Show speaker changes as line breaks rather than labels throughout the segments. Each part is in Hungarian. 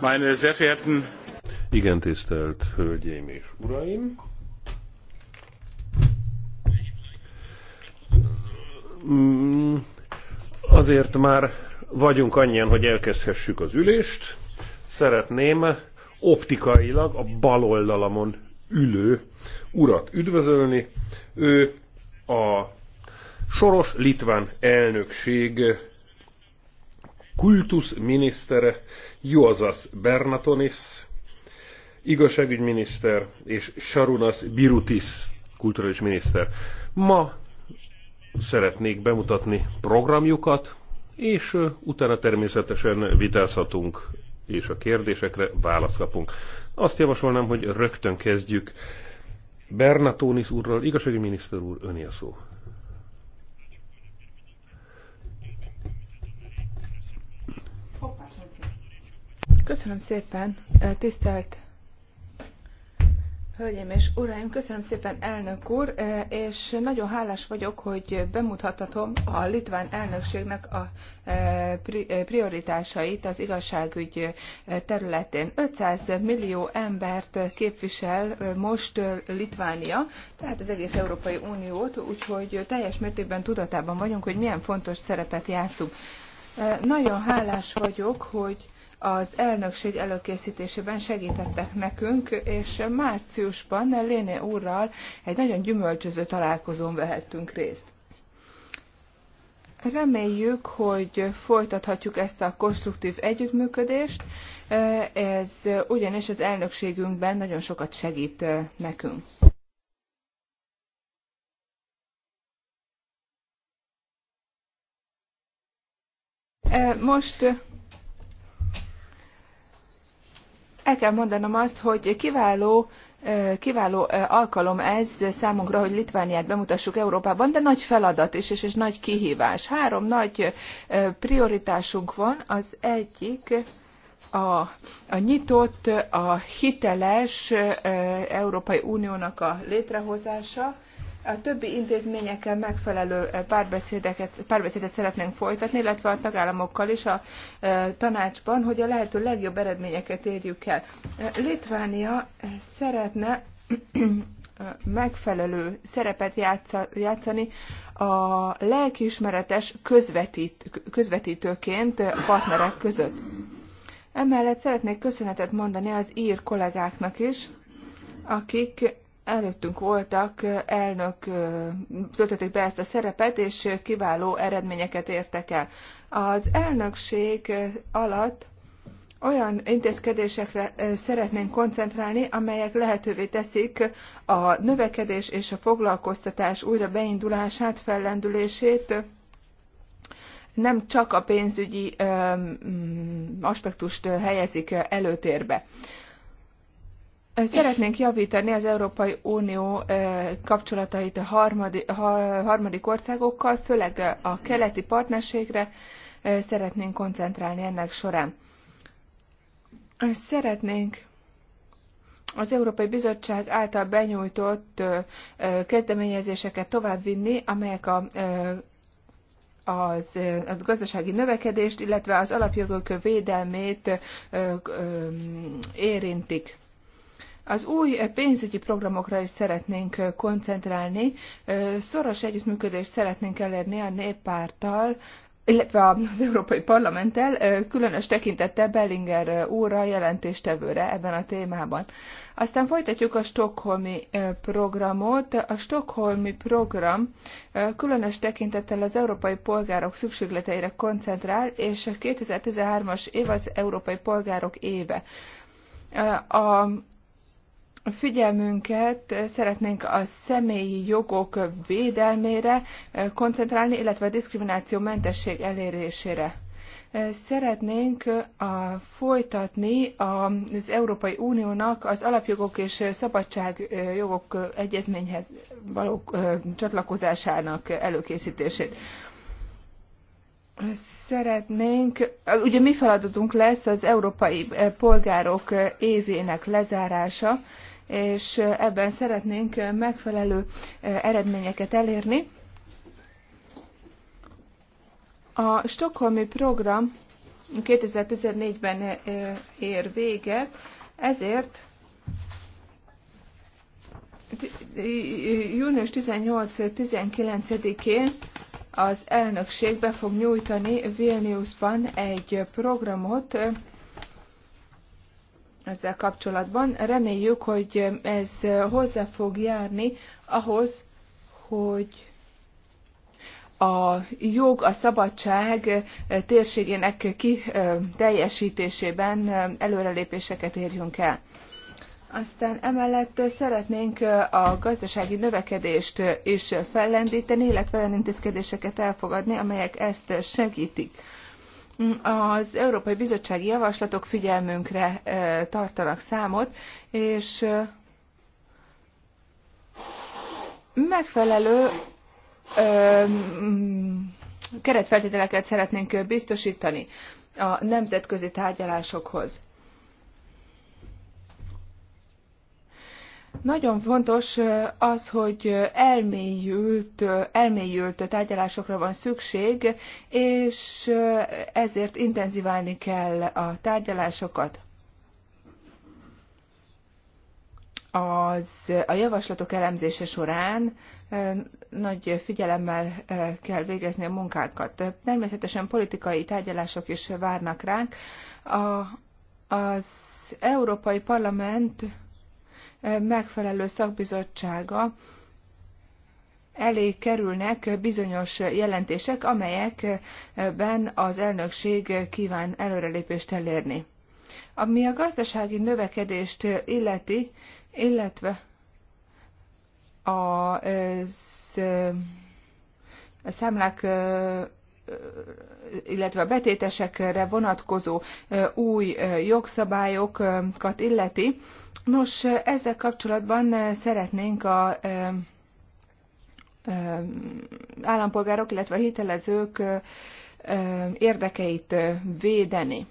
Meine sehr verehrten igen tisztelt Hölgyeim és Uraim! Mm, azért már vagyunk annyian, hogy elkezdhessük az ülést. Szeretném optikailag a bal oldalamon ülő urat üdvözölni. Ő a soros litván elnökség kultuszminisztere, Józas Bernatonis, igazságügyminiszter, és Sarunas Birutis, kulturális miniszter. Ma szeretnék bemutatni programjukat, és utána természetesen vitázhatunk, és a kérdésekre választ kapunk. Azt javasolnám, hogy rögtön kezdjük. Bernatónis úrral, Igazságügyminiszter úr, öné a szó.
Köszönöm szépen, eh, tisztelt Hölgyeim és Uraim, köszönöm szépen elnök úr, eh, és nagyon hálás vagyok, hogy bemutathatom a litván elnökségnek a eh, prioritásait az igazságügy területén. 500 millió embert képvisel most Litvánia, tehát az egész Európai Uniót, úgyhogy teljes mértékben tudatában vagyunk, hogy milyen fontos szerepet játszunk. Nagyon hálás vagyok, hogy az elnökség előkészítésében segítettek nekünk, és márciusban Léné úrral egy nagyon gyümölcsöző találkozón vehettünk részt. Reméljük, hogy folytathatjuk ezt a konstruktív együttműködést, ez ugyanis az elnökségünkben nagyon sokat segít eh, nekünk. Eh, most el kell mondanom azt, hogy kiváló kiváló alkalom ez számunkra, hogy Litvániát bemutassuk Európában, de nagy feladat is, és, és nagy kihívás. Három nagy prioritásunk van. Az egyik a, a nyitott, a hiteles Európai Uniónak a létrehozása, a többi intézményekkel megfelelő eh, párbeszédeket, párbeszédet szeretnénk folytatni, illetve a tagállamokkal is a eh, tanácsban, hogy a lehető legjobb eredményeket érjük el. Eh, Litvánia szeretne megfelelő szerepet játszani a lelkiismeretes közvetít, közvetítőként partnerek között. Emellett szeretnék köszönetet mondani az ír kollégáknak is, akik előttünk voltak, elnök töltötték be ezt a szerepet, és kiváló eredményeket értek el. Az elnökség alatt olyan intézkedésekre szeretnénk koncentrálni, amelyek lehetővé teszik a növekedés és a foglalkoztatás újra beindulását, fellendülését, nem csak a pénzügyi aspektust helyezik előtérbe. Szeretnénk javítani az Európai Unió kapcsolatait a harmadik, országokkal, főleg a keleti partnerségre szeretnénk koncentrálni ennek során. Szeretnénk az Európai Bizottság által benyújtott kezdeményezéseket továbbvinni, amelyek a az, a gazdasági növekedést, illetve az alapjogok védelmét érintik. Az új pénzügyi programokra is szeretnénk koncentrálni. Szoros együttműködést szeretnénk elérni a néppárttal, illetve az Európai Parlamenttel, különös tekintettel Bellinger úrra jelentéstevőre ebben a témában. Aztán folytatjuk a Stockholmi programot. A Stockholmi program különös tekintettel az európai polgárok szükségleteire koncentrál, és 2013-as év az európai polgárok éve. A figyelmünket szeretnénk a személyi jogok védelmére koncentrálni, illetve a diszkrimináció mentesség elérésére. Szeretnénk a, folytatni az Európai Uniónak az alapjogok és szabadságjogok egyezményhez való csatlakozásának előkészítését szeretnénk, ugye mi feladatunk lesz az európai polgárok évének lezárása, és ebben szeretnénk megfelelő eh, eredményeket elérni. A Stockholmi program 2014-ben eh, ér véget, ezért június 18-19-én az elnökség be fog nyújtani Vilniusban egy programot, eh, ezzel kapcsolatban. Reméljük, hogy ez hozzá fog járni ahhoz, hogy a jog, a szabadság térségének ki teljesítésében előrelépéseket érjünk el. Aztán emellett szeretnénk a gazdasági növekedést is fellendíteni, illetve olyan intézkedéseket elfogadni, amelyek ezt segítik az Európai Bizottsági Javaslatok figyelmünkre tartanak számot, és megfelelő keretfeltételeket szeretnénk biztosítani a nemzetközi tárgyalásokhoz. Nagyon fontos az, hogy elmélyült, elmélyült tárgyalásokra van szükség, és ezért intenziválni kell a tárgyalásokat. Az, a javaslatok elemzése során nagy figyelemmel kell végezni a munkákat. Természetesen politikai tárgyalások is várnak ránk. A, az Európai Parlament megfelelő szakbizottsága elé kerülnek bizonyos jelentések, amelyekben az elnökség kíván előrelépést elérni. Ami a gazdasági növekedést illeti, illetve a, a számlák illetve a betétesekre vonatkozó új jogszabályokat illeti. Nos, ezzel kapcsolatban szeretnénk a állampolgárok, illetve a hitelezők érdekeit védeni.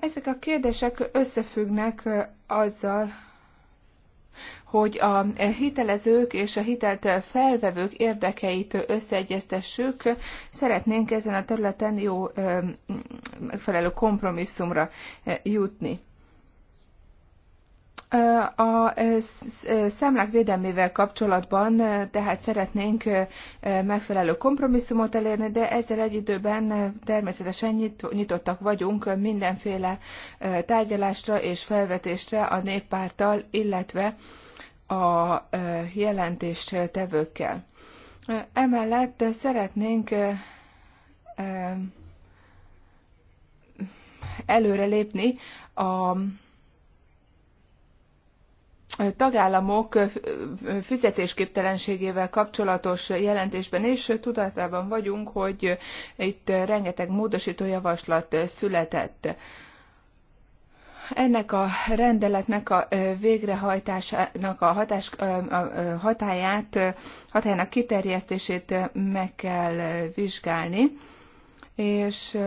Ezek a kérdések összefüggnek azzal, hogy a hitelezők és a hitelt felvevők érdekeit összeegyeztessük, szeretnénk ezen a területen jó megfelelő kompromisszumra jutni. A számlák védelmével kapcsolatban tehát szeretnénk megfelelő kompromisszumot elérni, de ezzel egy időben természetesen nyitottak vagyunk mindenféle tárgyalásra és felvetésre a néppárttal, illetve a jelentéstevőkkel. Emellett szeretnénk előrelépni a tagállamok fizetésképtelenségével kapcsolatos jelentésben is tudatában vagyunk, hogy itt rengeteg módosító javaslat született ennek a rendeletnek a végrehajtásának a, hatás, a hatáját, hatájának kiterjesztését meg kell vizsgálni, és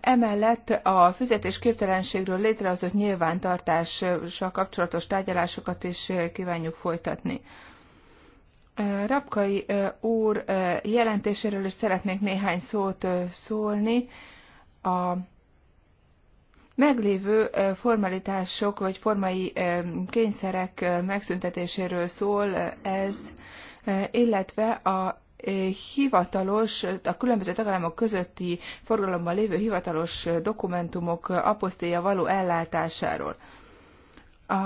Emellett a fizetésképtelenségről létrehozott nyilvántartással kapcsolatos tárgyalásokat is kívánjuk folytatni. Rapkai úr jelentéséről is szeretnék néhány szót szólni. A meglévő formalitások vagy formai kényszerek megszüntetéséről szól ez, illetve a hivatalos, a különböző tagállamok közötti forgalomban lévő hivatalos dokumentumok apostéja való ellátásáról. A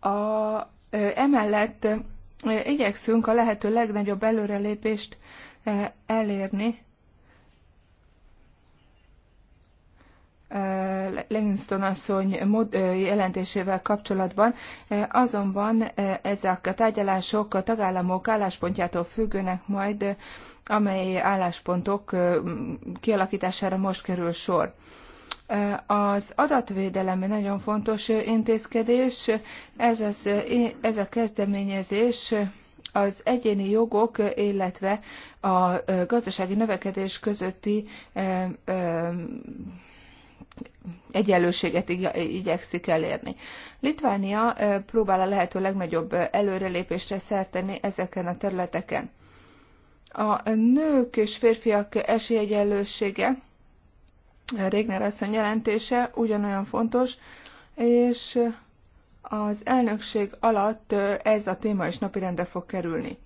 A, emellett igyekszünk a lehető legnagyobb előrelépést elérni. Livingston asszony jelentésével kapcsolatban, azonban ezek a tárgyalások a tagállamok álláspontjától függőnek majd, amely álláspontok kialakítására most kerül sor. Az adatvédelem egy nagyon fontos intézkedés. Ez, az, ez a kezdeményezés az egyéni jogok, illetve a gazdasági növekedés közötti egyenlőséget igyekszik elérni. Litvánia próbál a lehető legnagyobb előrelépésre szerteni ezeken a területeken. A nők és férfiak esélyegyenlősége Régner asszony jelentése ugyanolyan fontos, és az elnökség alatt ez a téma is napirendre fog kerülni.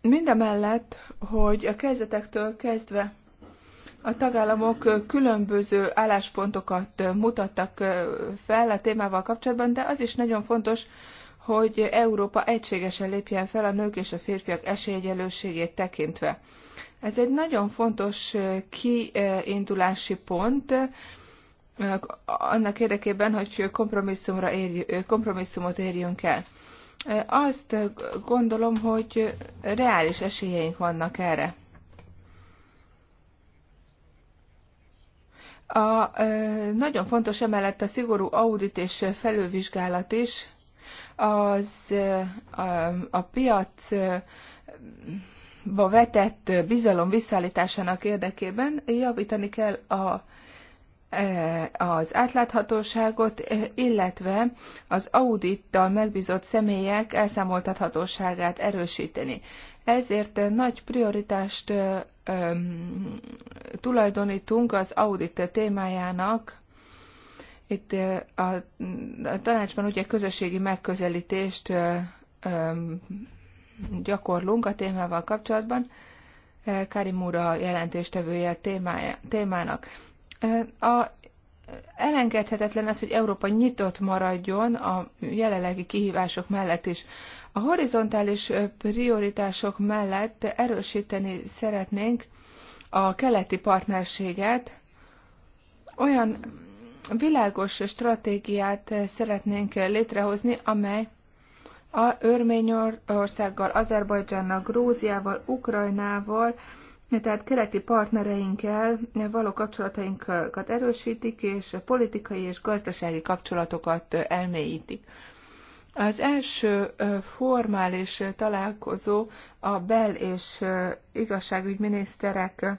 Mindemellett, hogy a kezdetektől kezdve a tagállamok különböző álláspontokat mutattak fel a témával kapcsolatban, de az is nagyon fontos, hogy Európa egységesen lépjen fel a nők és a férfiak esélyegyelőségét tekintve. Ez egy nagyon fontos kiindulási pont annak érdekében, hogy kompromisszumra érj, kompromisszumot érjünk el. Azt gondolom, hogy reális esélyeink vannak erre. A, nagyon fontos emellett a szigorú audit és felülvizsgálat is. Az, a, a piac ba vetett bizalom visszaállításának érdekében javítani kell a e, az átláthatóságot, e, illetve az audittal megbízott személyek elszámoltathatóságát erősíteni. Ezért nagy prioritást e, tulajdonítunk az audit témájának. Itt a tanácsban ugye közösségi megközelítést gyakorlunk a témával kapcsolatban. Eh, Karim úr a jelentéstevője témája, témának. Eh, a, elengedhetetlen az, hogy Európa nyitott maradjon a jelenlegi kihívások mellett is. A horizontális eh, prioritások mellett erősíteni szeretnénk a keleti partnerséget, olyan világos stratégiát szeretnénk létrehozni, amely a Örményországgal, Azerbajdzsánnal, Gróziával, Ukrajnával, tehát keleti partnereinkkel való kapcsolatainkat erősítik, és politikai és gazdasági kapcsolatokat elmélyítik. Az első formális találkozó a bel- és igazságügyminiszterek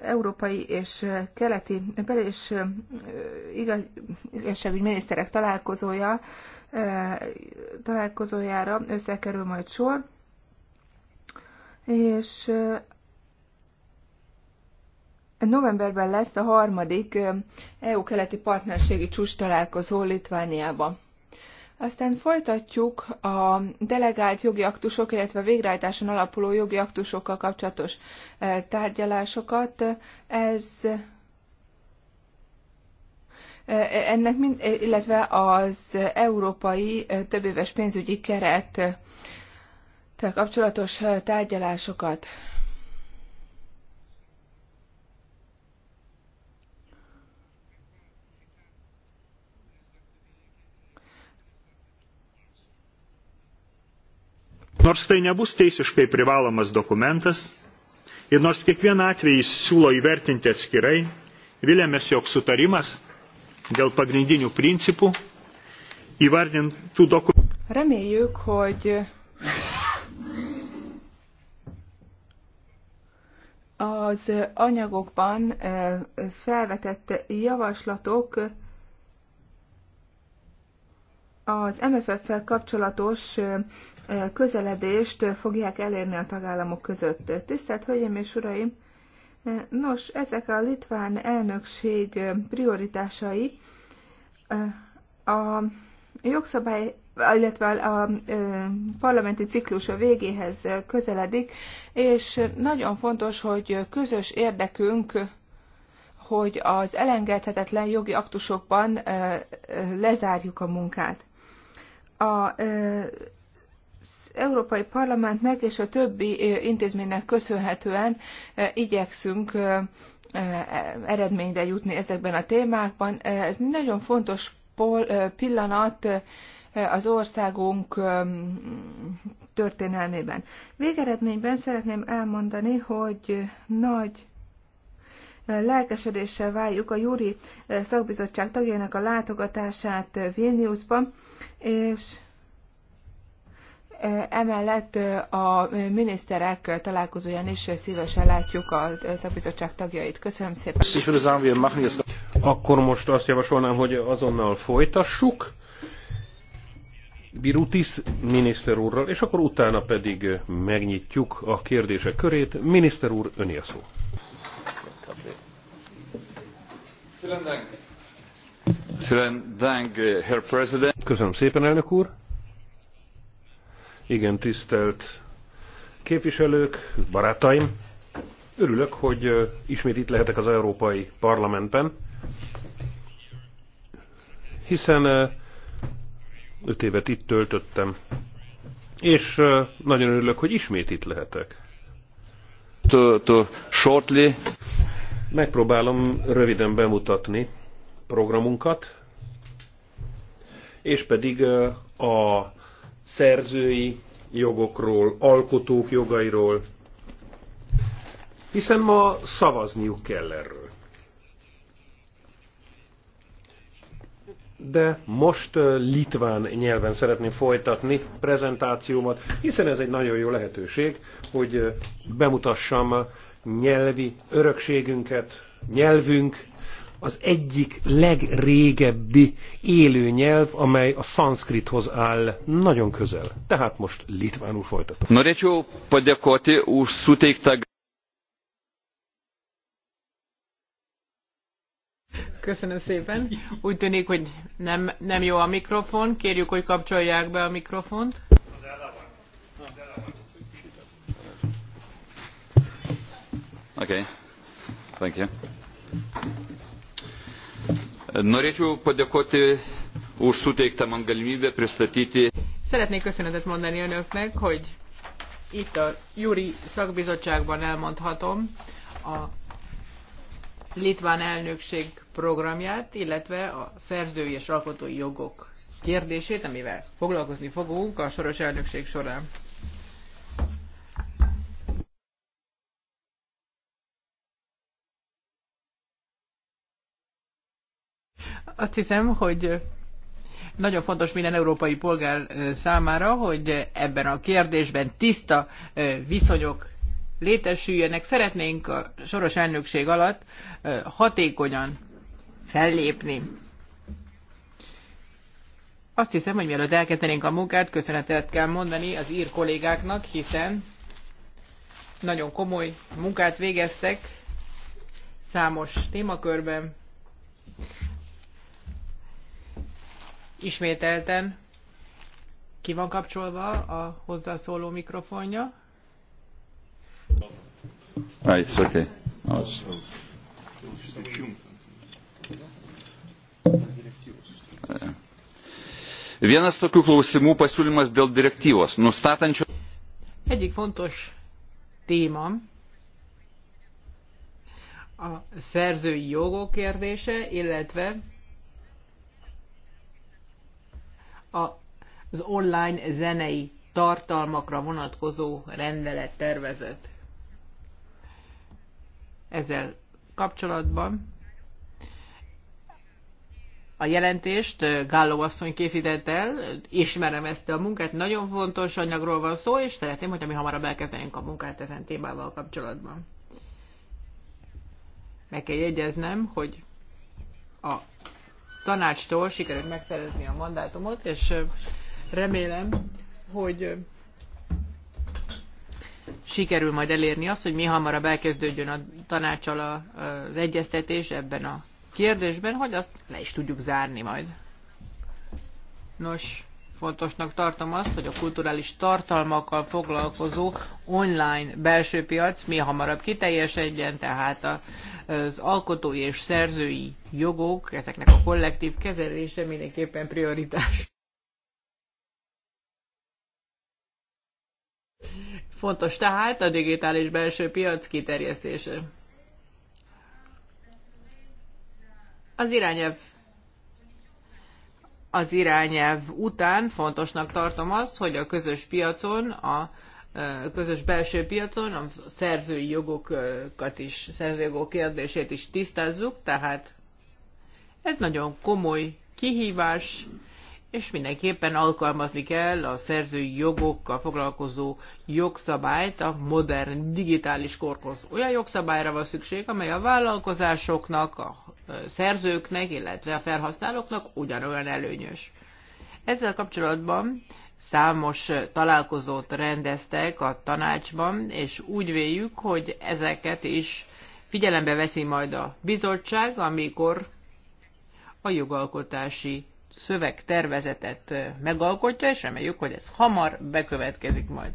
európai és keleti bel- és igazságügyminiszterek találkozója találkozójára összekerül majd sor, és novemberben lesz a harmadik EU-keleti partnerségi csúcs találkozó Litvániában. Aztán folytatjuk a delegált jogi aktusok, illetve végrehajtáson alapuló jogi aktusokkal kapcsolatos tárgyalásokat. Ez ennek mind, illetve az európai többéves pénzügyi keret kapcsolatos tárgyalásokat.
Nors tai nebus teisiškai privalomas dokumentas ir nors kiekvieną atvejį siūlo įvertinti atskirai, vilėmės, jog sutarimas – dėl pagrindinių principų įvardintų dokumentų.
Reméljük, hogy az anyagokban eh, felvetett javaslatok az MFF-fel kapcsolatos eh, közeledést fogják elérni a tagállamok között. Tisztelt Hölgyeim és Uraim! Nos, ezek a litván elnökség prioritásai eh, a jogszabály, illetve a eh, parlamenti ciklus a végéhez közeledik, és nagyon fontos, hogy közös érdekünk, hogy az elengedhetetlen jogi aktusokban eh, lezárjuk a munkát. A Európai Parlamentnek és a többi intézménynek köszönhetően igyekszünk eredményre jutni ezekben a témákban. Ez nagyon fontos pillanat az országunk történelmében. Végeredményben szeretném elmondani, hogy nagy lelkesedéssel várjuk a Júri Szakbizottság tagjainak a látogatását Vilniusban, és Emellett a miniszterek találkozóján is szívesen látjuk a szakbizottság tagjait. Köszönöm szépen.
Akkor most azt javasolnám, hogy azonnal folytassuk. Birutis miniszter úrral, és akkor utána pedig megnyitjuk a kérdések körét. Miniszter úr, öné a szó. Köszönöm szépen, elnök úr. Igen, tisztelt képviselők, barátaim! Örülök, hogy ismét itt lehetek az Európai Parlamentben, hiszen öt évet itt töltöttem, és nagyon örülök, hogy ismét itt lehetek. To, to shortly. Megpróbálom röviden bemutatni programunkat, és pedig a szerzői jogokról, alkotók jogairól, hiszen ma szavazniuk kell erről. De most litván nyelven szeretném folytatni prezentációmat, hiszen ez egy nagyon jó lehetőség, hogy bemutassam nyelvi örökségünket, nyelvünk, az egyik legrégebbi élő nyelv, amely a szanszkrithoz áll nagyon közel. Tehát most litvánul folytatom.
Norėčiau padjakóti, úr szutéktag.
Köszönöm szépen. Úgy tűnik, hogy nem, nem jó a mikrofon. Kérjük, hogy kapcsolják be a mikrofont.
Okay. Thank you.
Norėčiau padėkoti už suteiktą man galimybę pristatyti.
Szeretnék köszönetet mondani önöknek, hogy itt a Júri szakbizottságban elmondhatom a litván elnökség programját, illetve a szerzői és alkotói jogok kérdését, amivel foglalkozni fogunk a soros elnökség során. Azt hiszem, hogy nagyon fontos minden európai polgár számára, hogy ebben a kérdésben tiszta viszonyok létesüljenek. Szeretnénk a soros elnökség alatt hatékonyan fellépni. Azt hiszem, hogy mielőtt elkezdenénk a munkát, köszönetet kell mondani az ír kollégáknak, hiszen nagyon komoly munkát végeztek számos témakörben. Ismételten ki van kapcsolva a hozzászóló mikrofonja.
Ah, it's okay. Az.
Oh,
Vienas tokių klausimų pasiūlymas dėl direktyvos, nustatančio.
Egyik fontos téma a szerzői jogok kérdése, illetve az online zenei tartalmakra vonatkozó rendelet tervezet. Ezzel kapcsolatban a jelentést Gálló asszony készített el, ismerem ezt a munkát, nagyon fontos anyagról van szó, és szeretném, hogy mi hamarabb elkezdenénk a munkát ezen témával kapcsolatban. Meg kell jegyeznem, hogy a tanácstól sikerült megszerezni a mandátumot, és remélem, hogy sikerül majd elérni azt, hogy mi hamarabb elkezdődjön a tanácsal az egyeztetés ebben a kérdésben, hogy azt le is tudjuk zárni majd. Nos, fontosnak tartom azt, hogy a kulturális tartalmakkal foglalkozó online belső piac mi hamarabb kiteljesedjen, tehát az alkotói és szerzői jogok, ezeknek a kollektív kezelése mindenképpen prioritás. Fontos tehát a digitális belső piac kiterjesztése. Az irányelv az irányelv után fontosnak tartom azt, hogy a közös piacon, a e, közös belső piacon a szerzői jogokat is, szerzői jogok kérdését is tisztázzuk, tehát ez nagyon komoly kihívás, és mindenképpen alkalmazni kell a szerzői jogokkal foglalkozó jogszabályt a modern digitális korhoz. Olyan jogszabályra van szükség, amely a vállalkozásoknak, a szerzőknek, illetve a felhasználóknak ugyanolyan előnyös. Ezzel kapcsolatban számos találkozót rendeztek a tanácsban, és úgy véljük, hogy ezeket is figyelembe veszi majd a bizottság, amikor a jogalkotási szövegtervezetet megalkotja, és reméljük, hogy ez hamar bekövetkezik majd.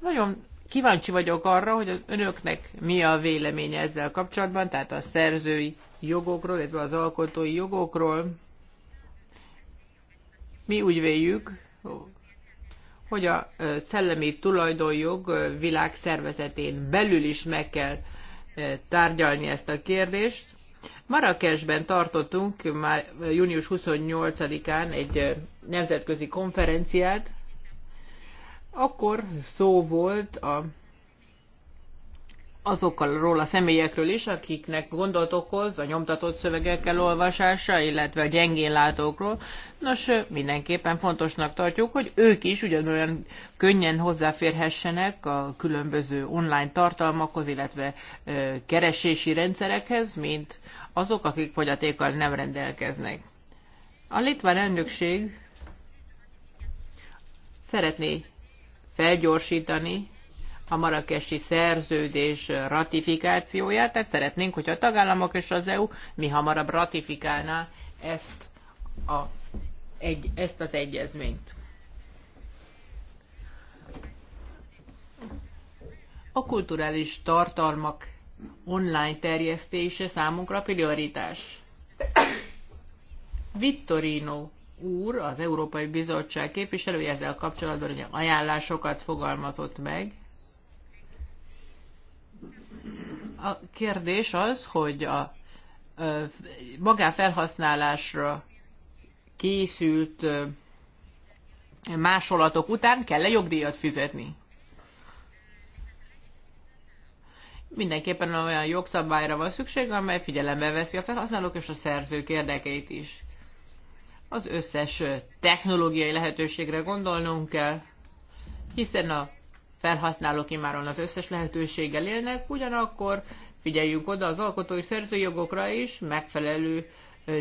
Nagyon kíváncsi vagyok arra, hogy az önöknek mi a véleménye ezzel kapcsolatban, tehát a szerzői jogokról, illetve az alkotói jogokról. Mi úgy véljük, hogy a szellemi tulajdonjog világszervezetén belül is meg kell tárgyalni ezt a kérdést. Marrakesben tartottunk már június 28-án egy eh, nemzetközi konferenciát. Akkor szó volt a, azokról a személyekről is, akiknek gondot okoz a nyomtatott szövegekkel olvasása, illetve a gyengén látókról. Nos, eh, mindenképpen fontosnak tartjuk, hogy ők is ugyanolyan könnyen hozzáférhessenek a különböző online tartalmakhoz, illetve eh, keresési rendszerekhez, mint azok, akik fogyatékkal nem rendelkeznek. A litván elnökség szeretné felgyorsítani a marakesi szerződés ratifikációját, tehát szeretnénk, hogy a tagállamok és az EU mi hamarabb ratifikálná ezt, a, egy, ezt az egyezményt. A kulturális tartalmak online terjesztése számunkra prioritás. Vittorino úr, az Európai Bizottság képviselője ezzel kapcsolatban ugye ajánlásokat fogalmazott meg. A kérdés az, hogy a magánfelhasználásra készült másolatok után kell-e jogdíjat fizetni? mindenképpen olyan jogszabályra van szükség, amely figyelembe veszi a felhasználók és a szerzők érdekeit is. Az összes technológiai lehetőségre gondolnunk kell, hiszen a felhasználók imáron az összes lehetőséggel élnek, ugyanakkor figyeljünk oda az alkotói szerzőjogokra is, megfelelő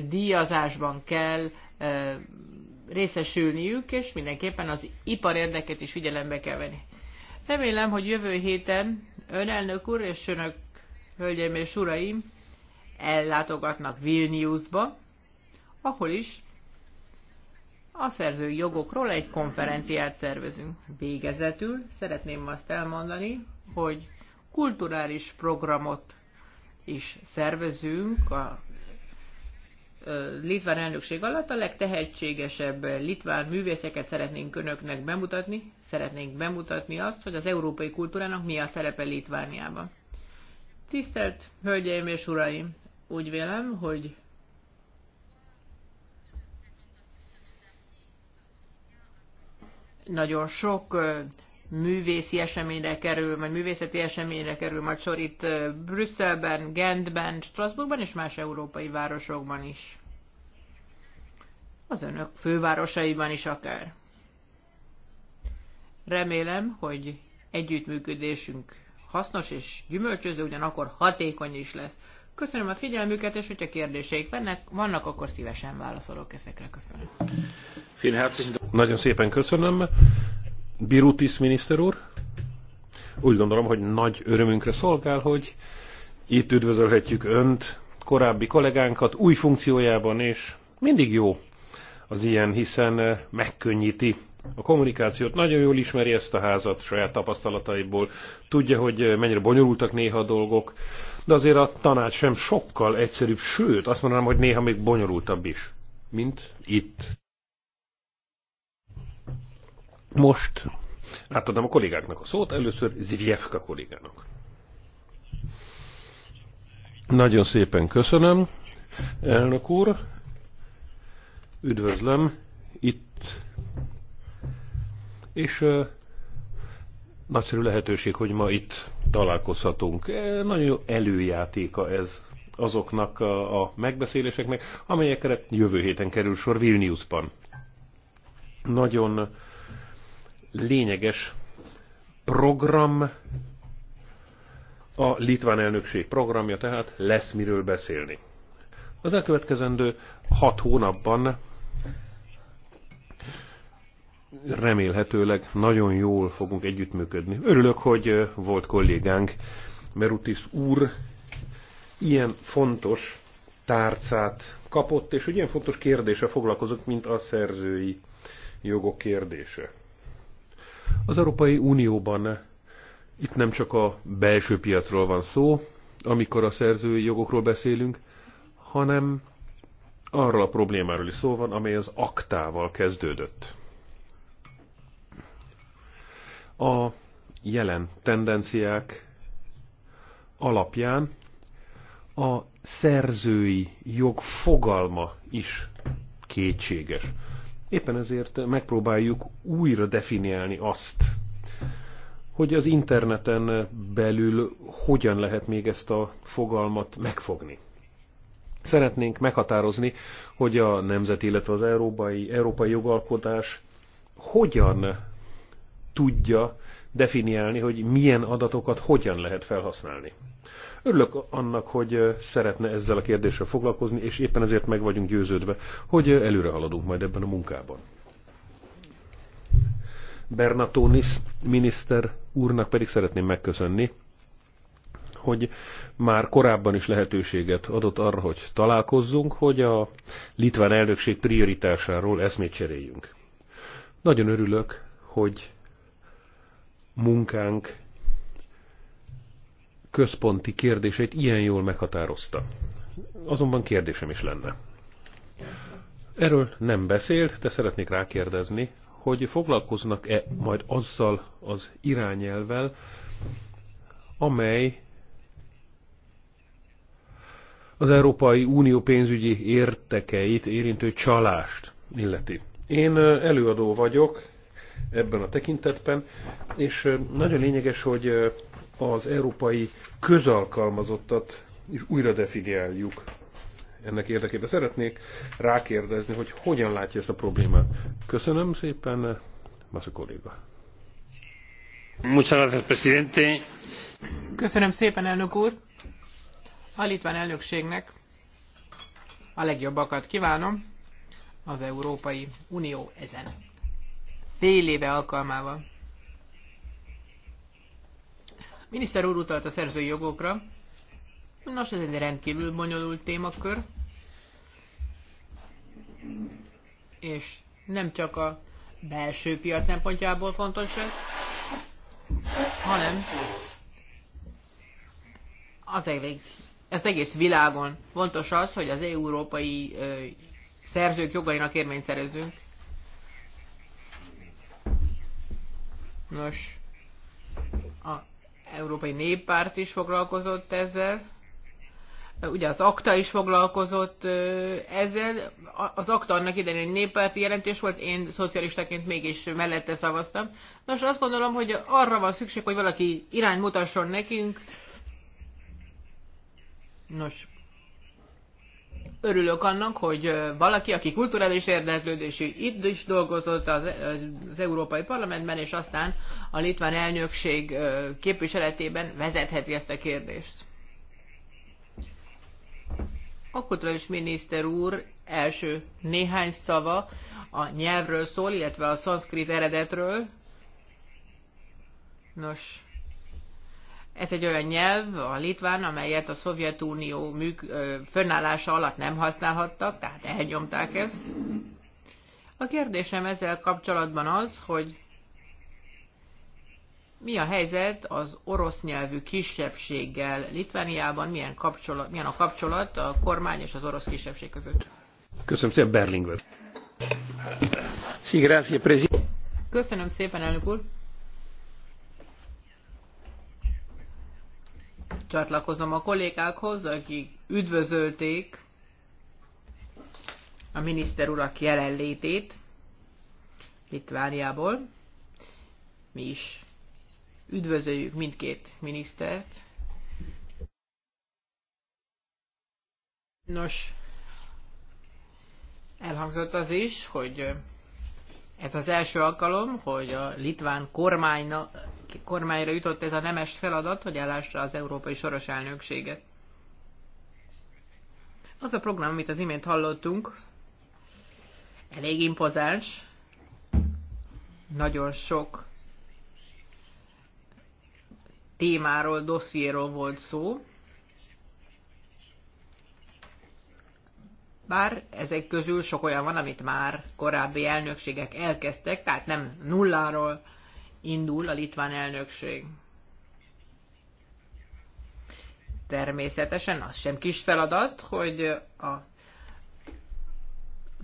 díjazásban kell részesülniük, és mindenképpen az ipar érdeket is figyelembe kell venni. Remélem, hogy jövő héten Önelnök úr és önök, hölgyeim és uraim, ellátogatnak Vilniusba, ahol is a szerzői jogokról egy konferenciát szervezünk. Végezetül szeretném azt elmondani, hogy kulturális programot is szervezünk a litván elnökség alatt a legtehetségesebb litván művészeket szeretnénk önöknek bemutatni. Szeretnénk bemutatni azt, hogy az európai kultúrának mi a szerepe Litvániában. Tisztelt Hölgyeim és Uraim! Úgy vélem, hogy nagyon sok művészi eseményre kerül, vagy művészeti eseményre kerül majd sor itt Brüsszelben, Gentben, Strasbourgban és más európai városokban is. Az önök fővárosaiban is akár. Remélem, hogy együttműködésünk hasznos és gyümölcsöző, ugyanakkor hatékony is lesz. Köszönöm a figyelmüket, és hogyha kérdéseik vannak, vannak akkor szívesen válaszolok ezekre. Köszönöm.
Nagyon szépen köszönöm. Birutis miniszter úr. Úgy gondolom, hogy nagy örömünkre szolgál, hogy itt üdvözölhetjük Önt, korábbi kollégánkat új funkciójában, és mindig jó az ilyen, hiszen eh, megkönnyíti a kommunikációt. Nagyon jól ismeri ezt a házat saját tapasztalataiból, tudja, hogy eh, mennyire bonyolultak néha a dolgok, de azért a tanács sem sokkal egyszerűbb, sőt, azt mondanám, hogy néha még bonyolultabb is, mint itt. Most átadom a kollégáknak a szót, először Zivjevka kollégának. Nagyon szépen köszönöm, elnök úr. Üdvözlöm itt. És uh, nagyszerű lehetőség, hogy ma itt találkozhatunk. Nagyon jó előjátéka ez azoknak a megbeszéléseknek, amelyekre jövő héten kerül sor Vilniusban. Nagyon lényeges program, a litván elnökség programja, tehát lesz miről beszélni. Az elkövetkezendő hat hónapban remélhetőleg nagyon jól fogunk együttműködni. Örülök, hogy volt kollégánk, Merutis úr ilyen fontos tárcát kapott, és hogy ilyen fontos kérdése foglalkozott, mint a szerzői jogok kérdése. Az Európai Unióban itt nem csak a belső piacról van szó, amikor a szerzői jogokról beszélünk, hanem arról a problémáról is szó van, amely az aktával kezdődött. A jelen tendenciák alapján a szerzői jog fogalma is kétséges. Éppen ezért megpróbáljuk újra definiálni azt, hogy az interneten belül hogyan lehet még ezt a fogalmat megfogni. Szeretnénk meghatározni, hogy a nemzeti, illetve az európai, európai jogalkotás hogyan tudja definiálni, hogy milyen adatokat hogyan lehet felhasználni. Örülök annak, hogy szeretne ezzel a kérdéssel foglalkozni, és éppen ezért meg vagyunk győződve, hogy előre haladunk majd ebben a munkában. Bernatonis miniszter úrnak pedig szeretném megköszönni, hogy már korábban is lehetőséget adott arra, hogy találkozzunk, hogy a litván elnökség prioritásáról eszmét cseréljünk. Nagyon örülök, hogy munkánk központi kérdéseit ilyen jól meghatározta. Azonban kérdésem is lenne. Erről nem beszélt, de szeretnék rákérdezni, hogy foglalkoznak-e majd azzal az irányelvel, amely az Európai Unió pénzügyi értekeit érintő csalást illeti. Én előadó vagyok ebben a tekintetben, és nagyon lényeges, hogy az európai közalkalmazottat is újra definiáljuk. Ennek érdekében szeretnék rákérdezni, hogy hogyan látja ezt a problémát. Köszönöm szépen, Masza kolléga.
Köszönöm szépen, elnök úr. A litván elnökségnek a legjobbakat kívánom az Európai Unió ezen fél éve alkalmával miniszter úr utalt a szerzői jogokra. Nos, ez egy rendkívül bonyolult témakör. És nem csak a belső piac szempontjából fontos ez, hanem az elég, ez egész világon fontos az, hogy az európai ö, szerzők jogainak érményt szerezünk. Nos, a Európai Néppárt is foglalkozott ezzel, ugye az akta is foglalkozott ezzel. Az akta annak idején egy néppárti jelentés volt, én szocialistaként mégis mellette szavaztam. Nos, azt gondolom, hogy arra van szükség, hogy valaki irány mutasson nekünk. Nos, örülök annak, hogy valaki, aki kulturális érdeklődésű, itt is dolgozott az, az Európai Parlamentben, és aztán a litván elnökség képviseletében vezetheti ezt a kérdést. A kulturális miniszter úr első néhány szava a nyelvről szól, illetve a szanszkrit eredetről. Nos, ez egy olyan nyelv, a litván, amelyet a Szovjetunió műk, ö, fönnállása alatt nem használhattak, tehát elnyomták ezt. A kérdésem ezzel kapcsolatban az, hogy mi a helyzet az orosz nyelvű kisebbséggel Litvániában, milyen, kapcsolat, milyen a kapcsolat a kormány és az orosz kisebbség között?
Köszönöm szépen, Berlingver.
Köszönöm szépen, elnök úr. csatlakozom a kollégákhoz, akik üdvözölték a miniszter urak jelenlétét Litvániából. Mi is üdvözöljük mindkét minisztert. Nos, elhangzott az is, hogy ez az első alkalom, hogy a litván kormánynak, kormányra jutott ez a nemes feladat, hogy ellássa az európai soros elnökséget. Az a program, amit az imént hallottunk, elég impozáns, nagyon sok témáról, dossziéról volt szó, Bár ezek közül sok olyan van, amit már korábbi elnökségek elkezdtek, tehát nem nulláról indul a litván elnökség. Természetesen az sem kis feladat, hogy a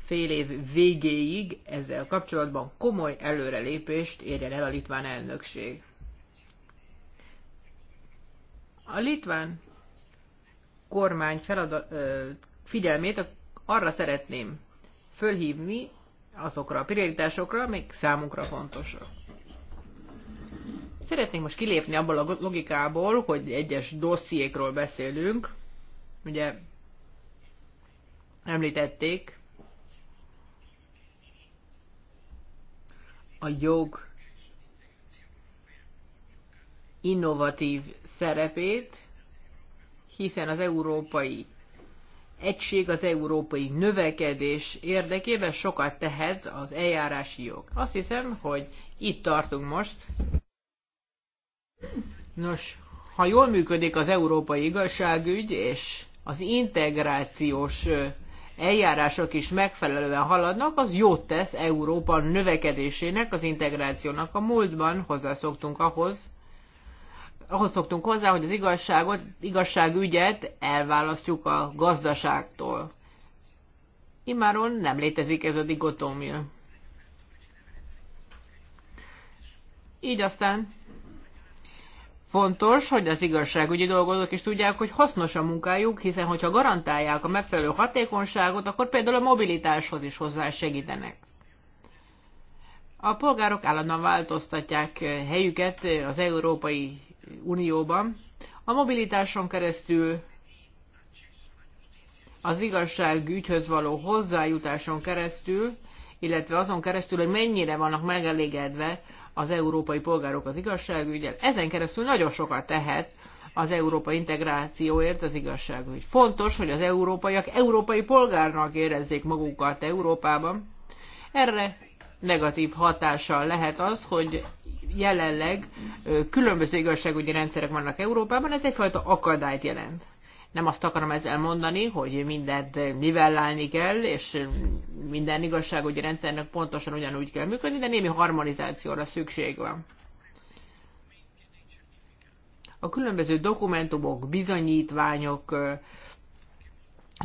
fél év végéig ezzel kapcsolatban komoly előrelépést érjen el a litván elnökség. A litván kormány feladat, figyelmét arra szeretném fölhívni, azokra a prioritásokra, amik számunkra fontosak. Szeretnénk most kilépni abból a logikából, hogy egyes dossziékról beszélünk. Ugye említették a jog innovatív szerepét, hiszen az európai egység az európai növekedés érdekében sokat tehet az eljárási jog. Azt hiszem, hogy itt tartunk most. Nos, ha jól működik az európai igazságügy, és az integrációs eljárások is megfelelően haladnak, az jót tesz Európa növekedésének, az integrációnak. A múltban hozzászoktunk ahhoz, ahhoz szoktunk hozzá, hogy az igazságot, igazságügyet elválasztjuk a gazdaságtól. Imáron nem létezik ez a digotómia. Így aztán Fontos, hogy az igazságügyi dolgozók is tudják, hogy hasznos a munkájuk, hiszen hogyha garantálják a megfelelő hatékonyságot, akkor például a mobilitáshoz is hozzá segítenek. A polgárok állandóan változtatják helyüket az Európai Unióban. A mobilitáson keresztül, az igazságügyhöz való hozzájutáson keresztül, illetve azon keresztül, hogy mennyire vannak megelégedve az európai polgárok az igazságügyel. Ezen keresztül nagyon sokat tehet az európai integrációért az igazságügy. Fontos, hogy az európaiak európai polgárnak érezzék magukat Európában. Erre negatív hatással lehet az, hogy jelenleg különböző igazságügyi rendszerek vannak Európában, ez egyfajta akadályt jelent. Nem azt akarom ezzel mondani, hogy mindent nivellálni kell, és minden igazságügyi rendszernek pontosan ugyanúgy kell működni, de némi harmonizációra szükség van. A különböző dokumentumok, bizonyítványok,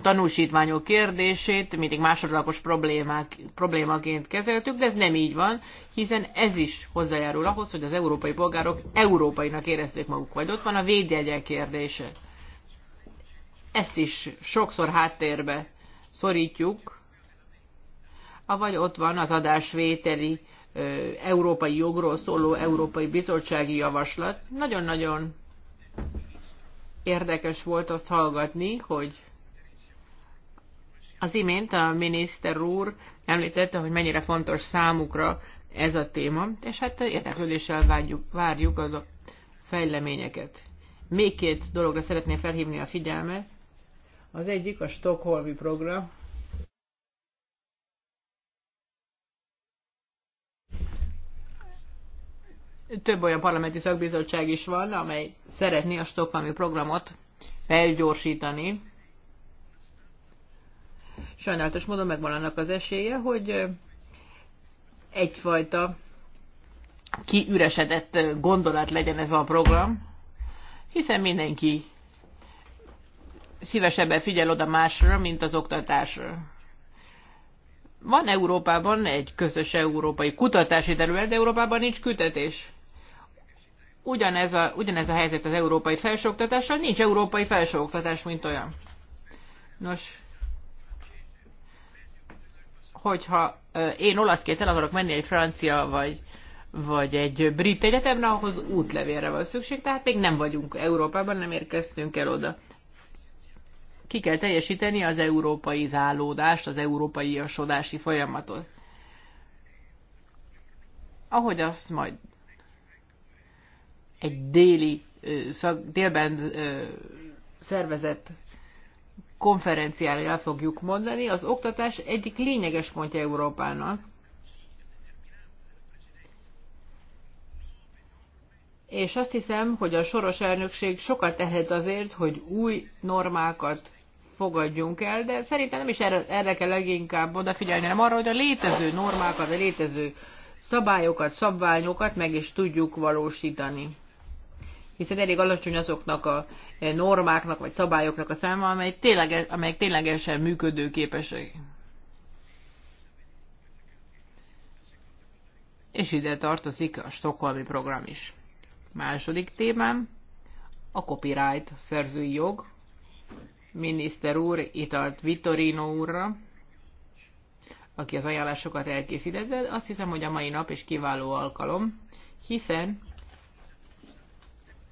tanúsítványok kérdését mindig másodlagos problémák, problémaként kezeltük, de ez nem így van, hiszen ez is hozzájárul ahhoz, hogy az európai polgárok európainak érezték maguk, Vagy ott van a védjegyek kérdése ezt is sokszor háttérbe szorítjuk, avagy ott van az adásvételi európai jogról szóló európai bizottsági javaslat. Nagyon-nagyon érdekes volt azt hallgatni, hogy az imént a miniszter úr említette, hogy mennyire fontos számukra ez a téma, és hát érdeklődéssel várjuk, várjuk a fejleményeket. Még két dologra szeretném felhívni a figyelmet. Az egyik a Stockholmi program, több olyan parlamenti szakbizottság is van, amely szeretné a Stockholmi programot felgyorsítani. Sajnálatos módon megvan annak az esélye, hogy egyfajta kiüresedett gondolat legyen ez a program, hiszen mindenki szívesebben figyel oda másra, mint az oktatásra. Van Európában egy közös európai kutatási terület, de Európában nincs kütetés. Ugyanez a, ugyanez a helyzet az európai felsőoktatással, nincs európai felsőoktatás, mint olyan. Nos, hogyha én olaszként el akarok menni egy francia vagy, vagy egy brit egyetemre, ahhoz útlevélre van szükség, tehát még nem vagyunk Európában, nem érkeztünk el oda ki kell teljesíteni az európai zálódást, az európai asodási folyamatot. Ahogy azt majd egy déli, szak, délben szervezett konferenciára fogjuk mondani, az oktatás egyik lényeges pontja Európának. És azt hiszem, hogy a soros elnökség sokat tehet azért, hogy új normákat fogadjunk el, de szerintem nem is erre, erre kell leginkább odafigyelni, hanem arra, hogy a létező normákat, a létező szabályokat, szabványokat meg is tudjuk valósítani. Hiszen elég alacsony azoknak a normáknak vagy szabályoknak a száma, amely tényleg, amelyek ténylegesen működőképesek. És ide tartozik a Stockholmi program is. Második témám a copyright, szerzői jog miniszter úr italt Vitorino úrra, aki az ajánlásokat elkészítette, de azt hiszem, hogy a mai nap is kiváló alkalom, hiszen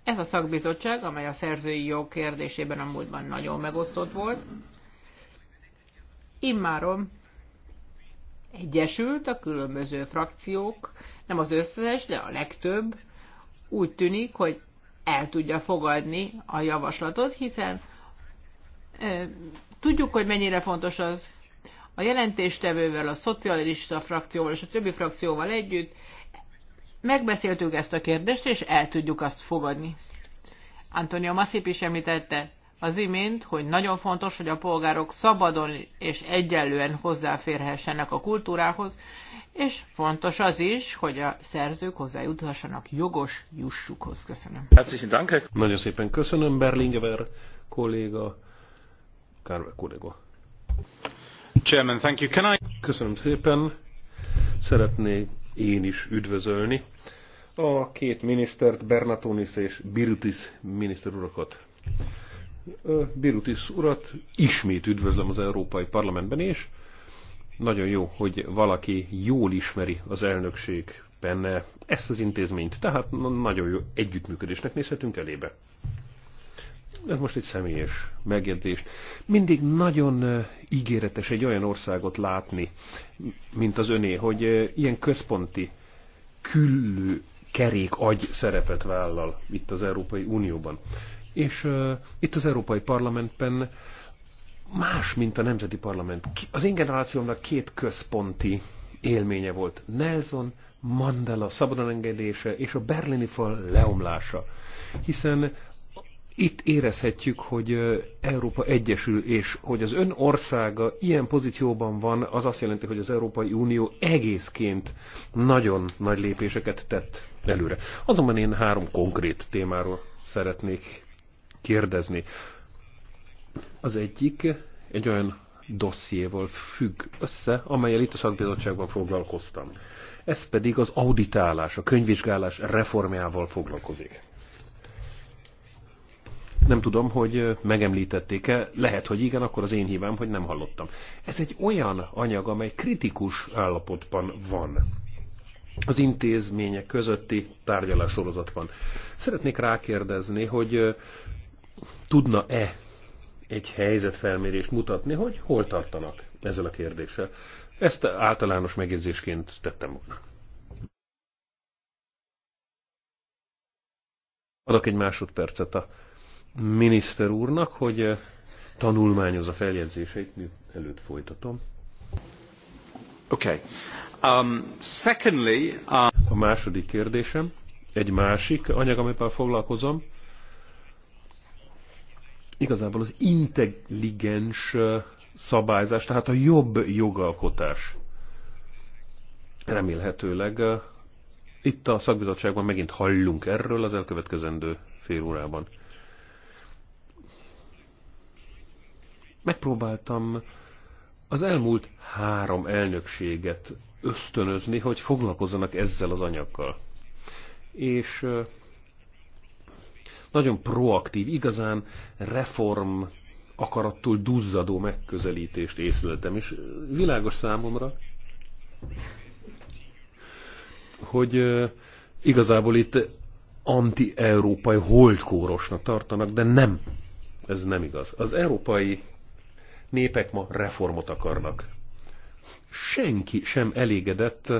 ez a szakbizottság, amely a szerzői jog kérdésében a múltban nagyon megosztott volt, immáron egyesült a különböző frakciók, nem az összes, de a legtöbb, úgy tűnik, hogy el tudja fogadni a javaslatot, hiszen Tudjuk, hogy mennyire fontos az a jelentéstevővel, a szocialista frakcióval és a többi frakcióval együtt. Megbeszéltük ezt a kérdést, és el tudjuk azt fogadni. Antonio Massip is említette az imént, hogy nagyon fontos, hogy a polgárok szabadon és egyenlően hozzáférhessenek a kultúrához, és fontos az is, hogy a szerzők hozzájuthassanak jogos jussukhoz. Köszönöm.
Nagyon szépen köszönöm, Berlingever kolléga. Chairman, thank you. Can I... Köszönöm szépen. Szeretnék én is üdvözölni a két minisztert, Bernatonis és Birutis miniszter urakat. Birutis urat ismét üdvözlöm az Európai Parlamentben, és nagyon jó, hogy valaki jól ismeri az elnökség benne ezt az intézményt. Tehát nagyon jó együttműködésnek nézhetünk elébe ez most egy személyes megjegyzés, mindig nagyon ígéretes egy olyan országot látni, mint az öné, hogy ilyen központi küllő kerék agy szerepet vállal itt az Európai Unióban. És uh, itt az Európai Parlamentben más, mint a Nemzeti Parlament. Az én generációmnak két központi élménye volt. Nelson Mandela engedése és a berlini fal leomlása. Hiszen itt érezhetjük, hogy Európa egyesül, és hogy az ön országa ilyen pozícióban van, az azt jelenti, hogy az Európai Unió egészként nagyon nagy lépéseket tett előre. Azonban én három konkrét témáról szeretnék kérdezni. Az egyik egy olyan dossziéval függ össze, amelyel itt a szakbizottságban foglalkoztam. Ez pedig az auditálás, a könyvvizsgálás reformjával foglalkozik. Nem tudom, hogy megemlítették-e, lehet, hogy igen, akkor az én hívám, hogy nem hallottam. Ez egy olyan anyag, amely kritikus állapotban van az intézmények közötti tárgyalás sorozatban. Szeretnék rákérdezni, hogy tudna-e egy helyzetfelmérést mutatni, hogy hol tartanak ezzel a kérdéssel. Ezt általános megjegyzésként tettem volna. Adok egy másodpercet a miniszter úrnak, hogy eh, tanulmányoz a feljegyzéseit, mi előtt folytatom. Okay. Um, secondly, um... A második kérdésem, egy másik anyag, amivel foglalkozom, igazából az intelligens eh, szabályzás, tehát a jobb jogalkotás. Remélhetőleg eh, itt a szakbizottságban megint hallunk erről az elkövetkezendő fél órában. megpróbáltam az elmúlt három elnökséget ösztönözni, hogy foglalkozzanak ezzel az anyaggal. És nagyon proaktív, igazán reform akarattól duzzadó megközelítést észleltem, és világos számomra, hogy igazából itt anti-európai holdkórosnak tartanak, de nem, ez nem igaz. Az európai népek ma reformot akarnak. Senki sem elégedett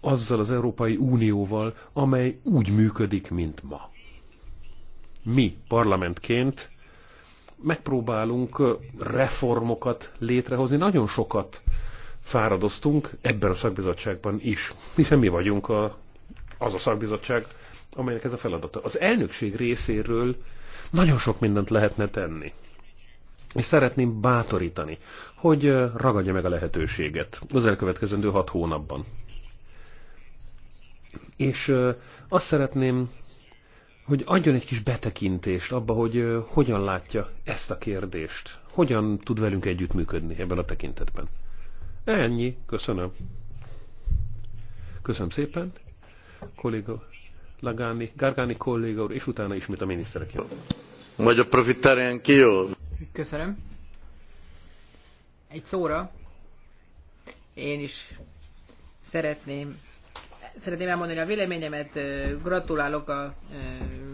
azzal az Európai Unióval, amely úgy működik, mint ma. Mi parlamentként megpróbálunk reformokat létrehozni, nagyon sokat fáradoztunk ebben a szakbizottságban is, hiszen mi vagyunk a, az a szakbizottság, amelynek ez a feladata. Az elnökség részéről nagyon sok mindent lehetne tenni és szeretném bátorítani, hogy ragadja meg a lehetőséget az elkövetkezendő hat hónapban. És azt szeretném, hogy adjon egy kis betekintést abba, hogy hogyan látja ezt a kérdést, hogyan tud velünk együttműködni ebben a tekintetben. Ennyi, köszönöm. Köszönöm szépen, kolléga Lagani, Gargani kolléga úr, és utána ismét a miniszterek. Vagy Magyar profitárián ki
Köszönöm. Egy szóra én is szeretném szeretném elmondani a véleményemet, gratulálok a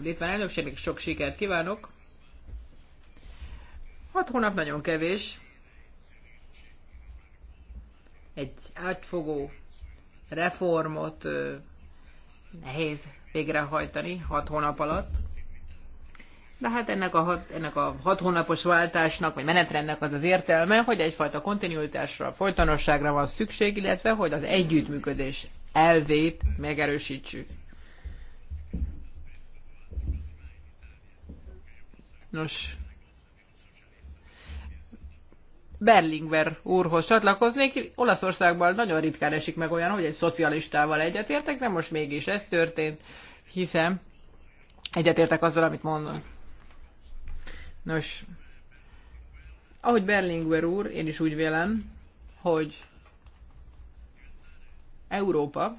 litván elnökségnek, sok sikert kívánok. Hat hónap nagyon kevés. Egy átfogó reformot nehéz végrehajtani hat hónap alatt. De hát ennek a, hat, ennek a hat hónapos váltásnak, vagy menetrendnek az az értelme, hogy egyfajta kontinuitásra, folytonosságra van szükség, illetve hogy az együttműködés elvét megerősítsük. Nos, Berlingver úrhoz csatlakoznék. Olaszországban nagyon ritkán esik meg olyan, hogy egy szocialistával egyetértek, de most mégis ez történt, hiszen Egyetértek azzal, amit mondok. Nos, ahogy Berlinguer úr, én is úgy vélem, hogy Európa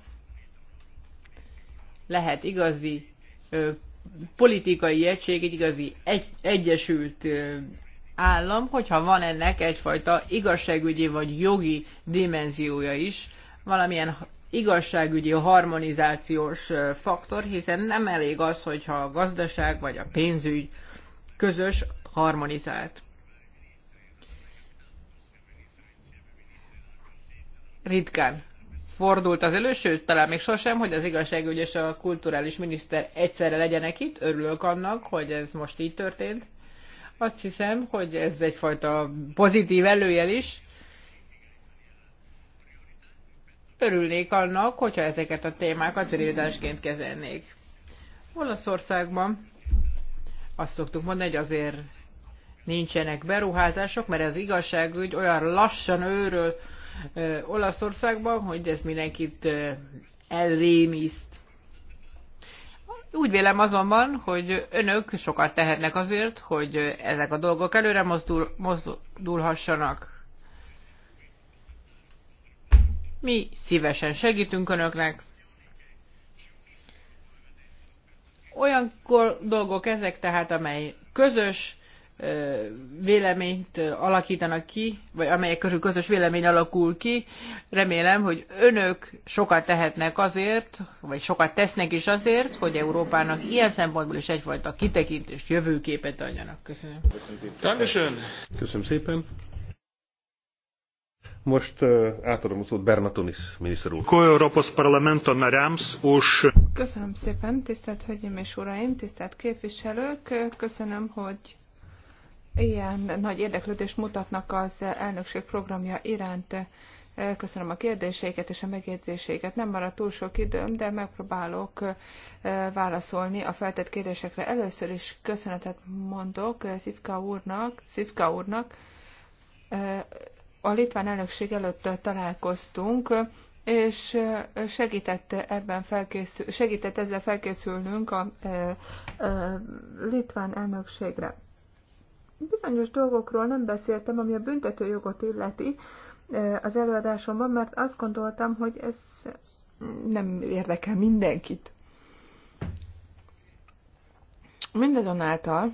lehet igazi ö, politikai egység, egy igazi egy, egyesült ö, állam, hogyha van ennek egyfajta igazságügyi vagy jogi dimenziója is, valamilyen igazságügyi harmonizációs faktor, hiszen nem elég az, hogyha a gazdaság vagy a pénzügy közös, harmonizált. Ritkán fordult az előső, talán még sosem, hogy az igazságügy és a kulturális miniszter egyszerre legyenek itt. Örülök annak, hogy ez most így történt. Azt hiszem, hogy ez egyfajta pozitív előjel is. Örülnék annak, hogyha ezeket a témákat prioritásként kezelnék. Olaszországban azt szoktuk mondani, hogy azért nincsenek beruházások, mert az hogy olyan lassan őről ö, Olaszországban, hogy ez mindenkit ö, elrémiszt. Úgy vélem azonban, hogy önök sokat tehetnek azért, hogy ezek a dolgok előre mozdul, mozdulhassanak. Mi szívesen segítünk önöknek, Olyan dolgok ezek tehát, amely közös véleményt alakítanak ki, vagy amelyek körül közös vélemény alakul ki. Remélem, hogy önök sokat tehetnek azért, vagy sokat tesznek is azért, hogy Európának ilyen szempontból is egyfajta kitekintést, jövőképet adjanak. Köszönöm. Köszönöm.
Köszönöm szépen. Most átadom a szót Bernatonis miniszter úr.
Köszönöm szépen, tisztelt Hölgyeim és Uraim, tisztelt képviselők. Köszönöm, hogy ilyen nagy érdeklődést mutatnak az elnökség programja iránt. Köszönöm a kérdéseiket és a megjegyzéseiket. Nem maradt túl sok időm, de megpróbálok válaszolni a feltett kérdésekre. Először is köszönetet mondok Szivka úrnak, Szivka úrnak a litván elnökség előtt találkoztunk, és segített, ebben felkészül, segített ezzel felkészülnünk a e, e, litván elnökségre. Bizonyos dolgokról nem beszéltem, ami a büntetőjogot illeti e, az előadásomban, mert azt gondoltam, hogy ez nem érdekel mindenkit. Mindazonáltal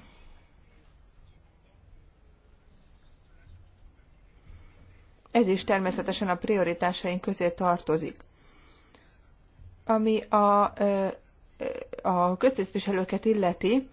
Ez is természetesen a prioritásaink közé tartozik. Ami a, a köztisztviselőket illeti,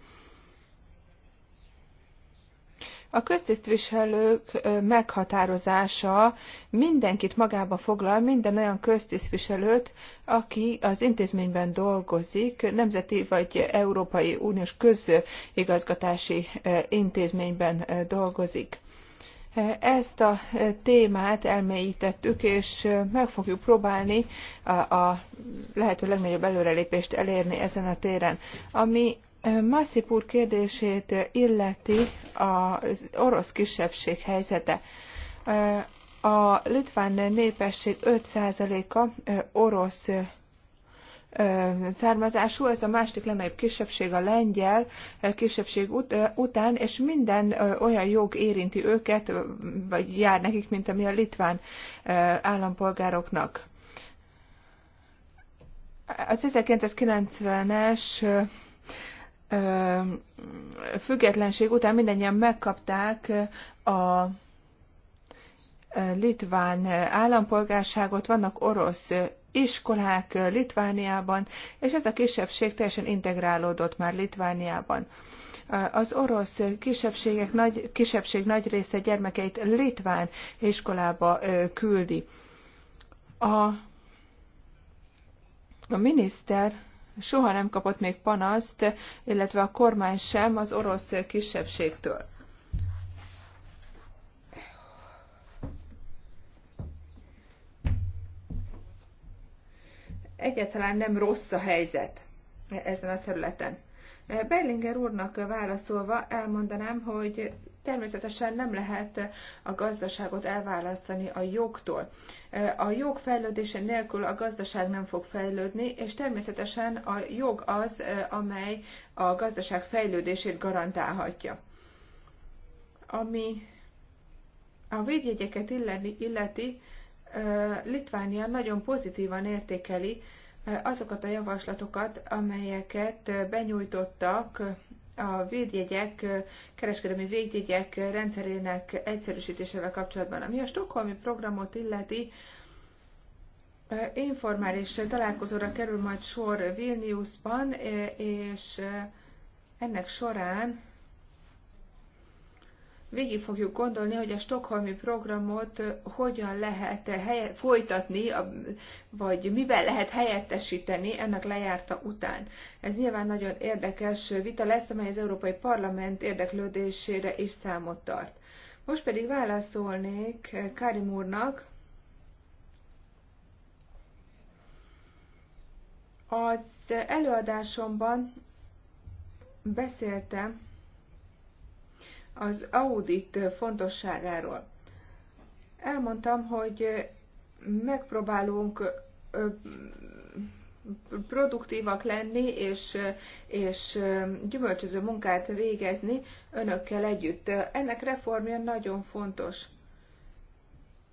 a köztisztviselők meghatározása mindenkit magába foglal, minden olyan köztisztviselőt, aki az intézményben dolgozik, nemzeti vagy Európai Uniós közigazgatási intézményben dolgozik. Ezt a témát elmélyítettük, és meg fogjuk próbálni a, a lehető legnagyobb előrelépést elérni ezen a téren. Ami Massip úr kérdését illeti az orosz kisebbség helyzete. A litván népesség 5%-a orosz származású, ez a második legnagyobb kisebbség a lengyel kisebbség ut- után, és minden olyan jog érinti őket, vagy jár nekik, mint ami a litván állampolgároknak. Az 1990-es függetlenség után mindannyian megkapták a litván állampolgárságot, vannak orosz iskolák Litvániában, és ez a kisebbség teljesen integrálódott már Litvániában. Az orosz kisebbségek nagy, kisebbség nagy része gyermekeit litván iskolába küldi. A, a miniszter soha nem kapott még panaszt, illetve a kormány sem az orosz kisebbségtől. egyáltalán nem rossz a helyzet ezen a területen. Berlinger úrnak válaszolva elmondanám, hogy természetesen nem lehet a gazdaságot elválasztani a jogtól. A jog fejlődése nélkül a gazdaság nem fog fejlődni, és természetesen a jog az, amely a gazdaság fejlődését garantálhatja. Ami a védjegyeket illeti, illeti Litvánia nagyon pozitívan értékeli azokat a javaslatokat, amelyeket benyújtottak a védjegyek, kereskedelmi védjegyek rendszerének egyszerűsítésével kapcsolatban. Ami a stokholmi programot illeti, informális találkozóra kerül majd sor Vilniusban, és ennek során végig fogjuk gondolni, hogy a stokholmi programot hogyan lehet helye, folytatni, vagy mivel lehet helyettesíteni ennek lejárta után. Ez nyilván nagyon érdekes vita lesz, amely az Európai Parlament érdeklődésére is számot tart. Most pedig válaszolnék Karim úrnak az előadásomban beszéltem az audit fontosságáról. Elmondtam, hogy megpróbálunk produktívak lenni, és, és gyümölcsöző munkát végezni önökkel együtt. Ennek reformja nagyon fontos.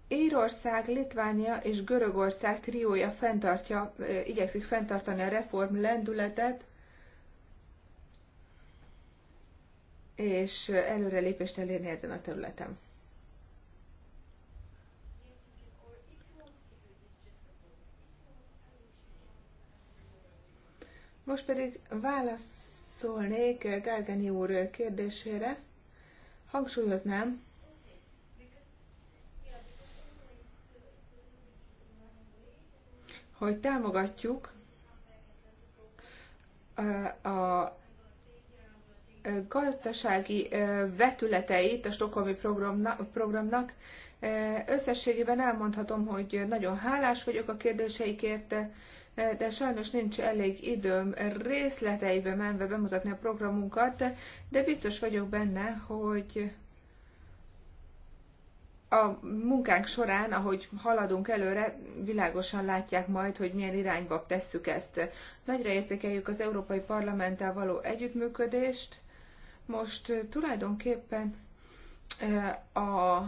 Írország, Litvánia és Görögország triója fenntartja, igyekszik fenntartani a reform lendületet, és előrelépést elérni ezen a területen. Most pedig válaszolnék Gárgányi úr kérdésére. Hangsúlyoznám, hogy támogatjuk a gazdasági vetületeit a Stokholmi programnak. Összességében elmondhatom, hogy nagyon hálás vagyok a kérdéseikért, de sajnos nincs elég időm részleteibe menve bemutatni a programunkat, de biztos vagyok benne, hogy a munkánk során, ahogy haladunk előre, világosan látják majd, hogy milyen irányba tesszük ezt. Nagyra értékeljük az Európai Parlamenttel való együttműködést, most tulajdonképpen a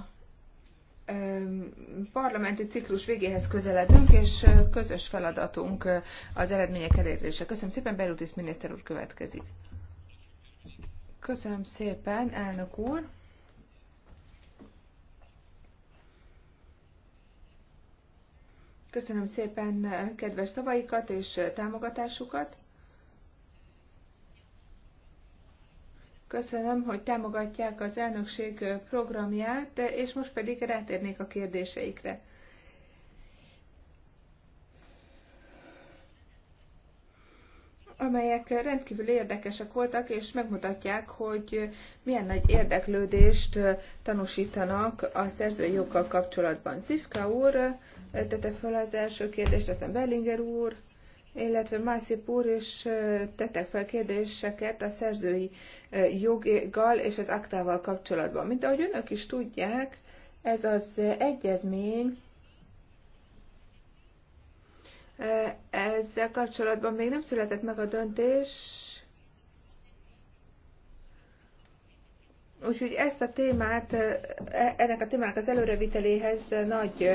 parlamenti ciklus végéhez közeledünk, és közös feladatunk az eredmények elérése. Köszönöm szépen, Berutis miniszter úr következik. Köszönöm szépen, elnök úr. Köszönöm szépen kedves szavaikat és támogatásukat. Köszönöm, hogy támogatják az elnökség programját, és most pedig rátérnék a kérdéseikre. amelyek rendkívül érdekesek voltak, és megmutatják, hogy milyen nagy érdeklődést tanúsítanak a szerzői jogkal kapcsolatban. Szifka úr tette fel az első kérdést, aztán Bellinger úr, illetve Mászip úr is tettek fel kérdéseket a szerzői joggal és az aktával kapcsolatban. Mint ahogy önök is tudják, ez az egyezmény ezzel kapcsolatban még nem született meg a döntés, Úgyhogy ezt a témát, e, ennek a témának az előreviteléhez nagy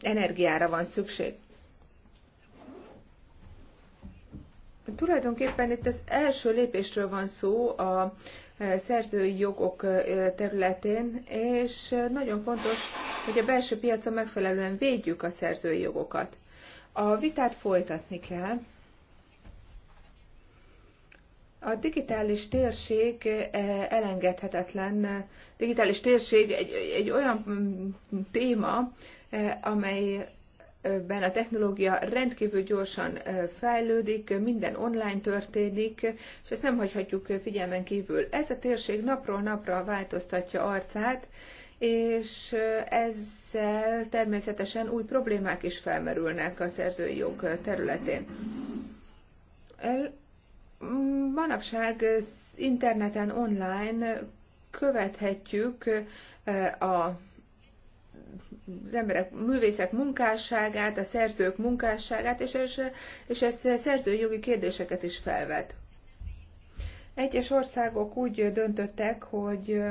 energiára van szükség. Tulajdonképpen itt az első lépésről van szó a e, szerzői jogok e, területén, és e, nagyon fontos, hogy a belső piacon megfelelően védjük a szerzői jogokat. A vitát folytatni kell. A digitális térség elengedhetetlen. Digitális térség egy, egy olyan mm, téma, amely ben a technológia rendkívül gyorsan fejlődik, minden online történik, és ezt nem hagyhatjuk figyelmen kívül. Ez a térség napról napra változtatja arcát, és ezzel természetesen új problémák is felmerülnek a szerzői jog területén. Manapság interneten, online követhetjük a az emberek, művészek munkásságát, a szerzők munkásságát, és ez, és ez szerzői jogi kérdéseket is felvet. Egyes országok úgy döntöttek, hogy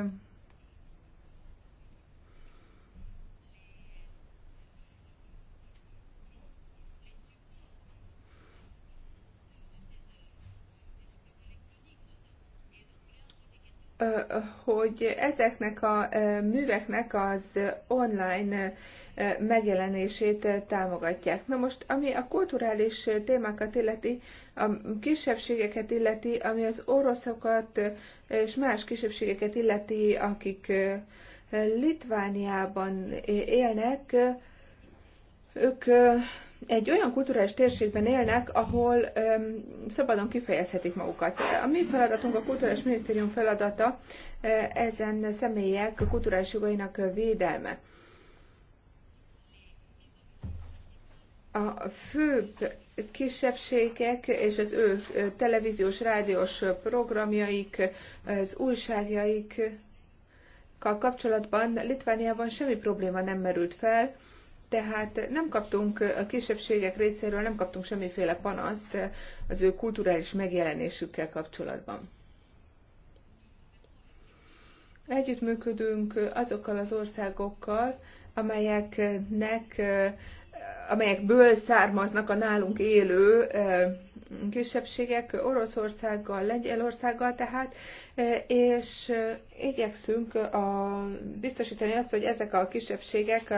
hogy ezeknek a műveknek az online megjelenését támogatják. Na most, ami a kulturális témákat illeti, a kisebbségeket illeti, ami az oroszokat és más kisebbségeket illeti, akik Litvániában élnek, ők egy olyan kulturális térségben élnek, ahol öm, szabadon kifejezhetik magukat. A mi feladatunk, a Kulturális Minisztérium feladata ezen személyek kulturális jogainak védelme. A főbb kisebbségek és az ő televíziós, rádiós programjaik, az újságjaikkal kapcsolatban Litvániában semmi probléma nem merült fel, tehát nem kaptunk a kisebbségek részéről, nem kaptunk semmiféle panaszt az ő kulturális megjelenésükkel kapcsolatban. Együttműködünk azokkal az országokkal, amelyeknek, amelyekből származnak a nálunk élő kisebbségek Oroszországgal, Lengyelországgal tehát, e, és e, igyekszünk e, a, biztosítani azt, hogy ezek a kisebbségek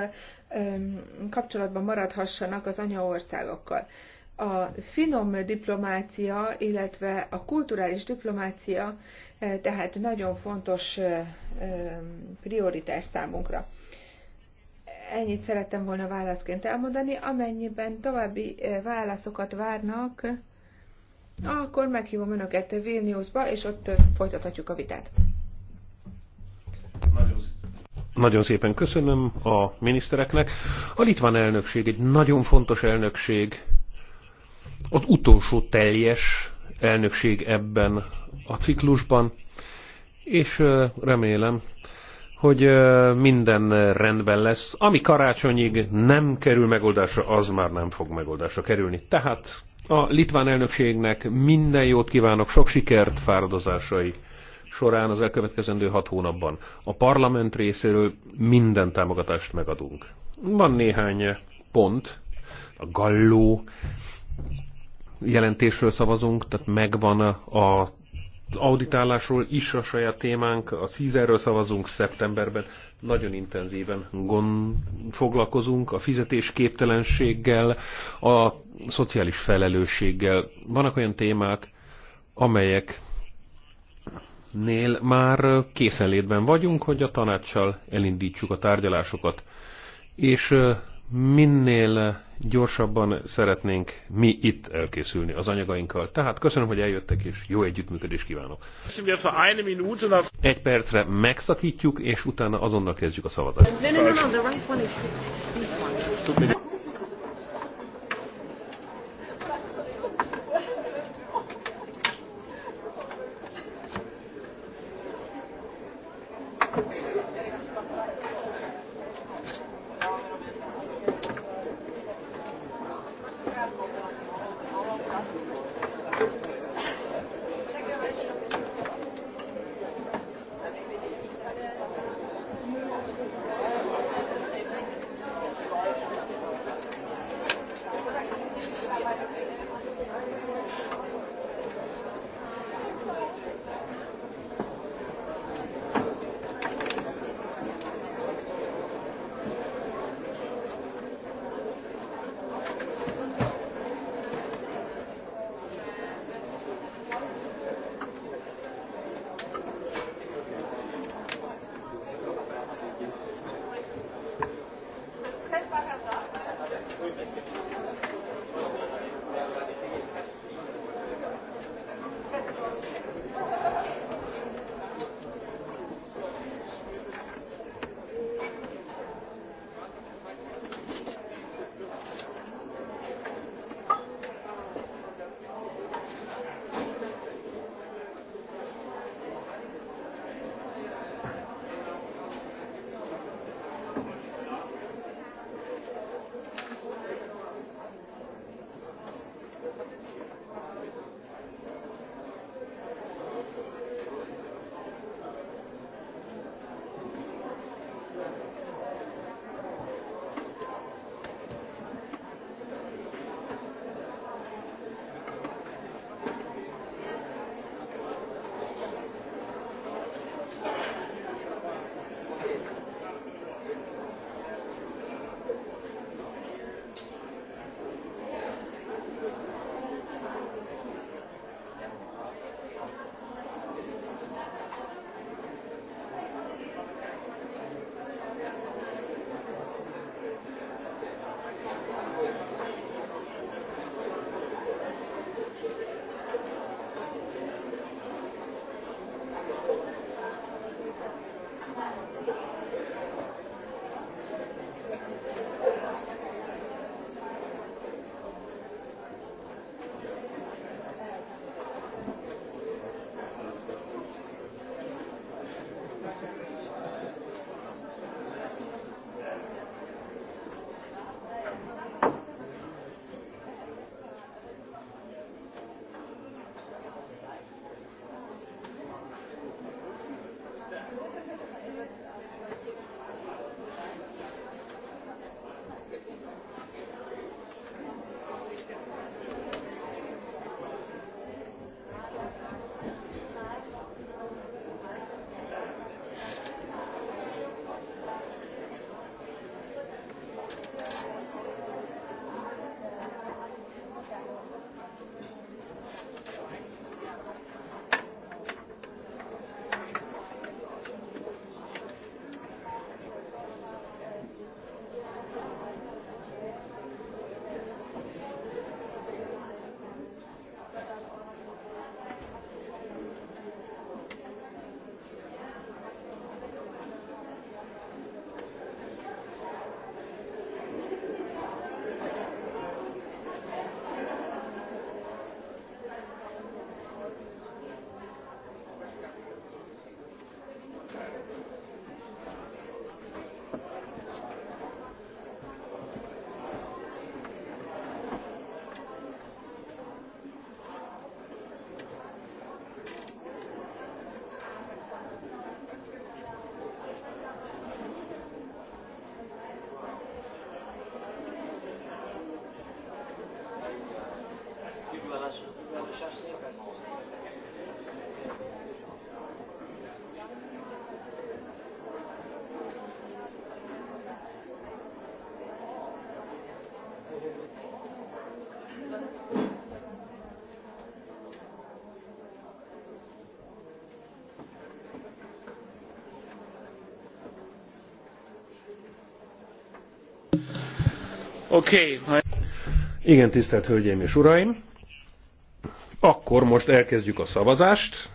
kapcsolatban maradhassanak az anyaországokkal. A finom diplomácia, illetve a kulturális diplomácia tehát nagyon fontos prioritás számunkra ennyit szerettem volna válaszként elmondani. Amennyiben további válaszokat várnak, akkor meghívom Önöket Vilniusba, és ott folytathatjuk a vitát.
Nagyon nagyon szépen köszönöm a minisztereknek. A litván elnökség egy nagyon fontos elnökség, az utolsó teljes elnökség ebben a ciklusban, és remélem, hogy minden rendben lesz. Ami karácsonyig nem kerül megoldásra, az már nem fog megoldásra kerülni. Tehát a litván elnökségnek minden jót kívánok, sok sikert fáradozásai során az elkövetkezendő hat hónapban. A parlament részéről minden támogatást megadunk. Van néhány pont, a galló jelentésről szavazunk, tehát megvan a auditálásról is a saját témánk, a szízerről szavazunk szeptemberben, nagyon intenzíven gond, foglalkozunk a fizetésképtelenséggel, a szociális felelősséggel. Vannak olyan témák, amelyek nél már készenlétben vagyunk, hogy a tanácssal elindítsuk a tárgyalásokat. És minél gyorsabban szeretnénk mi itt elkészülni az anyagainkkal. Tehát köszönöm, hogy eljöttek, és jó együttműködést kívánok. Egy percre megszakítjuk, és utána azonnal kezdjük a szavazást. Okay. Igen, tisztelt Hölgyeim és Uraim! Akkor most elkezdjük a szavazást.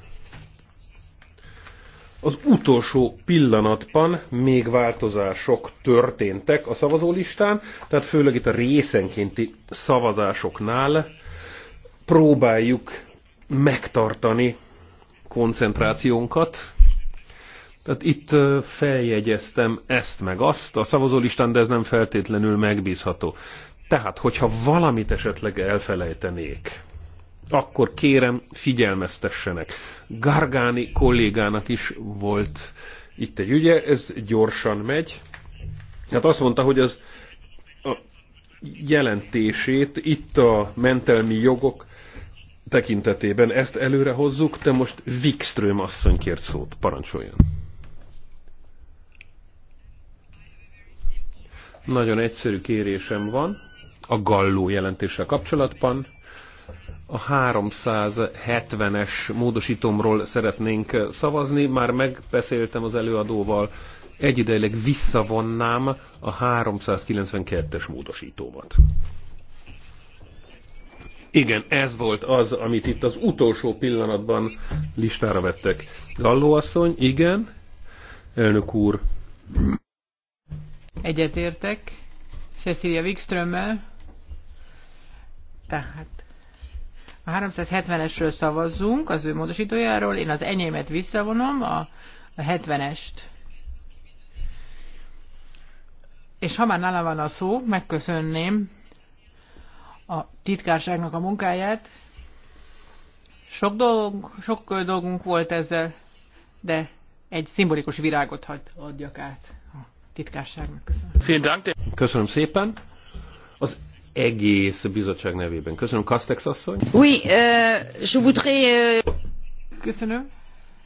Az utolsó pillanatban még változások történtek a szavazólistán, tehát főleg itt a részenkénti szavazásoknál próbáljuk megtartani koncentrációnkat, tehát itt feljegyeztem ezt meg azt a szavazólistán, de ez nem feltétlenül megbízható. Tehát, hogyha valamit esetleg elfelejtenék, akkor kérem figyelmeztessenek. Gargáni kollégának is volt itt egy ügye, ez gyorsan megy. Hát azt mondta, hogy az a jelentését itt a mentelmi jogok tekintetében ezt előre hozzuk, de most Wikström asszony kért szót, parancsoljon. Nagyon egyszerű kérésem van a Galló jelentéssel kapcsolatban. A 370-es módosítomról szeretnénk szavazni. Már megbeszéltem az előadóval, egyidejleg visszavonnám a 392-es módosítómat. Igen, ez volt az, amit itt az utolsó pillanatban listára vettek. Galló asszony, igen. Elnök úr.
Egyetértek Cecilia Wikströmmel. Tehát a 370-esről szavazzunk, az ő módosítójáról, én az enyémet visszavonom, a, a 70-est. És ha már nála van a szó, megköszönném a titkárságnak a munkáját. Sok dolgunk, sok dolgunk volt ezzel, de egy szimbolikus virágot hagy, adjak át titkárságnak.
Köszönöm. Köszönöm szépen. Az egész bizottság nevében. Köszönöm, Kastex asszony.
Oui,
euh, je voudrais... Euh... Köszönöm.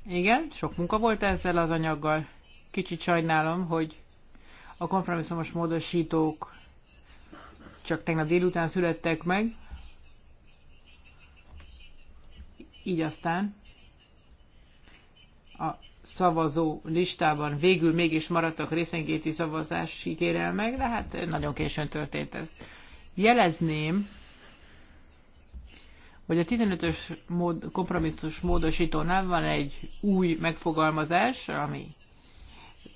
Igen, sok munka volt ezzel az anyaggal. Kicsit sajnálom, hogy a kompromisszumos módosítók csak tegnap délután születtek meg. Így aztán a szavazó listában végül mégis maradtak részengéti szavazási kérelmek, de hát nagyon későn történt ez. Jelezném, hogy a 15-ös mód, kompromisszus módosítónál van egy új megfogalmazás, ami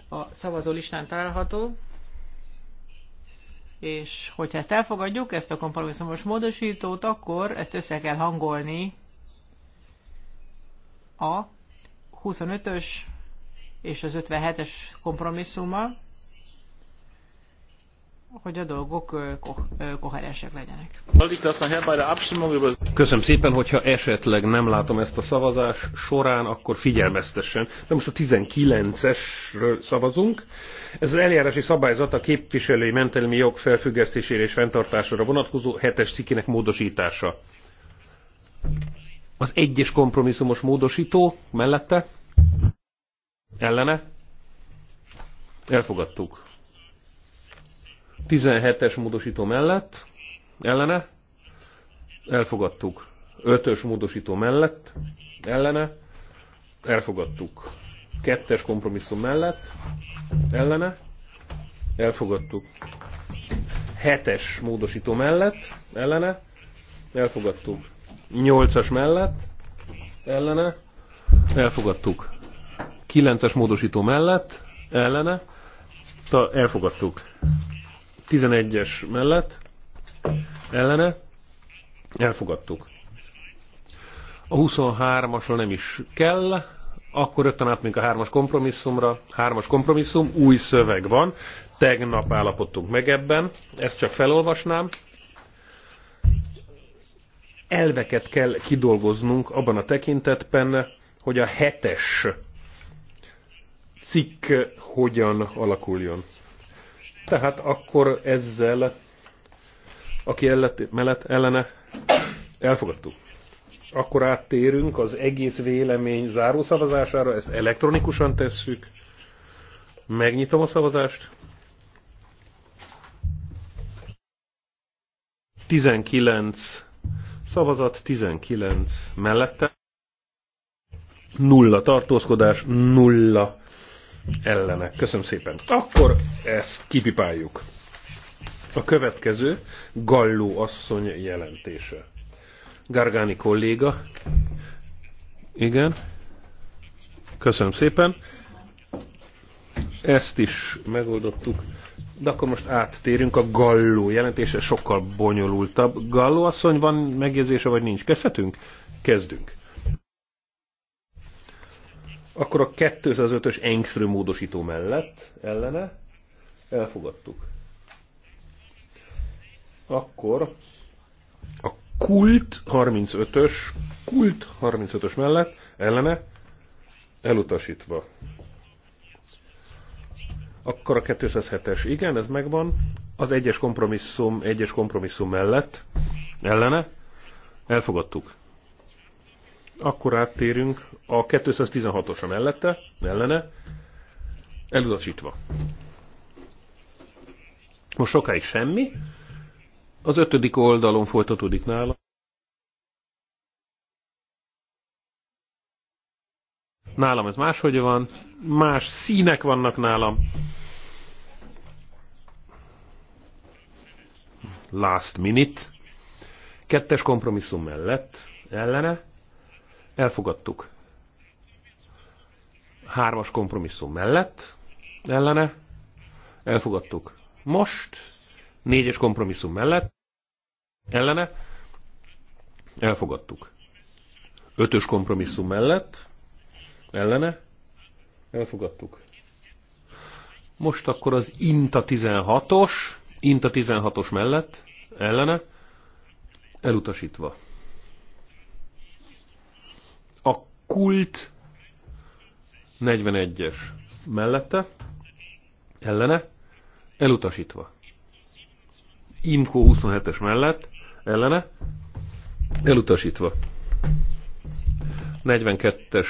a szavazó listán található, és hogyha ezt elfogadjuk, ezt a kompromisszumos módosítót, akkor ezt össze kell hangolni a 25-ös és az 57-es kompromisszuma, hogy a dolgok koherensek legyenek.
Köszönöm szépen, hogyha esetleg nem látom ezt a szavazás során, akkor figyelmeztessen. De most a 19-esről szavazunk. Ez az eljárási szabályzat a képviselői mentelmi jog felfüggesztésére és fenntartására vonatkozó 7-es cikkének módosítása. Az egyes kompromisszumos módosító mellette, ellene, elfogadtuk. 17-es módosító mellett, ellene, elfogadtuk. 5-ös módosító mellett, ellene, elfogadtuk. 2-es kompromisszum mellett, ellene, elfogadtuk. 7-es módosító mellett, ellene, elfogadtuk. 8-as mellett ellene elfogadtuk. 9-es módosító mellett ellene ta, elfogadtuk. 11-es mellett ellene elfogadtuk. A 23-asra nem is kell, akkor rögtön átmegyünk a 3-as kompromisszumra. 3-as kompromisszum, új szöveg van, tegnap állapodtunk meg ebben, ezt csak felolvasnám elveket kell kidolgoznunk abban a tekintetben, hogy a hetes cikk hogyan alakuljon. Tehát akkor ezzel, aki ellet, mellett ellene, elfogadtuk. Akkor áttérünk az egész vélemény zárószavazására, ezt elektronikusan tesszük. Megnyitom a szavazást. 19 szavazat, 19 mellette, nulla tartózkodás, nulla ellenek. Köszönöm szépen. Akkor ezt kipipáljuk. A következő Galló asszony jelentése. Gargáni kolléga. Igen. Köszönöm szépen. Ezt is megoldottuk. De akkor most áttérünk a Galló jelentése, sokkal bonyolultabb. Galló asszony, van megjegyzése, vagy nincs? Kezdhetünk? Kezdünk. Akkor a 205-ös Engström módosító mellett, ellene, elfogadtuk. Akkor a Kult 35-ös, Kult 35-ös mellett, ellene, elutasítva. Akkor a 207-es, igen, ez megvan. Az egyes kompromisszum, egyes kompromisszum mellett, ellene, elfogadtuk. Akkor áttérünk a 216 osa mellette, ellene, elutasítva. Most sokáig semmi. Az ötödik oldalon folytatódik nála. Nálam ez máshogy van, más színek vannak nálam. Last minute. Kettes kompromisszum mellett, ellene, elfogadtuk. Hármas kompromisszum mellett, ellene, elfogadtuk. Most, négyes kompromisszum mellett, ellene, elfogadtuk. Ötös kompromisszum mellett, ellene, elfogadtuk. Most akkor az INTA 16-os, INTA 16-os mellett, ellene, elutasítva. A kult 41-es mellette, ellene, elutasítva. IMCO 27-es mellett, ellene, elutasítva. 42-es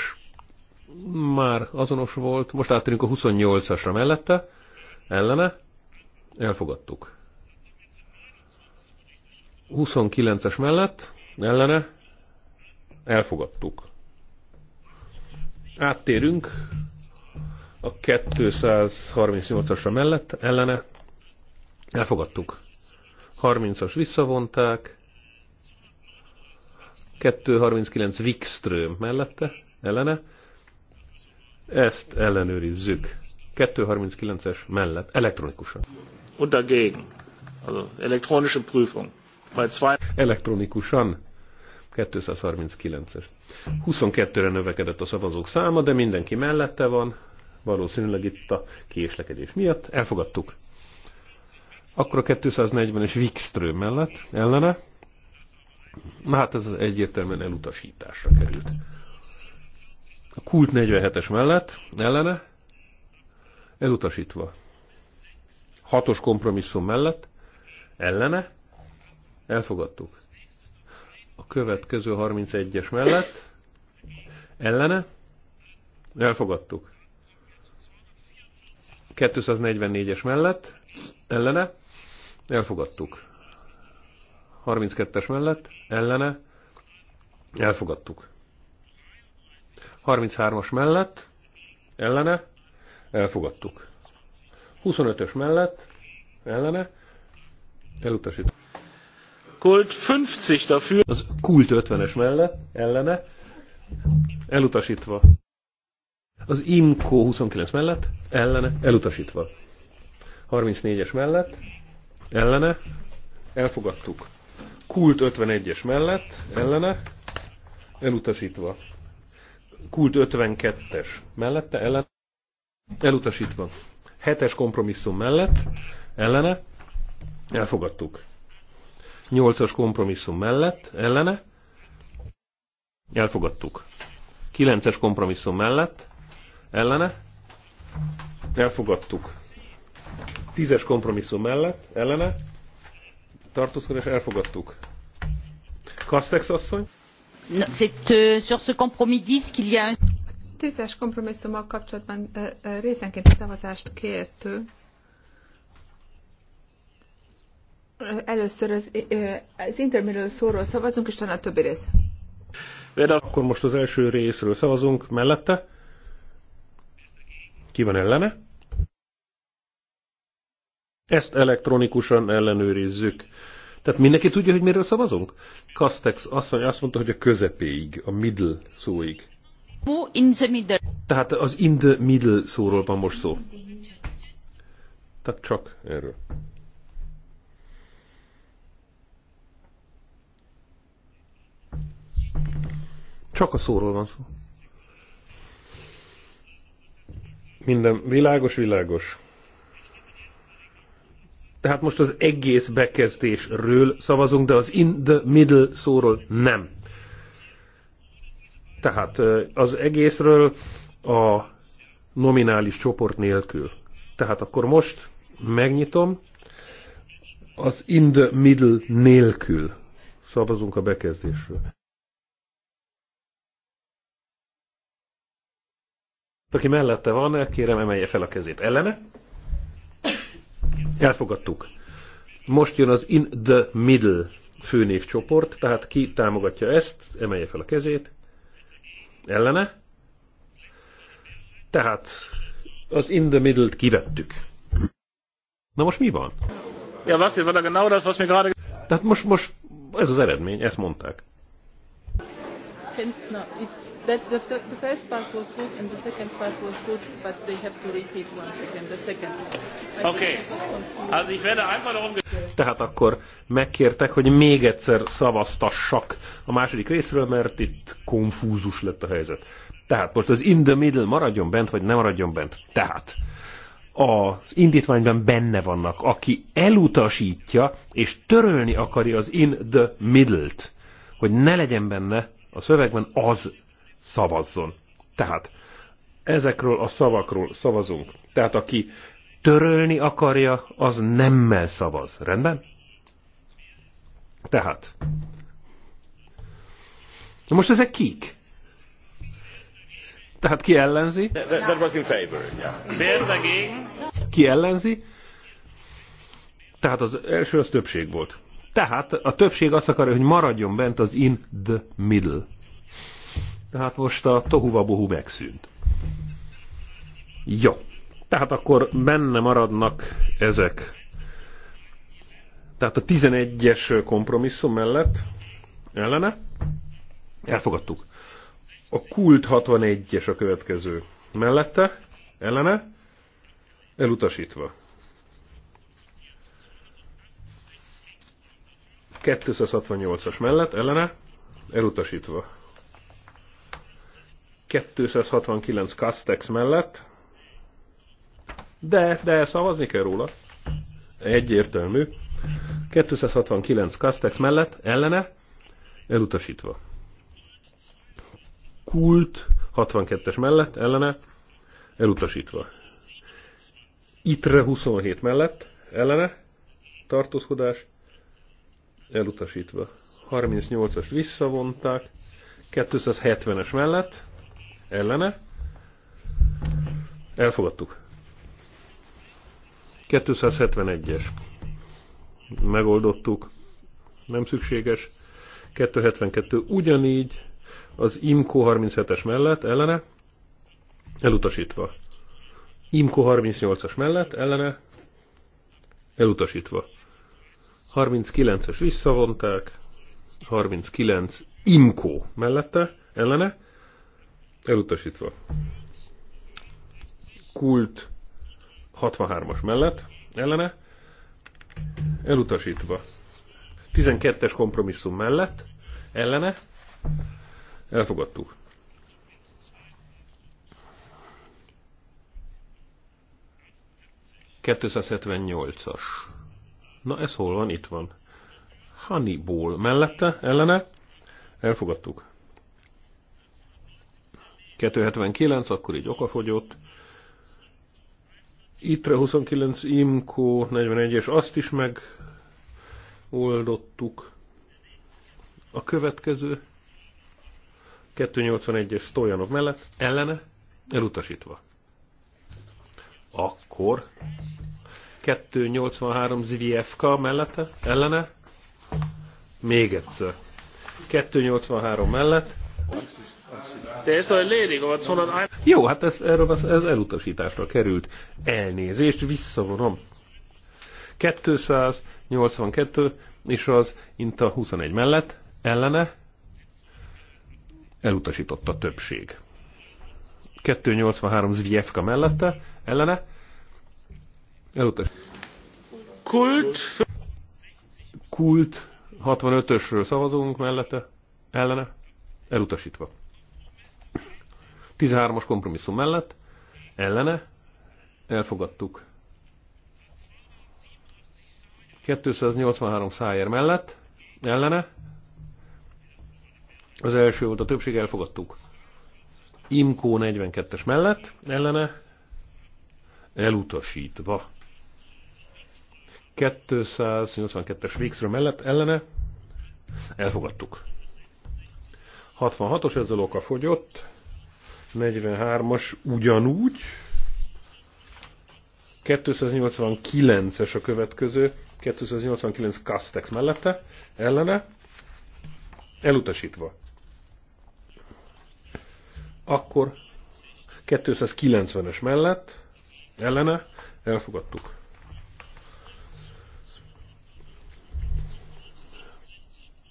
már azonos volt, most áttérünk a 28-asra mellette, ellene, elfogadtuk. 29-es mellett, ellene, elfogadtuk. Áttérünk a 238-asra mellett, ellene, elfogadtuk. 30-as visszavonták, 239 Wikström mellette, ellene, ezt ellenőrizzük. 239-es mellett, elektronikusan. Und dagegen. Also elektronische Prüfung. Bei zwei... Elektronikusan. 239-es. 22-re növekedett a szavazók száma, de mindenki mellette van, valószínűleg itt a késlekedés miatt. Elfogadtuk. Akkor a 240-es Wikström mellett ellene. Na hát ez egyértelműen elutasításra került. A kult 47-es mellett, ellene, elutasítva. Hatos kompromisszum mellett, ellene, elfogadtuk. A következő 31-es mellett, ellene, elfogadtuk. 244-es mellett, ellene, elfogadtuk. 32-es mellett, ellene, elfogadtuk. 33-as mellett, ellene, elfogadtuk. 25-ös mellett, ellene, elutasítottuk. Kult 50 dafür. Az kult 50-es mellett, ellene, elutasítva. Az IMCO 29 mellett, ellene, elutasítva. 34-es mellett, ellene, elfogadtuk. Kult 51-es mellett, ellene, elutasítva. Kult 52-es mellette, ellen, elutasítva. 7-es kompromisszum mellett, ellene, elfogadtuk. 8-as kompromisszum mellett, ellene, elfogadtuk. 9-es kompromisszum mellett, ellene, elfogadtuk. 10-es kompromisszum mellett, ellene, tartózkodás, elfogadtuk. Kastex asszony?
c'est euh, sur ce compromis dix qu'il y a un tízes kompromisszummal kapcsolatban részenkénti szavazást kért Először az, az intermillió szóról szavazunk, és talán a többi rész.
akkor most az első részről szavazunk mellette. Ki van ellene? Ezt elektronikusan ellenőrizzük. Tehát mindenki tudja, hogy miről szavazunk? Castex azt mondta, hogy a közepéig, a middle szóig.
In the middle.
Tehát az in the middle szóról van most szó. Tehát csak erről. Csak a szóról van szó. Minden világos, világos. Tehát most az egész bekezdésről szavazunk, de az in the middle szóról nem. Tehát az egészről a nominális csoport nélkül. Tehát akkor most megnyitom, az in the middle nélkül szavazunk a bekezdésről. Aki mellette van, kérem emelje fel a kezét. Ellene? Elfogadtuk. Most jön az In the Middle csoport, tehát ki támogatja ezt, emelje fel a kezét. Ellene? Tehát az In the Middle-t kivettük. Na most mi van? Ja, was, genau das, was mir gerade... Tehát most, most ez az eredmény, ezt mondták
second, no, it's that the, the first part was good and the second part was good, but they have to repeat once again the second. I okay. Also ich werde einfach darum
Tehát akkor megkértek, hogy még egyszer szavaztassak a második részről, mert itt konfúzus lett a helyzet. Tehát most az in the middle maradjon bent, vagy nem maradjon bent. Tehát az indítványban benne vannak, aki elutasítja és törölni akarja az in the middle-t, hogy ne legyen benne, a szövegben, az szavazzon. Tehát ezekről a szavakról szavazunk. Tehát aki törölni akarja, az nemmel szavaz. Rendben? Tehát. Na most ezek kik? Tehát ki ellenzi? That was in favor, yeah. Ki ellenzi? Tehát az első az többség volt. Tehát a többség azt akarja, hogy maradjon bent az in the middle. Tehát most a tohuvabohu megszűnt. Jó. Tehát akkor benne maradnak ezek. Tehát a 11-es kompromisszum mellett ellene elfogadtuk. A kult 61-es a következő mellette ellene elutasítva. 268-as mellett ellene elutasítva. 269 Castex mellett, de, de szavazni kell róla. Egyértelmű. 269 Castex mellett ellene elutasítva. Kult 62-es mellett ellene elutasítva. Itre 27 mellett ellene tartózkodás elutasítva. 38-as visszavonták, 270-es mellett, ellene, elfogadtuk. 271-es, megoldottuk, nem szükséges. 272 ugyanígy, az IMCO 37-es mellett, ellene, elutasítva. IMCO 38-as mellett, ellene, elutasítva. 39-es visszavonták, 39 imkó mellette, ellene, elutasítva. Kult 63-as mellett, ellene, elutasítva. 12-es kompromisszum mellett, ellene, elfogadtuk. Kettőszázhetvennyolcas Na ez hol van? Itt van. Honeyball mellette, ellene. Elfogadtuk. 279, akkor így okafogyott. Itre 29, Imco 41, és azt is meg oldottuk. A következő 281-es Stojanov mellett, ellene, elutasítva. Akkor 283 Zviefka mellette, ellene. Még egyszer. 283 mellett. De ezt a lélig, honnan... Jó, hát ez, erről ez, ez elutasításra került. Elnézést, visszavonom. 282 és az Inta 21 mellett ellene elutasította többség. 283 Zviefka mellette ellene Elutas. Kult. Kult 65-ösről szavazunk mellette, ellene, elutasítva. 13-as kompromisszum mellett, ellene, elfogadtuk. 283 szájér mellett, ellene, az első volt a többség, elfogadtuk. Imkó 42-es mellett, ellene, elutasítva. 282-es Wikström mellett ellene elfogadtuk. 66-os ezzel oka fogyott, 43-as ugyanúgy, 289-es a következő, 289 Castex mellette, ellene, elutasítva. Akkor 290-es mellett, ellene, elfogadtuk.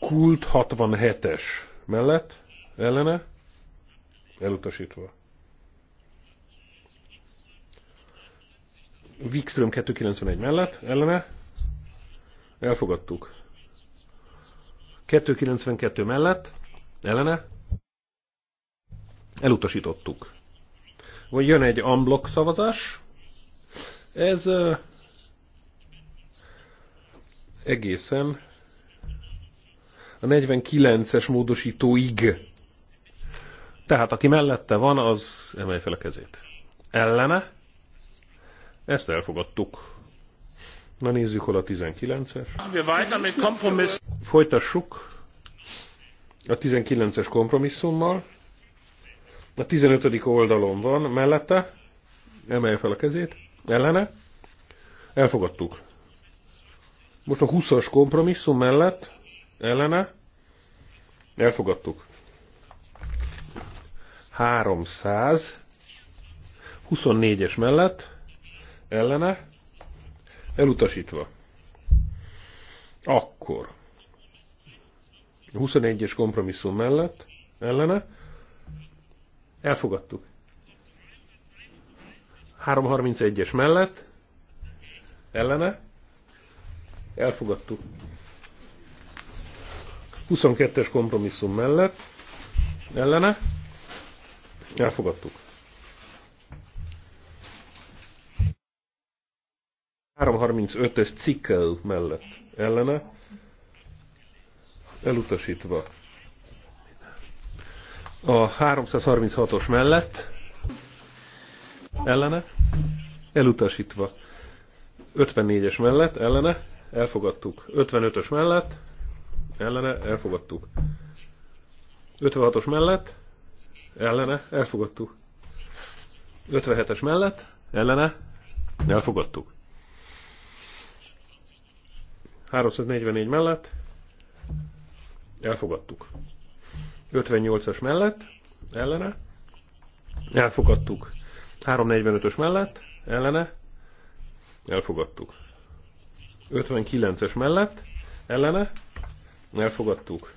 Kult 67-es mellett, ellene, elutasítva. Wikström 291 mellett, ellene, elfogadtuk. 292 mellett, ellene, elutasítottuk. Vagy jön egy unblock szavazás, ez egészen a 49-es módosítóig. Tehát aki mellette van, az emelj fel a kezét. Ellene? Ezt elfogadtuk. Na nézzük, hol a 19-es. Folytassuk a 19-es kompromisszummal. A 15. oldalon van mellette. Emelj fel a kezét. Ellene? Elfogadtuk. Most a 20-as kompromisszum mellett ellene, elfogadtuk. 300, 24-es mellett, ellene, elutasítva. Akkor, 21-es kompromisszum mellett, ellene, elfogadtuk. 331-es mellett, ellene, elfogadtuk. 22-es kompromisszum mellett ellene elfogadtuk. 335 es cikkel mellett ellene elutasítva. A 336-os mellett ellene elutasítva. 54-es mellett ellene elfogadtuk. 55-ös mellett ellene, elfogadtuk. 56-os mellett, ellene, elfogadtuk. 57-es mellett, ellene, elfogadtuk. 344 mellett, elfogadtuk. 58-as mellett, ellene, elfogadtuk. 345-ös mellett, ellene, elfogadtuk. 59-es mellett, ellene, elfogadtuk.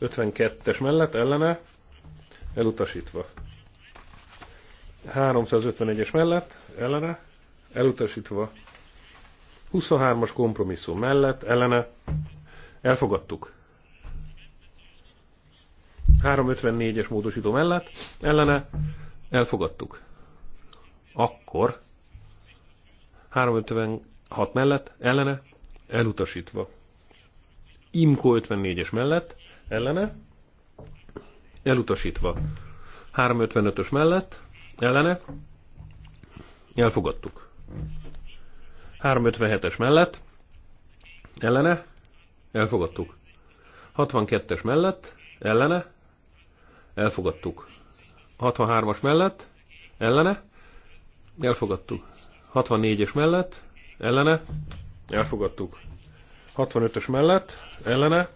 52-es mellett ellene, elutasítva. 351-es mellett ellene, elutasítva. 23-as kompromisszum mellett ellene, elfogadtuk. 354-es módosító mellett ellene, elfogadtuk. Akkor 356 mellett ellene, elutasítva. IMCO 54-es mellett ellene, elutasítva. 355-ös mellett ellene, elfogadtuk. 357-es mellett ellene, elfogadtuk. 62-es mellett ellene, elfogadtuk. 63-as mellett ellene, elfogadtuk. 64-es mellett ellene, elfogadtuk. 65-ös mellett, ellene,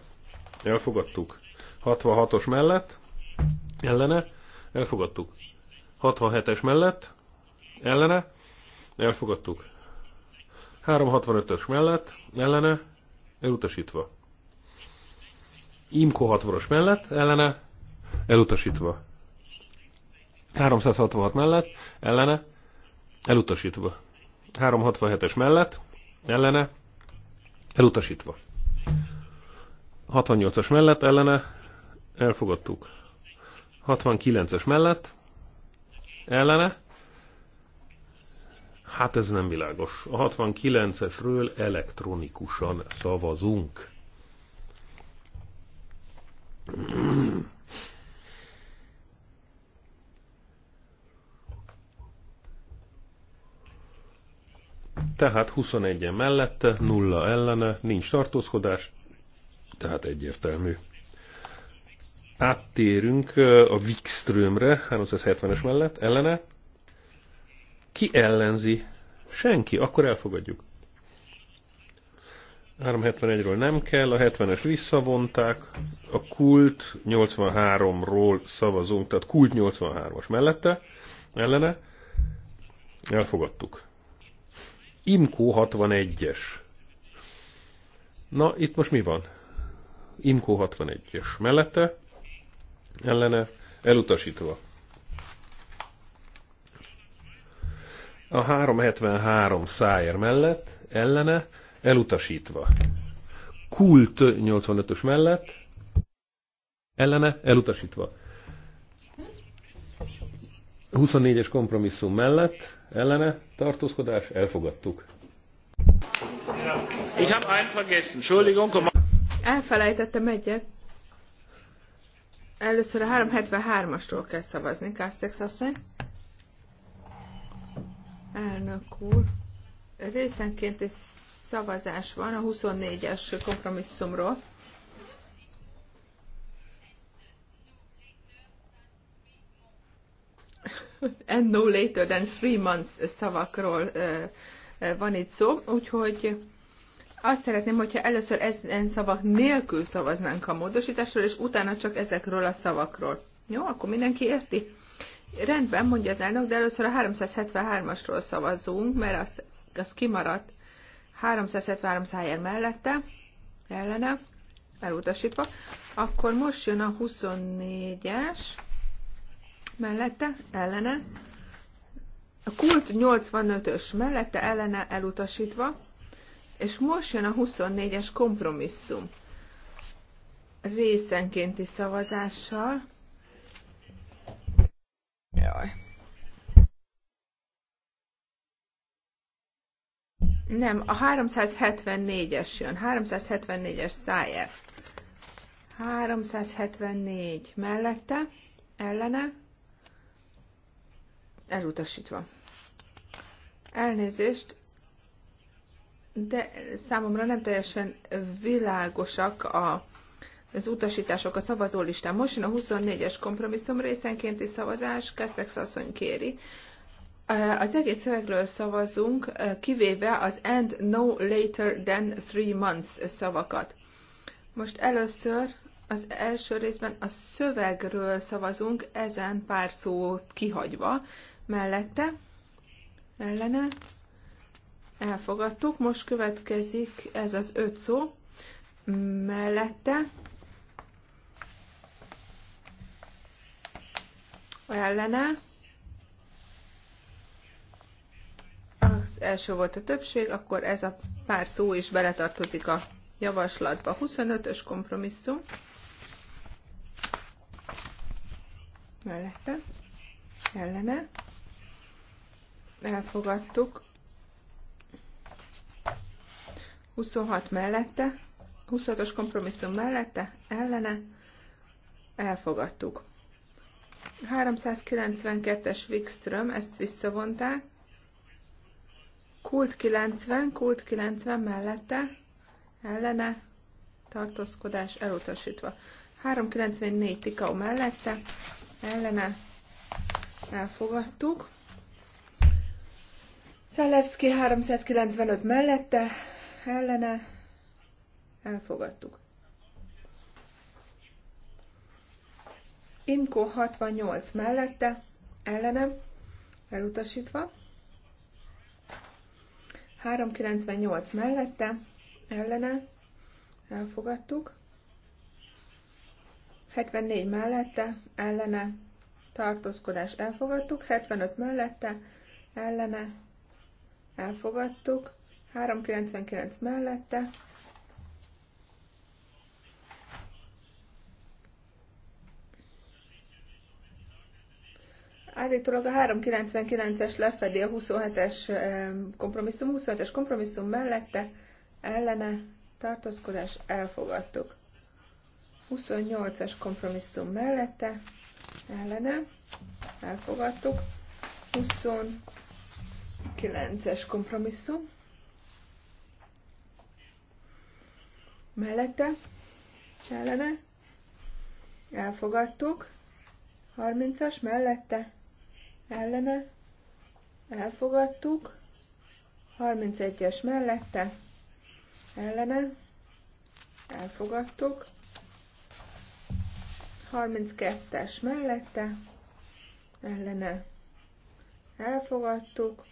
elfogadtuk. 66-os mellett, ellene, elfogadtuk. 67-es mellett, ellene, elfogadtuk. 365-ös mellett, ellene, elutasítva. Imko 60-os mellett, ellene, elutasítva. 366 mellett, ellene, elutasítva. 367-es mellett, ellene, Elutasítva. 68-as mellett ellene elfogadtuk. 69-es mellett ellene. Hát ez nem világos. A 69-esről elektronikusan szavazunk. Tehát 21-en -e mellette, nulla ellene, nincs tartózkodás, tehát egyértelmű. Áttérünk a Wikströmre, 370-es mellett, ellene. Ki ellenzi? Senki, akkor elfogadjuk. 371-ről nem kell, a 70-es visszavonták, a kult 83-ról szavazunk, tehát kult 83-as mellette, ellene, elfogadtuk. Imkó 61-es. Na, itt most mi van? Imkó 61-es mellette, ellene, elutasítva. A 373 szájer mellett, ellene, elutasítva. Kult 85-ös mellett, ellene, elutasítva. 24-es kompromisszum mellett ellene tartózkodás elfogadtuk. Ich habe einen vergessen. Entschuldigung.
Elfelejtettem egyet. Először a 373-asról kell szavazni, Kásztex asszony. Elnök úr. Részenként egy szavazás van a 24-es kompromisszumról. and no later than three months szavakról van itt szó, úgyhogy azt szeretném, hogyha először ezen szavak nélkül szavaznánk a módosításról, és utána csak ezekről a szavakról. Jó, akkor mindenki érti? Rendben, mondja az elnök, de először a 373-asról szavazzunk, mert az, az kimaradt 373 szájér mellette, ellene, elutasítva. Akkor most jön a 24-es, mellette, ellene. A kult 85-ös mellette, ellene elutasítva. És most jön a 24-es kompromisszum. Részenkénti szavazással. Jaj. Nem, a 374-es jön. 374-es Szájer. 374 mellette, ellene, elutasítva. Elnézést, de számomra nem teljesen világosak a, az utasítások a szavazólistán. Most jön a 24-es kompromisszum részenkénti szavazás, Kesztex asszony kéri. Eh, az egész szövegről szavazunk, eh, kivéve az and no later than three months szavakat. Most először az első részben a szövegről szavazunk, ezen pár szót kihagyva, mellette, ellene, elfogadtuk. Most következik ez az öt szó, mellette, ellene, az első volt a többség, akkor ez a pár szó is beletartozik a javaslatba. 25-ös kompromisszum. Mellette. Ellene elfogadtuk. 26 mellette, 26-os kompromisszum mellette, ellene, elfogadtuk. 392-es Wikström, ezt visszavonták. Kult 90, Kult 90 mellette, ellene, tartózkodás elutasítva. 394 Tikau mellette, ellene, elfogadtuk. Szelevszki 395 mellette, ellene, elfogadtuk. Imko 68 mellette, ellene, elutasítva. 398 mellette, ellene, elfogadtuk. 74 mellette, ellene, tartózkodás elfogadtuk. 75 mellette, ellene, elfogadtuk, 399 mellette, Állítólag a 399-es lefedi a 27-es kompromisszum, 27-es kompromisszum mellette ellene tartózkodás elfogadtuk. 28-as kompromisszum mellette ellene elfogadtuk. 9-es kompromisszum. Mellette, ellene, elfogadtuk. 30-as mellette, ellene, elfogadtuk. 31-es mellette, ellene, elfogadtuk. 32-es mellette, ellene, elfogadtuk.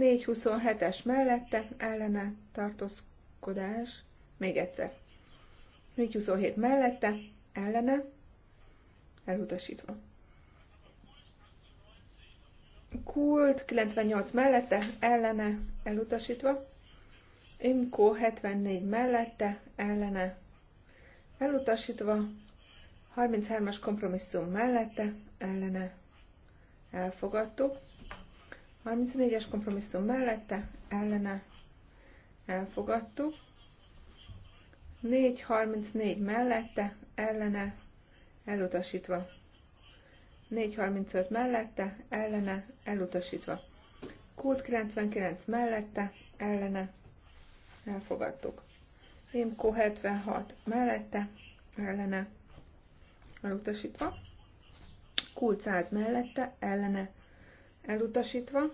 427-es mellette ellene tartózkodás, még egyszer. 427 mellette ellene elutasítva. Kult 98 mellette ellene elutasítva. Imko 74 mellette ellene elutasítva. 33-as kompromisszum mellette ellene elfogadtuk. 34-es kompromisszum mellette, ellene elfogadtuk. 4.34 mellette, ellene elutasítva. 4.35 mellette, ellene elutasítva. Kult 99 mellette, ellene elfogadtuk. Imko 76 mellette, ellene elutasítva. Kult 100 mellette, ellene elutasítva,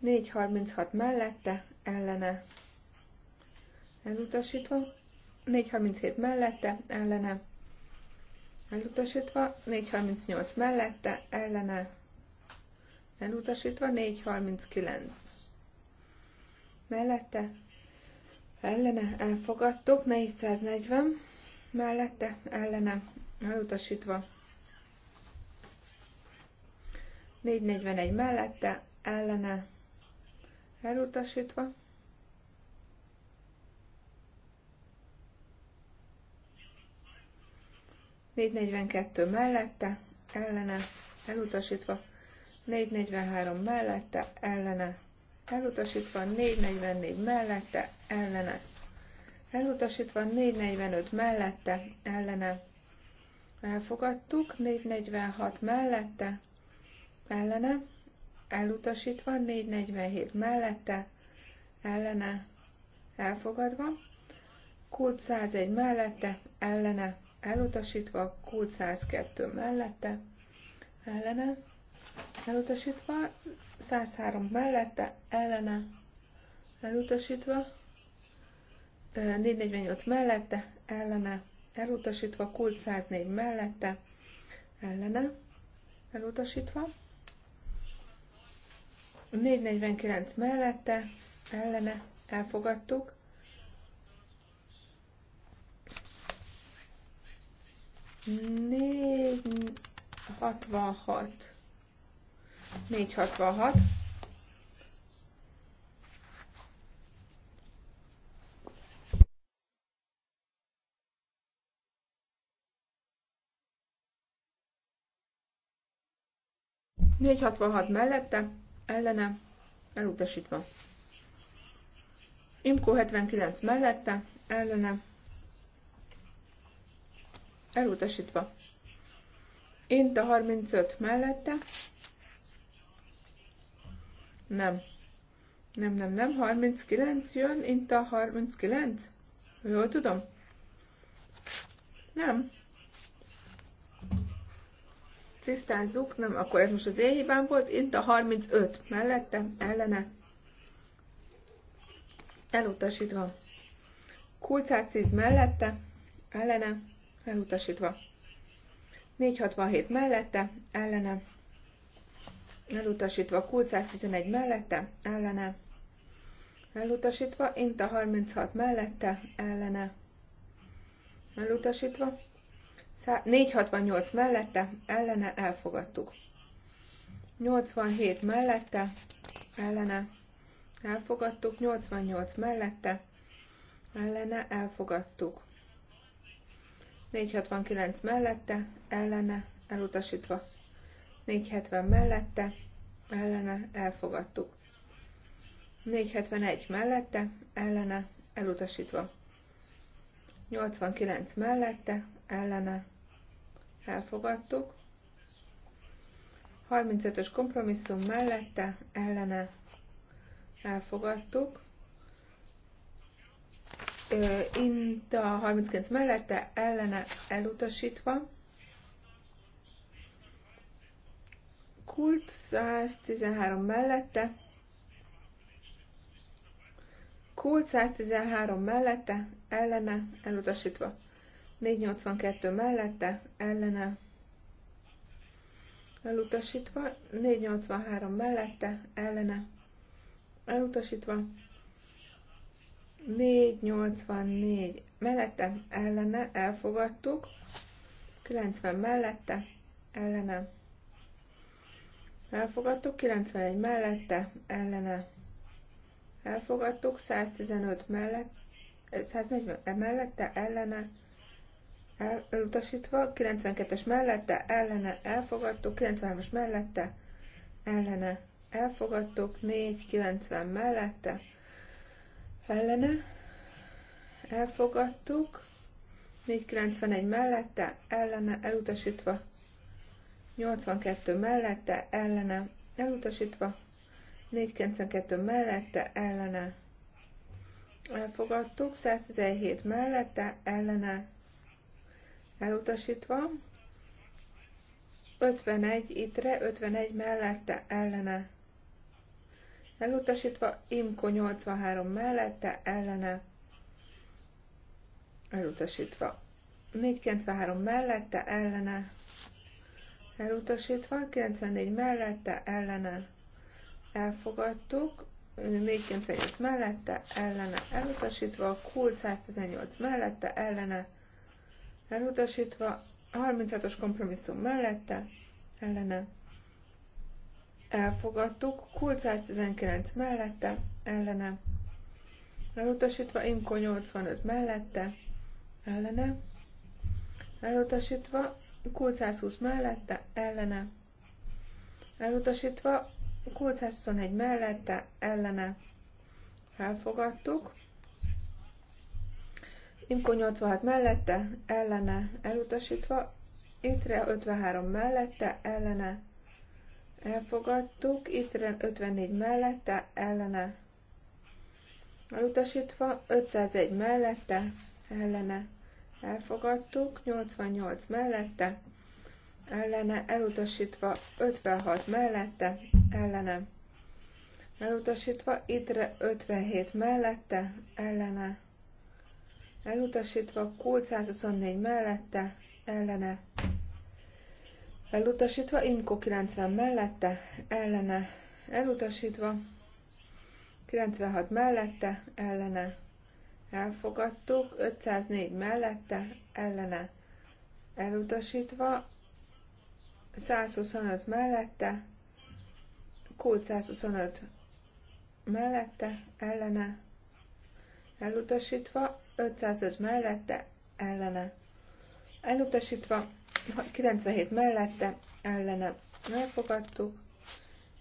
436 mellette, ellene, elutasítva, 437 mellette, ellene, elutasítva, 438 mellette, ellene, elutasítva, 439 mellette, ellene, elfogadtuk, 440 mellette, ellene, elutasítva, 441 mellette, ellene elutasítva. 442 mellette, ellene elutasítva. 443 mellette, ellene elutasítva. 444 mellette, ellene elutasítva. 445 mellette, ellene elfogadtuk. 446 mellette, ellene, elutasítva, 447 mellette, ellene, elfogadva, kult 101 mellette, ellene, elutasítva, kult 102 mellette, ellene, elutasítva, 103 mellette, ellene, elutasítva, 448 mellette, ellene, elutasítva, kult 104 mellette, ellene, elutasítva, 449 mellette, ellene elfogadtuk. 466. 466. Négy hatvanhat mellette ellene, elutasítva. Imko 79 mellette, ellene, elutasítva. Inta 35 mellette, nem, nem, nem, nem, 39 jön, Inta 39, jól tudom? Nem, tisztázzuk, nem, akkor ez most az én hibám volt, itt a 35 mellette, ellene, elutasítva. Kulcát 10 mellette, ellene, elutasítva. 467 mellette, ellene, elutasítva. Kulcát 11 mellette, ellene, elutasítva. Inta 36 mellette, ellene, elutasítva. 468 mellette, ellene elfogadtuk. 87 mellette, ellene elfogadtuk. 88 mellette, ellene elfogadtuk. 469 mellette, ellene elutasítva. 470 mellette, ellene elfogadtuk. 471 mellette, ellene elutasítva. 89 mellette, ellene elfogadtuk. 35-ös kompromisszum mellette ellene elfogadtuk. a 39 mellette ellene elutasítva. Kult 113 mellette. Kult 113 mellette ellene elutasítva. 482 mellette, ellene, elutasítva, 483 mellette, ellene, elutasítva, 484 mellette, ellene, elfogadtuk, 90 mellette, ellene, elfogadtuk, 91 mellette, ellene, elfogadtuk, 115 mellett, 140 mellette, ellene, elutasítva, 92-es mellette, ellene elfogadtuk, 93-as mellette, ellene elfogadtuk, 490 mellette, ellene elfogadtuk, 491 mellette, ellene elutasítva, 82 mellette, ellene elutasítva, 492 mellette, ellene elfogadtuk, 117 mellette, ellene elutasítva, 51 itre, 51 mellette ellene elutasítva, Imko 83 mellette ellene elutasítva, 493 mellette ellene elutasítva, 94 mellette ellene elfogadtuk, 498 mellette ellene elutasítva, Kult 118 mellette ellene elutasítva, 36-os kompromisszum mellette, ellene elfogadtuk, kult 119 mellette, ellene elutasítva, imko 85 mellette, ellene elutasítva, kult 120 mellette, ellene elutasítva, kult 121 mellette, ellene elfogadtuk, Imko 86 mellette, ellene elutasítva, Itre 53 mellette, ellene elfogadtuk, Itre 54 mellette, ellene elutasítva, 501 mellette, ellene elfogadtuk, 88 mellette, ellene elutasítva, 56 mellette, ellene elutasítva, Itre 57 mellette, ellene elutasítva, kult 124 mellette, ellene, elutasítva, imko 90 mellette, ellene, elutasítva, 96 mellette, ellene, elfogadtuk, 504 mellette, ellene, elutasítva, 125 mellette, kult 125 mellette, ellene, elutasítva, 505 mellette, ellene. Elutasítva, 97 mellette, ellene. Elfogadtuk.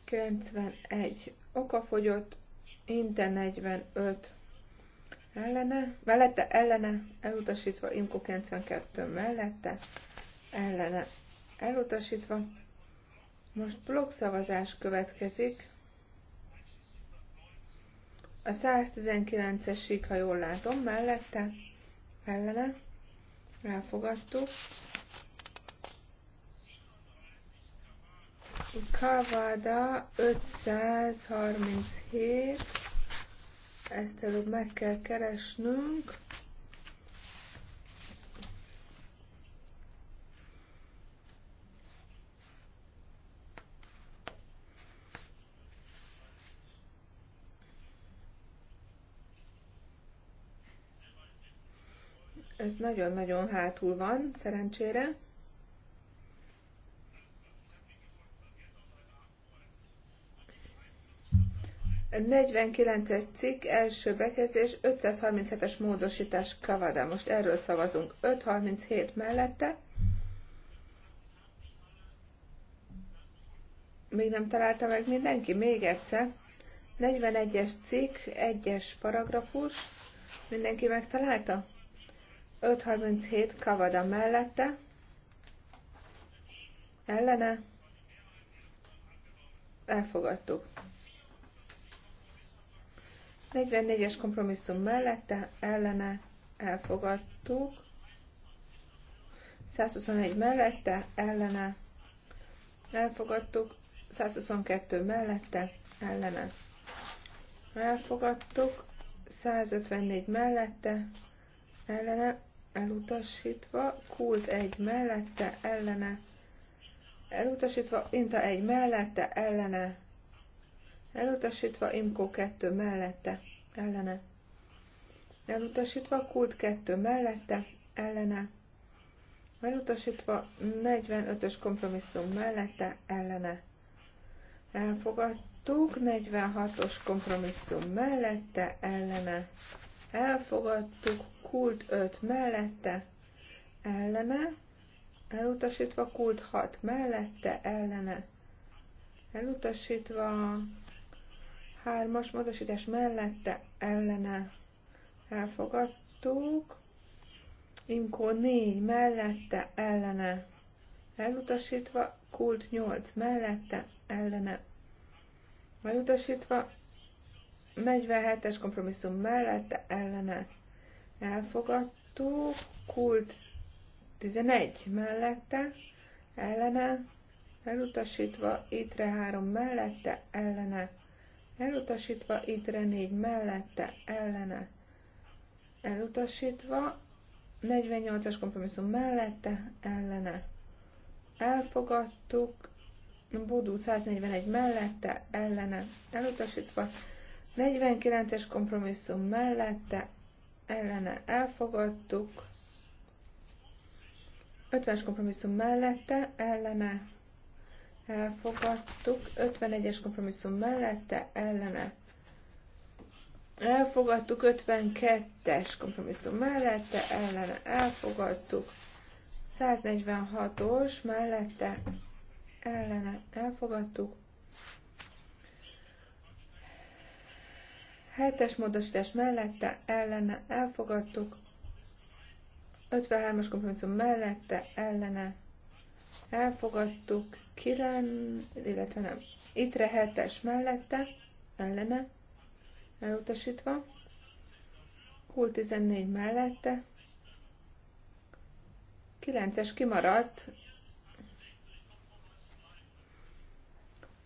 91 okafogyott, Inte 45 ellene, mellette ellene, elutasítva Imko 92 mellette, ellene, elutasítva. Most szavazás következik. A 119 sík, ha jól látom, mellette, ellene, elfogadtuk. Kavada 537, ezt előbb meg kell keresnünk. Ez nagyon-nagyon hátul van, szerencsére. A 49-es cikk, első bekezdés, 537-es módosítás Kavada. Most erről szavazunk. 537 mellette. Még nem találta meg mindenki? Még egyszer. 41-es cikk, 1-es paragrafus. Mindenki megtalálta? 537 Kavada mellette, ellene, elfogadtuk. 44-es kompromisszum mellette, ellene, elfogadtuk. 121 mellette, ellene, elfogadtuk. 122 mellette, ellene, elfogadtuk. 154 mellette, ellene, elutasítva, kult egy mellette, ellene, elutasítva, inta egy mellette, ellene, elutasítva, imkó kettő mellette, ellene, elutasítva, kult kettő mellette, ellene, elutasítva, 45-ös kompromisszum mellette, ellene, elfogadtuk, 46-os kompromisszum mellette, ellene, elfogadtuk, kult 5 mellette, ellene, elutasítva, kult 6 mellette, ellene, elutasítva, 3-as módosítás mellette, ellene, elfogadtuk, Imkó 4 mellette, ellene, elutasítva, kult 8 mellette, ellene, elutasítva, 47-es kompromisszum mellette, ellene, elfogadtó, kult 11 mellette, ellene, elutasítva, ittre 3 mellette, ellene, elutasítva, ittre 4 mellette, ellene, elutasítva, 48-as kompromisszum mellette, ellene, elfogadtuk, Budú 141 mellette, ellene, elutasítva, 49-es kompromisszum mellette, ellene elfogadtuk. 50-es kompromisszum mellette ellene elfogadtuk. 51-es kompromisszum mellette ellene elfogadtuk. 52-es kompromisszum mellette ellene elfogadtuk. 146-os mellette ellene elfogadtuk. Hetes módosítás mellette ellene elfogadtuk. 53-as kompromisszum mellette ellene elfogadtuk. 9, illetve nem. ittre hetes mellette ellene elutasítva. Hull 14 mellette. 9-es kimaradt,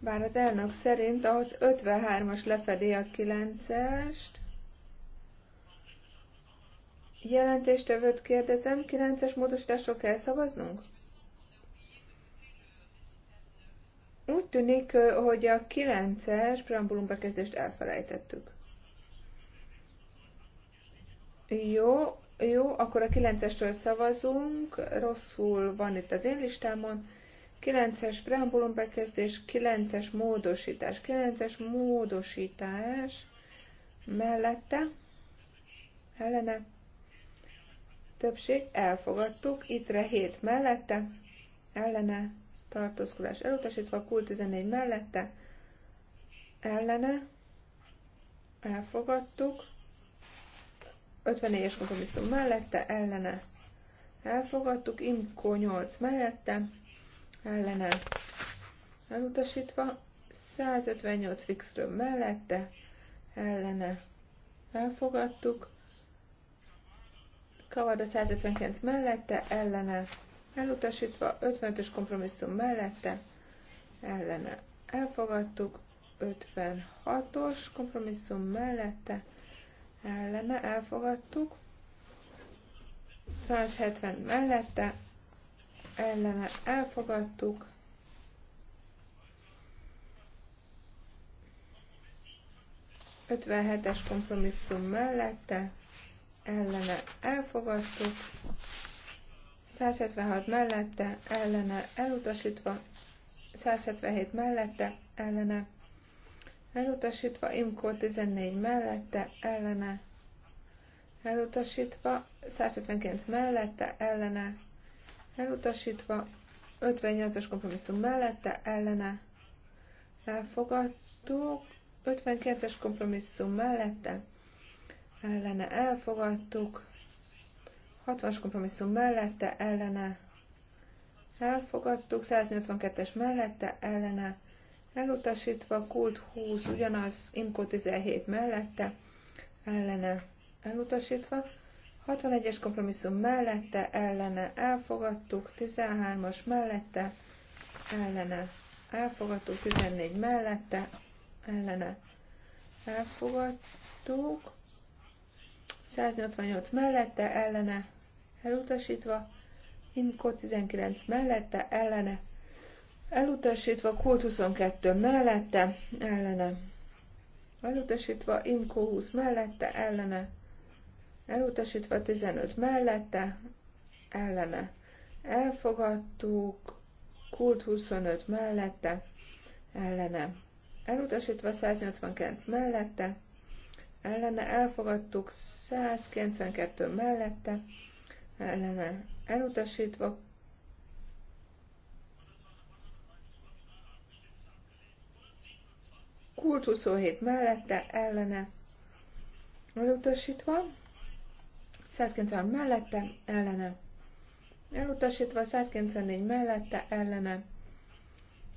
Bár az elnök szerint ahhoz 53-as lefedi a 9-est. Jelentéstevőt kérdezem, 9-es módosításról kell szavaznunk? Úgy tűnik, hogy a 9-es preambulum bekezdést elfelejtettük. Jó, jó, akkor a 9-estől szavazunk. Rosszul van itt az én listámon. 9-es preambulum bekezdés, 9-es módosítás, 9-es módosítás mellette ellene többség elfogadtuk, ittre 7 mellette ellene tartózkodás elutasítva, kult 14 mellette ellene elfogadtuk, 54-es kompromisszum mellette ellene elfogadtuk, imkó 8 mellette ellenem elutasítva, 158 fixről mellette, ellene elfogadtuk, Kavada 159 mellette, ellene elutasítva, 55-ös kompromisszum mellette, ellene elfogadtuk, 56-os kompromisszum mellette, ellene elfogadtuk, 170 mellette, ellene elfogadtuk. es kompromisszum mellette ellene elfogadtuk. 176 mellette ellene elutasítva. 177 mellette ellene elutasítva. Imkó 14 mellette ellene elutasítva. 159 mellette ellene elutasítva, 58-as kompromisszum mellette, ellene elfogadtuk, 59-es kompromisszum mellette, ellene elfogadtuk, 60-as kompromisszum mellette, ellene elfogadtuk, 182-es mellette, ellene elutasítva, kult 20 ugyanaz, imkó 17 mellette, ellene elutasítva, 61-es kompromisszum mellette, ellene elfogadtuk, 13-as mellette, ellene elfogadtuk, 14 mellette, ellene elfogadtuk, 188 mellette, ellene elutasítva, inko 19 mellette, ellene elutasítva, Kult 22 mellette, ellene elutasítva, inko 20 mellette, ellene elutasítva 15 mellette, ellene elfogadtuk, kult 25 mellette, ellene elutasítva 189 mellette, ellene elfogadtuk 192 mellette, ellene elutasítva Kult 27 mellette, ellene elutasítva. 193 mellette, ellene. Elutasítva 194 mellette, ellene.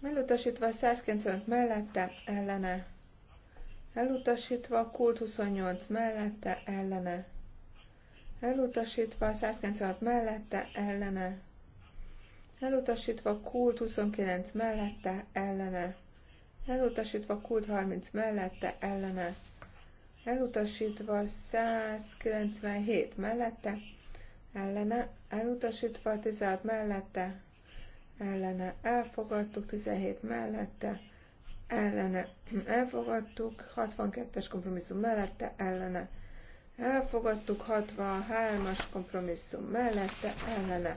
Elutasítva 195 mellette, ellene. Elutasítva kult 28 mellette, ellene. Elutasítva 196 mellette, ellene. Elutasítva kult 29 mellette, ellene. Elutasítva kult 30 mellette, ellene elutasítva 197 mellette, ellene, elutasítva 16 mellette, ellene, elfogadtuk 17 mellette, ellene, elfogadtuk 62-es kompromisszum mellette, ellene, elfogadtuk 63-as kompromisszum mellette, ellene,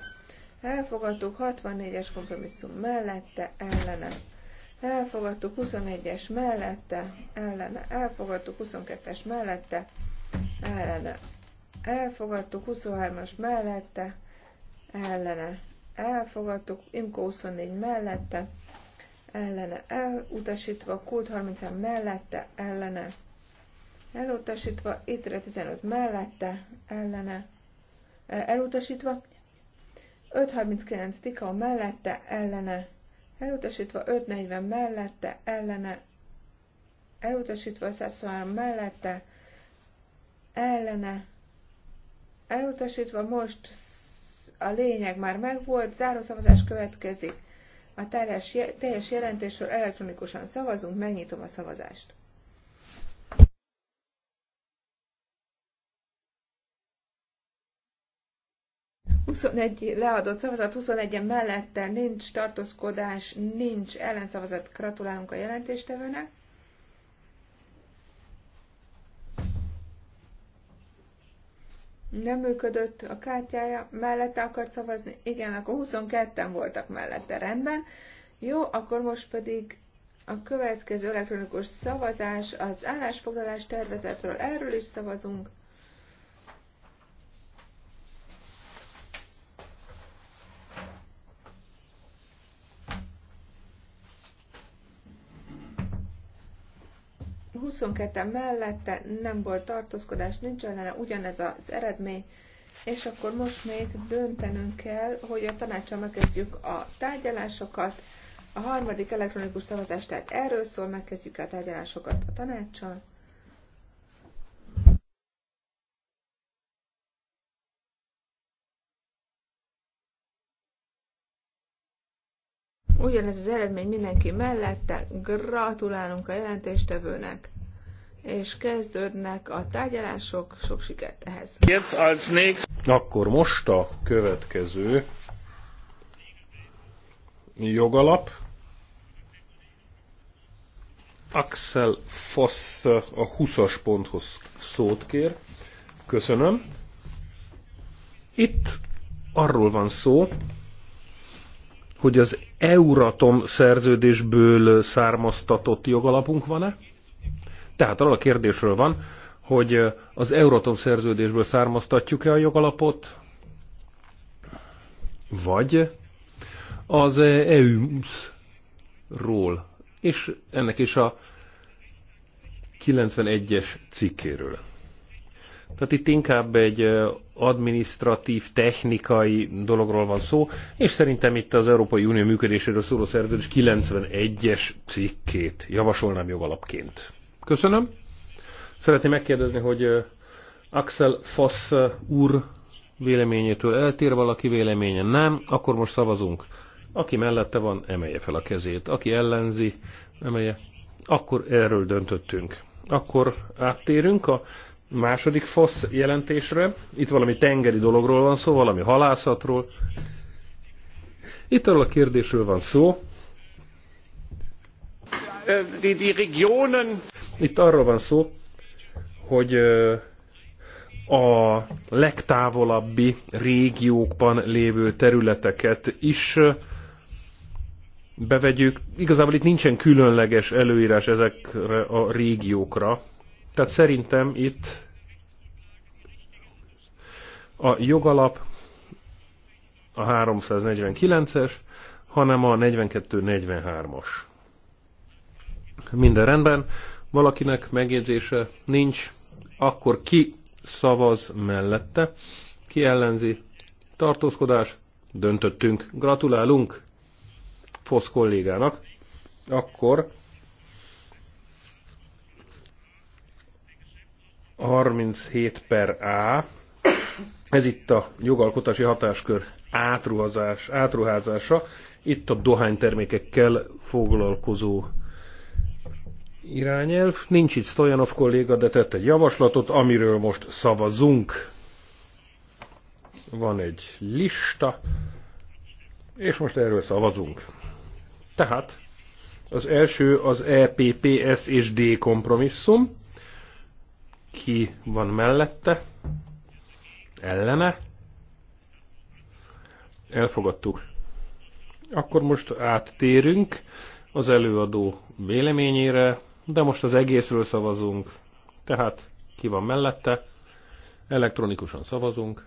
elfogadtuk 64-es kompromisszum mellette, ellene elfogadtuk 21-es mellette, ellene, elfogadtuk 22-es mellette, ellene, elfogadtuk 23-as mellette, ellene, elfogadtuk Imko 24 mellette, ellene, elutasítva Kult 33 mellette, ellene, elutasítva Itre 15 mellette, ellene, e, elutasítva 539 Tikau mellette, ellene, elutasítva 540 mellette, ellene, elutasítva 123 mellette, ellene, elutasítva most a lényeg már megvolt, zárószavazás következik. A teljes jelentésről elektronikusan szavazunk, megnyitom a szavazást. 21 leadott szavazat, 21-en mellette nincs tartózkodás, nincs ellenszavazat. Gratulálunk a jelentéstevőnek. Nem működött a kártyája, mellette akart szavazni. Igen, akkor 22-en voltak mellette, rendben. Jó, akkor most pedig a következő elektronikus szavazás az állásfoglalás tervezetről. Erről is szavazunk. 22 mellette nem volt tartózkodás, nincs ellene ugyanez az eredmény, és akkor most még döntenünk kell, hogy a tanácssal megkezdjük a tárgyalásokat. A harmadik elektronikus szavazást, tehát erről szól, megkezdjük a tárgyalásokat a tanácsal. Ugyanez az eredmény mindenki mellette. Gratulálunk a jelentéstevőnek és kezdődnek a tárgyalások. Sok sikert ehhez!
Akkor most a következő jogalap. Axel Foss a 20-as ponthoz szót kér. Köszönöm. Itt arról van szó, hogy az Euratom szerződésből származtatott jogalapunk van-e? Tehát arra a kérdésről van, hogy az Euratom szerződésből származtatjuk-e a jogalapot, vagy az EUMS-ról, és ennek is a 91-es cikkéről. Tehát itt inkább egy administratív, technikai dologról van szó, és szerintem itt az Európai Unió működéséről szóló szerződés 91-es cikkét javasolnám jogalapként. Köszönöm. Szeretném megkérdezni, hogy Axel Foss úr véleményétől eltér valaki véleménye? Nem, akkor most szavazunk. Aki mellette van, emelje fel a kezét. Aki ellenzi, emelje. Akkor erről döntöttünk. Akkor áttérünk a második FOSZ jelentésre. Itt valami tengeri dologról van szó, valami halászatról. Itt arról a kérdésről van szó. Die, die Regionen itt arról van szó, hogy a legtávolabbi régiókban lévő területeket is bevegyük. Igazából itt nincsen különleges előírás ezekre a régiókra. Tehát szerintem itt a jogalap a 349-es, hanem a 42-43-as. Minden rendben. Valakinek megjegyzése nincs, akkor ki szavaz mellette, ki ellenzi. Tartózkodás, döntöttünk. Gratulálunk Fosz kollégának. Akkor 37 per A, ez itt a jogalkotási hatáskör átruházás, átruházása, itt a dohánytermékekkel foglalkozó irányelv. Nincs itt Stojanov kolléga, de tett egy javaslatot, amiről most szavazunk. Van egy lista, és most erről szavazunk. Tehát az első az EPPS és D kompromisszum. Ki van mellette? Ellene? Elfogadtuk. Akkor most áttérünk az előadó véleményére, de most az egészről szavazunk, tehát ki van mellette, elektronikusan szavazunk.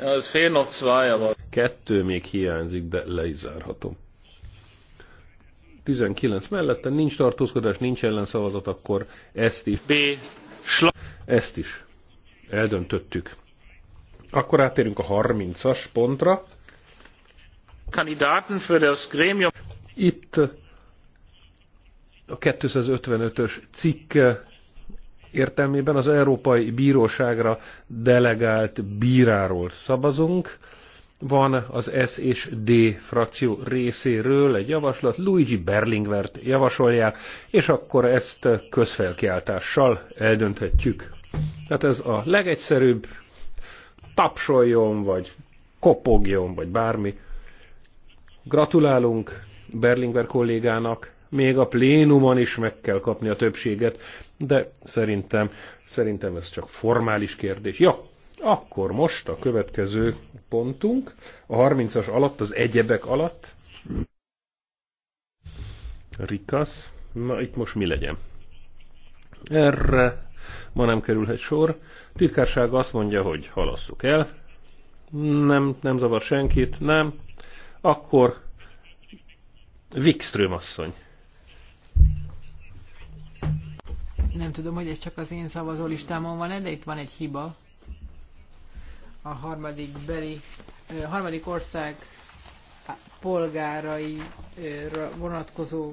Ez fél nap van. Kettő még hiányzik, de le is zárhatom. 19 mellette nincs tartózkodás, nincs ellenszavazat, akkor ezt is. B. Sla- ezt is Eldöntöttük. Akkor átérünk a 30-as pontra. Kandidaten für das Gremium. Itt a 255-ös cikk értelmében az Európai Bíróságra delegált bíráról szavazunk. Van az S és D frakció részéről egy javaslat, Luigi Berlingvert javasolják, és akkor ezt közfelkiáltással eldönthetjük. Tehát ez a legegyszerűbb, tapsoljon, vagy kopogjon, vagy bármi. Gratulálunk Berlinger kollégának, még a plénumon is meg kell kapni a többséget, de szerintem, szerintem ez csak formális kérdés. Ja, akkor most a következő pontunk, a 30-as alatt, az egyebek alatt. Rikasz, na itt most mi legyen? Erre ma nem kerülhet sor. titkárság azt mondja, hogy halasszuk el. Nem, nem zavar senkit, nem. Akkor Wikström asszony.
Nem tudom, hogy ez csak az én szavazólistámon van de itt van egy hiba. A harmadik beli, a harmadik ország polgárai vonatkozó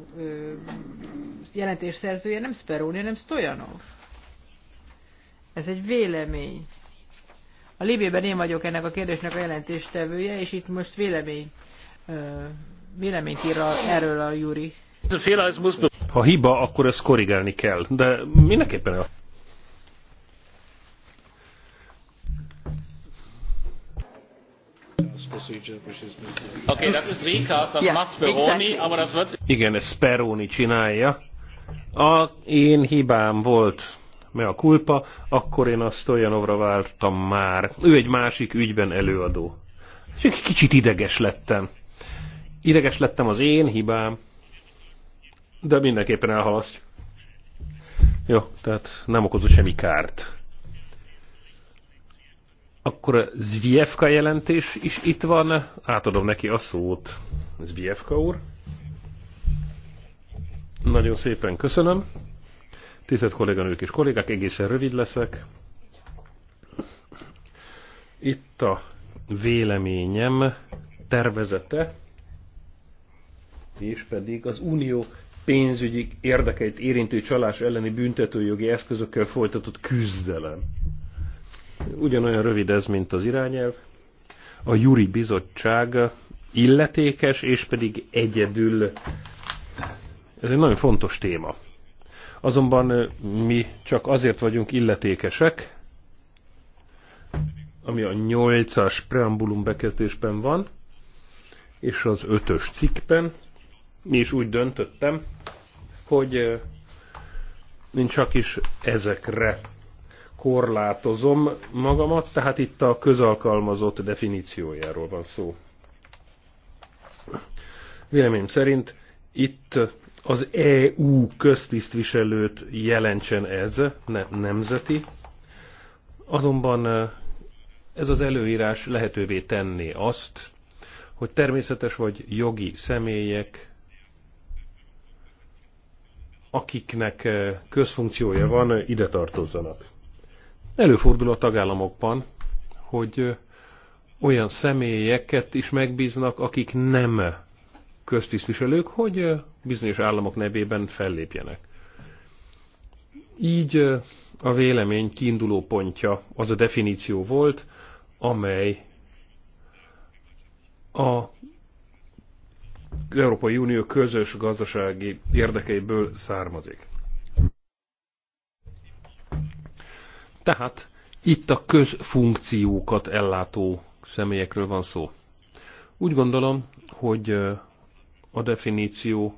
jelentés szerzője nem Speroni, nem Stojanov. Ez egy vélemény. A Libében én vagyok ennek a kérdésnek a jelentéstevője, és itt most vélemény, véleményt ír erről a Júri.
Ha hiba, akkor ezt korrigálni kell, de mindenképpen a... Igen, ez Speroni csinálja. A én hibám volt me a kulpa, akkor én a Stojanovra vártam már. Ő egy másik ügyben előadó. Csak kicsit ideges lettem. Ideges lettem az én hibám, de mindenképpen elhalasztjuk. Jó, tehát nem okozott semmi kárt. Akkor a Zvievka jelentés is itt van. Átadom neki a szót. Zvievka úr. Nagyon szépen köszönöm. Tisztelt kolléganők és kollégák, egészen rövid leszek. Itt a véleményem tervezete, és pedig az unió pénzügyi érdekeit érintő csalás elleni büntetőjogi eszközökkel folytatott küzdelem. Ugyanolyan rövid ez, mint az irányelv. A Juri Bizottság illetékes, és pedig egyedül. Ez egy nagyon fontos téma. Azonban mi csak azért vagyunk illetékesek, ami a 8-as preambulum bekezdésben van, és az 5-ös cikkben, és úgy döntöttem, hogy én csak is ezekre korlátozom magamat, tehát itt a közalkalmazott definíciójáról van szó. Véleményem szerint itt az EU köztisztviselőt jelentsen ez, ne nemzeti. Azonban ez az előírás lehetővé tenné azt, hogy természetes vagy jogi személyek, akiknek közfunkciója van, ide tartozzanak. Előfordul a tagállamokban, hogy olyan személyeket is megbíznak, akik nem köztisztviselők, hogy bizonyos államok nevében fellépjenek. Így a vélemény kiinduló pontja az a definíció volt, amely a az Európai Unió közös gazdasági érdekeiből származik. Tehát itt a közfunkciókat ellátó személyekről van szó. Úgy gondolom, hogy a definíció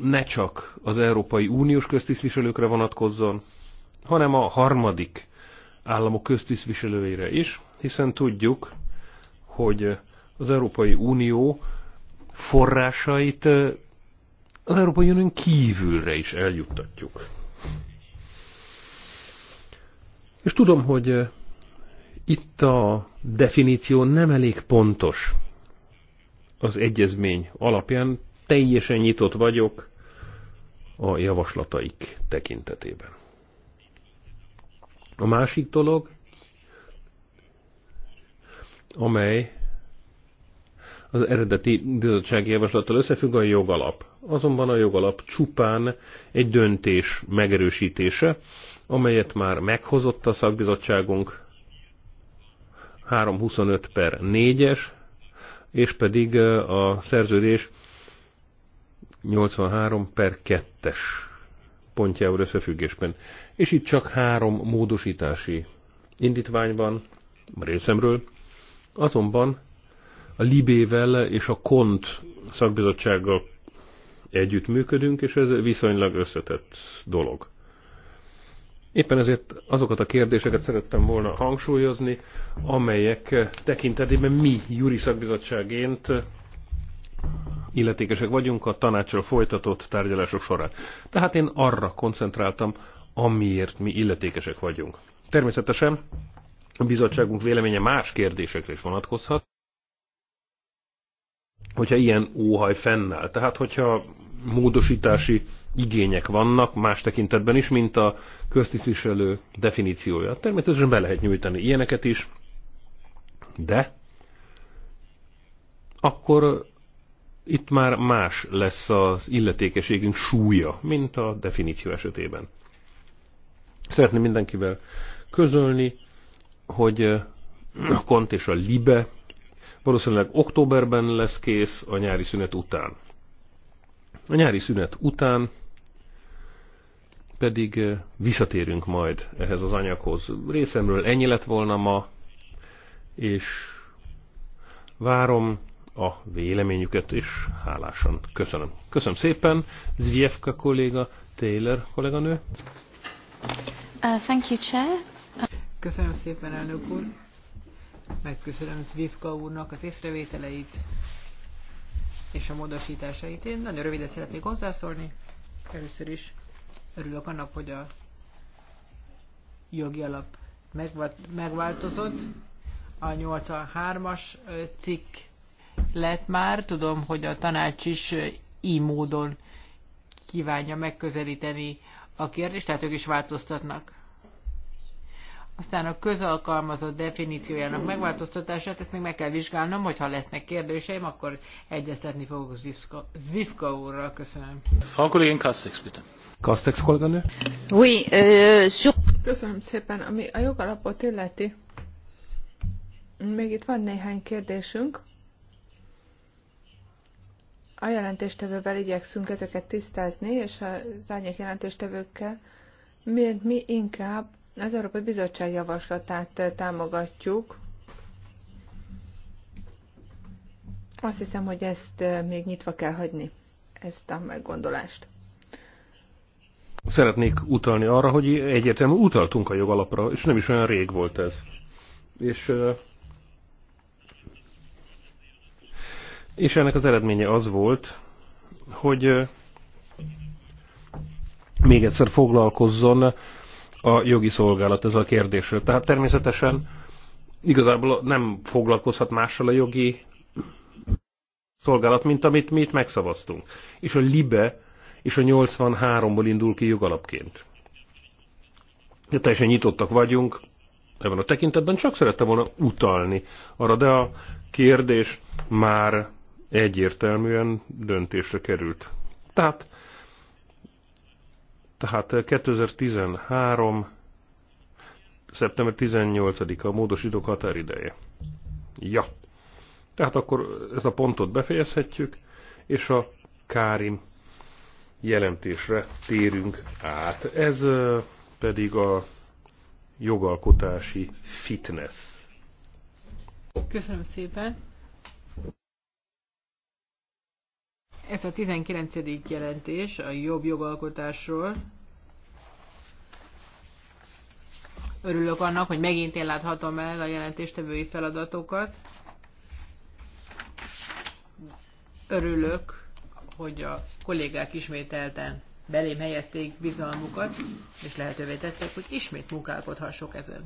ne csak az Európai Uniós köztisztviselőkre vonatkozzon, hanem a harmadik államok köztisztviselőire is, hiszen tudjuk, hogy az Európai Unió forrásait eh, az Európai Unión kívülre is eljuttatjuk. És tudom, hogy eh, itt a definíció nem elég pontos, az egyezmény alapján teljesen nyitott vagyok a javaslataik tekintetében. A másik dolog, amely az eredeti bizottsági javaslattal összefügg a jogalap. Azonban a jogalap csupán egy döntés megerősítése, amelyet már meghozott a szakbizottságunk 325 per 4-es, és pedig a szerződés 83 per 2-es pontjával összefüggésben. És itt csak három módosítási indítvány van részemről, azonban a Libével és a KONT szakbizottsággal együttműködünk, és ez viszonylag összetett dolog. Éppen ezért azokat a kérdéseket szerettem volna hangsúlyozni, amelyek tekintetében mi juri szakbizottságént illetékesek vagyunk a tanácsról folytatott tárgyalások során. Tehát én arra koncentráltam, amiért mi illetékesek vagyunk. Természetesen a bizottságunk véleménye más kérdésekre is vonatkozhat, hogyha ilyen óhaj fennáll. Tehát, hogyha módosítási igények vannak más tekintetben is, mint a köztisztviselő definíciója. Természetesen be lehet nyújtani ilyeneket is, de akkor itt már más lesz az illetékeségünk súlya, mint a definíció esetében. Szeretném mindenkivel közölni, hogy a Kont és a Libe valószínűleg októberben lesz kész a nyári szünet után. A nyári szünet után pedig eh, visszatérünk majd ehhez az anyaghoz. Részemről ennyi lett volna ma, és várom a véleményüket, és hálásan köszönöm. Köszönöm szépen, Zvievka kolléga, Taylor kolléganő.
Uh, thank you, Chair. Köszönöm szépen, elnök úr. Megköszönöm Zvivka úrnak az észrevételeit, és a módosításait. Én nagyon röviden szeretnék hozzászólni. Először is örülök annak, hogy a jogi alap megváltozott. A 83-as cikk lett már. Tudom, hogy a tanács is így módon kívánja megközelíteni a kérdést, tehát ők is változtatnak. Aztán a közalkalmazott definíciójának megváltoztatását, ezt még meg kell vizsgálnom, hogyha lesznek kérdéseim, akkor egyeztetni fogok Zvivka úrral. Köszönöm.
Frau Kollegin Kastex, bitte.
Kastex kolléganő?
Oui, euh, Köszönöm szépen. Ami a jogalapot illeti, még itt van néhány kérdésünk. A jelentéstevővel igyekszünk ezeket tisztázni, és az árnyék jelentéstevőkkel, miért mi inkább az Európai Bizottság javaslatát támogatjuk. Azt hiszem, hogy ezt még nyitva kell hagyni, ezt a meggondolást.
Szeretnék utalni arra, hogy egyértelműen utaltunk a jogalapra, és nem is olyan rég volt ez. És, és ennek az eredménye az volt, hogy még egyszer foglalkozzon a jogi szolgálat ez a kérdésről. Tehát természetesen igazából nem foglalkozhat mással a jogi szolgálat, mint amit mi itt megszavaztunk. És a LIBE és a 83-ból indul ki jogalapként. De teljesen nyitottak vagyunk ebben a tekintetben, csak szerettem volna utalni arra, de a kérdés már egyértelműen döntésre került. Tehát tehát 2013. szeptember 18-a a módosítók határideje. Ja. Tehát akkor ezt a pontot befejezhetjük, és a Kárim jelentésre térünk át. Ez pedig a jogalkotási fitness.
Köszönöm szépen! Ez a 19. jelentés a jobb jogalkotásról. Örülök annak, hogy megint én láthatom el a jelentéstevői feladatokat. Örülök, hogy a kollégák ismételten belém helyezték bizalmukat, és lehetővé tették, hogy ismét munkálkodhassok ezen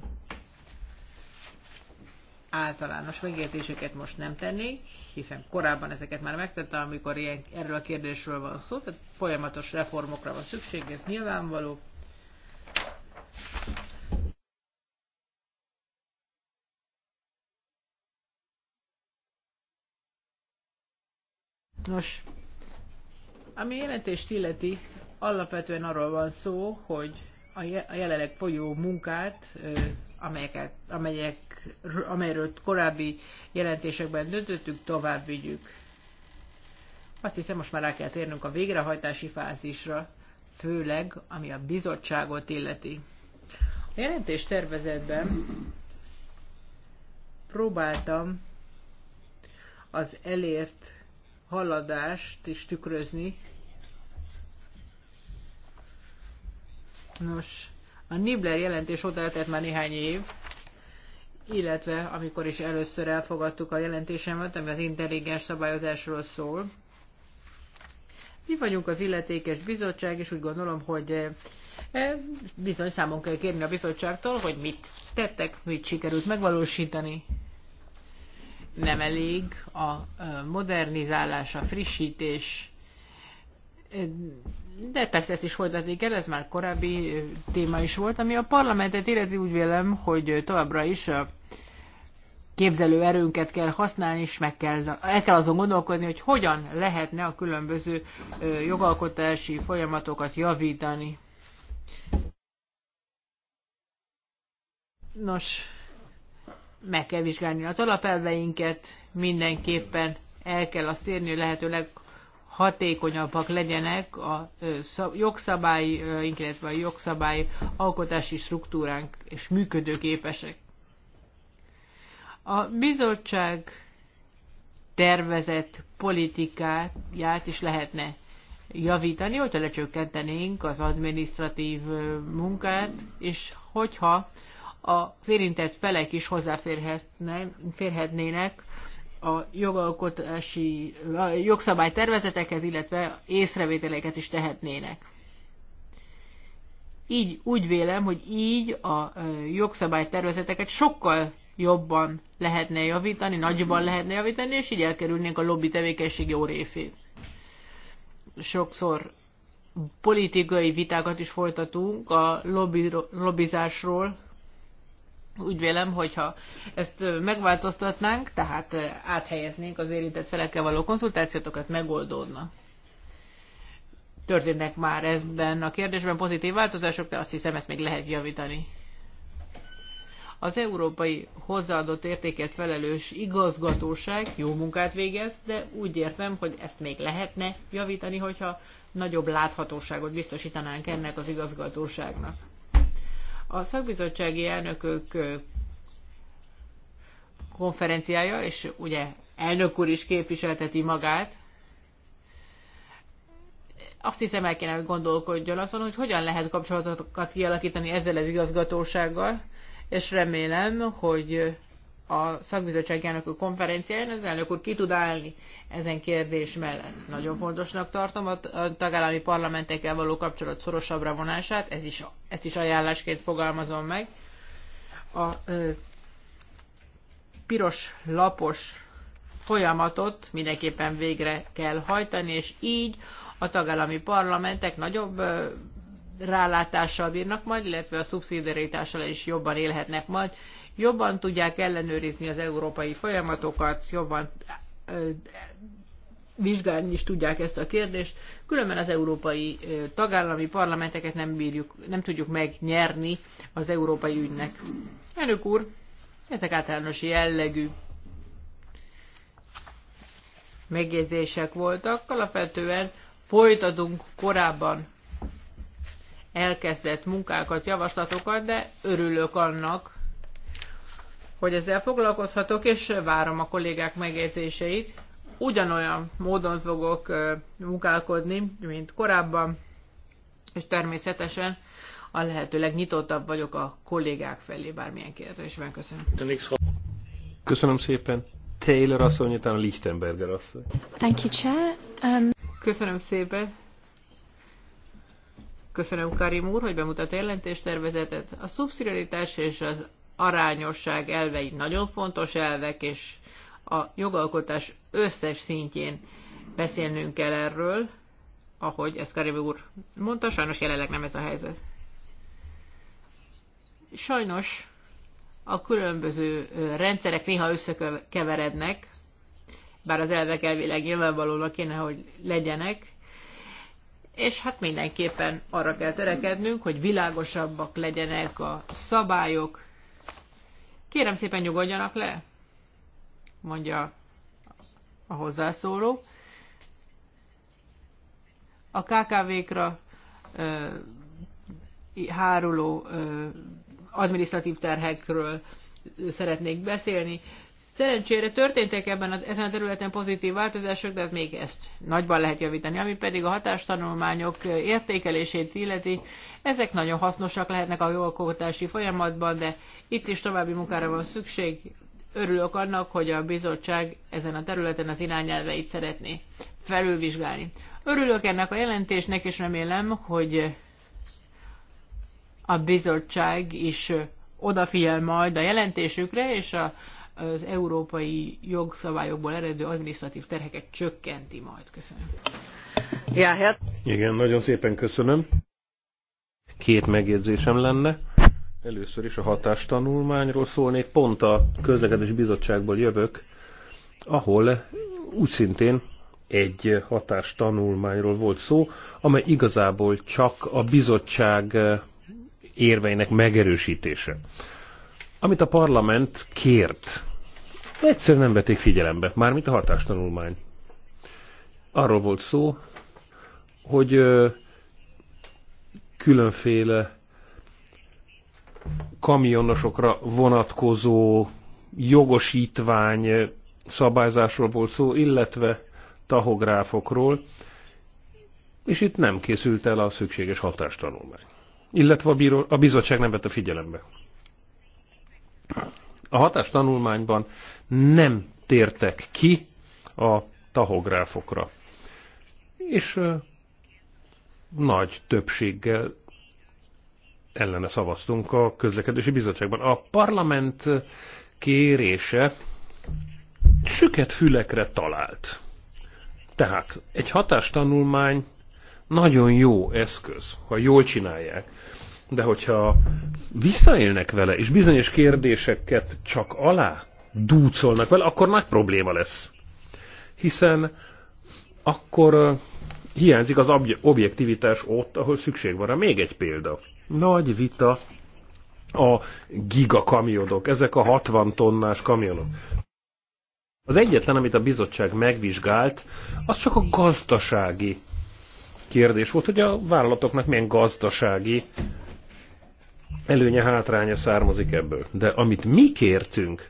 általános megjegyzéseket most nem tennék, hiszen korábban ezeket már megtettem, amikor ilyen, erről a kérdésről van szó, tehát folyamatos reformokra van szükség, ez nyilvánvaló. Nos, ami jelentést illeti, alapvetően arról van szó, hogy a jelenleg folyó munkát, amelyeket, amelyek, amelyről korábbi jelentésekben döntöttük, tovább vigyük. Azt hiszem, most már rá kell térnünk a végrehajtási fázisra, főleg ami a bizottságot illeti. A jelentés tervezetben próbáltam az elért haladást is tükrözni, Nos, a Nibler jelentés óta eltelt már néhány év, illetve amikor is először elfogadtuk a jelentésemet, ami az intelligens szabályozásról szól. Mi vagyunk az illetékes bizottság, és úgy gondolom, hogy eh, eh, bizony számon kell kérni a bizottságtól, hogy mit tettek, mit sikerült megvalósítani. Nem elég a eh, modernizálás, a frissítés, de persze ezt is folytatni kell, ez már korábbi téma is volt, ami a parlamentet illeti úgy vélem, hogy továbbra is a képzelő erőnket kell használni, és meg kell, el kell azon gondolkodni, hogy hogyan lehetne a különböző jogalkotási folyamatokat javítani. Nos, meg kell vizsgálni az alapelveinket, mindenképpen el kell azt érni, hogy lehetőleg hatékonyabbak legyenek a jogszabályaink, illetve a jogszabály alkotási struktúránk és működőképesek. A bizottság tervezett politikáját is lehetne javítani, hogyha lecsökkentenénk az adminisztratív munkát, és hogyha az érintett felek is hozzáférhetnének a jogalkotási a jogszabálytervezetekhez, illetve észrevételeket is tehetnének. Így úgy vélem, hogy így a jogszabálytervezeteket sokkal jobban lehetne javítani, nagyban lehetne javítani, és így elkerülnénk a lobby tevékenység jó részét. Sokszor politikai vitákat is folytatunk a lobby, lobbizásról, úgy vélem, hogyha ezt megváltoztatnánk, tehát áthelyeznénk az érintett felekkel való konzultációtokat, megoldódna. Történnek már ezben a kérdésben pozitív változások, de azt hiszem, ezt még lehet javítani az európai hozzáadott értékért felelős igazgatóság jó munkát végez, de úgy értem, hogy ezt még lehetne javítani, hogyha nagyobb láthatóságot biztosítanánk ennek az igazgatóságnak. A szakbizottsági elnökök konferenciája, és ugye elnök úr is képviselteti magát, azt hiszem el kéne, hogy gondolkodjon azon, hogy hogyan lehet kapcsolatokat kialakítani ezzel az igazgatósággal, és remélem, hogy a szakbizottság elnökök konferenciáján az elnök úr ki tud állni ezen kérdés mellett. Nagyon fontosnak tartom a tagállami parlamentekkel való kapcsolat szorosabbra vonását, ez is, ezt is ajánlásként fogalmazom meg. A ö, piros lapos folyamatot mindenképpen végre kell hajtani, és így a tagállami parlamentek nagyobb ö, rálátással bírnak majd, illetve a szubszidiaritással is jobban élhetnek majd, jobban tudják ellenőrizni az európai folyamatokat, jobban vizsgálni is tudják ezt a kérdést, különben az európai tagállami parlamenteket nem, bírjuk, nem tudjuk megnyerni az európai ügynek. Elnök úr, ezek általános jellegű megjegyzések voltak. Alapvetően folytatunk korábban elkezdett munkákat, javaslatokat, de örülök annak, hogy ezzel foglalkozhatok, és várom a kollégák megjegyzéseit. Ugyanolyan módon fogok munkálkodni, mint korábban, és természetesen a lehető legnyitottabb vagyok a kollégák felé bármilyen kérdésben. Köszönöm.
Köszönöm szépen. Taylor asszony, a Lichtenberger asszony.
Thank you, Chair. Um... Köszönöm szépen. Köszönöm Karim úr, hogy bemutat a jelentéstervezetet. A szubszidiaritás és az arányosság elvei nagyon fontos elvek, és a jogalkotás összes szintjén beszélnünk kell erről, ahogy ezt Karibi úr mondta, sajnos jelenleg nem ez a helyzet. Sajnos a különböző rendszerek néha összekeverednek, bár az elvek elvileg nyilvánvalóan kéne, hogy legyenek, és hát mindenképpen arra kell törekednünk, hogy világosabbak legyenek a szabályok, Kérem szépen nyugodjanak le, mondja a hozzászóló. A KKV-kra ö, háruló ö, administratív terhekről szeretnék beszélni. Szerencsére történtek ebben a, ezen a területen pozitív változások, de ez még ezt nagyban lehet javítani. Ami pedig a hatástanulmányok értékelését illeti, ezek nagyon hasznosak lehetnek a jogalkotási folyamatban, de itt is további munkára van szükség. Örülök annak, hogy a bizottság ezen a területen az irányelveit szeretné felülvizsgálni. Örülök ennek a jelentésnek, és remélem, hogy a bizottság is odafigyel majd a jelentésükre, és a, az európai jogszabályokból eredő administratív terheket csökkenti majd. Köszönöm.
Ja, hát. Igen, nagyon szépen köszönöm. Két megjegyzésem lenne. Először is a hatástanulmányról szólnék. Pont a közlekedés bizottságból jövök, ahol úgy szintén egy hatástanulmányról volt szó, amely igazából csak a bizottság érveinek megerősítése. Amit a parlament kért, egyszerűen nem vették figyelembe, mármint a hatástanulmány. Arról volt szó, hogy különféle kamionosokra vonatkozó jogosítvány szabályzásról volt szó, illetve tahográfokról, és itt nem készült el a szükséges hatástanulmány. Illetve a, bíró, a bizottság nem vette figyelembe. A hatástanulmányban nem tértek ki a tahográfokra. És ö, nagy többséggel ellene szavaztunk a közlekedési bizottságban. A parlament kérése süket fülekre talált. Tehát egy hatástanulmány nagyon jó eszköz, ha jól csinálják. De hogyha visszaélnek vele, és bizonyos kérdéseket csak alá dúcolnak vele, akkor nagy probléma lesz. Hiszen akkor hiányzik az objektivitás ott, ahol szükség van rá. Még egy példa. Nagy vita a gigakamionok, ezek a 60 tonnás kamionok. Az egyetlen, amit a bizottság megvizsgált, az csak a gazdasági kérdés volt, hogy a vállalatoknak milyen gazdasági előnye, hátránya származik ebből. De amit mi kértünk,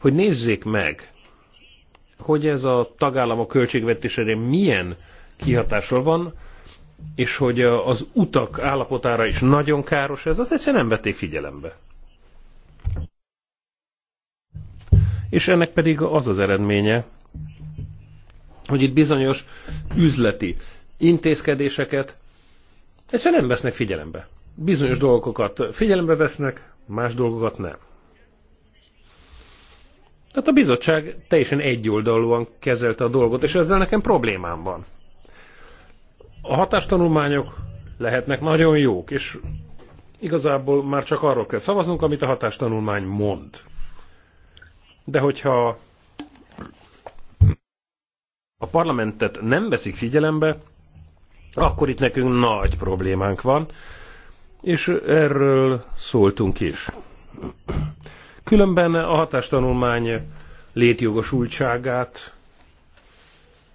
hogy nézzék meg, hogy ez a tagállamok költségvetésére milyen kihatással van, és hogy az utak állapotára is nagyon káros ez, azt egyszerűen nem vették figyelembe. És ennek pedig az az eredménye, hogy itt bizonyos üzleti intézkedéseket egyszerűen nem vesznek figyelembe. Bizonyos dolgokat figyelembe vesznek, más dolgokat nem. Tehát a bizottság teljesen egyoldalúan kezelte a dolgot, és ezzel nekem problémám van. A hatástanulmányok lehetnek nagyon jók, és igazából már csak arról kell szavaznunk, amit a hatástanulmány mond. De hogyha a parlamentet nem veszik figyelembe, akkor itt nekünk nagy problémánk van, és erről szóltunk is. Különben a hatástanulmány létjogosultságát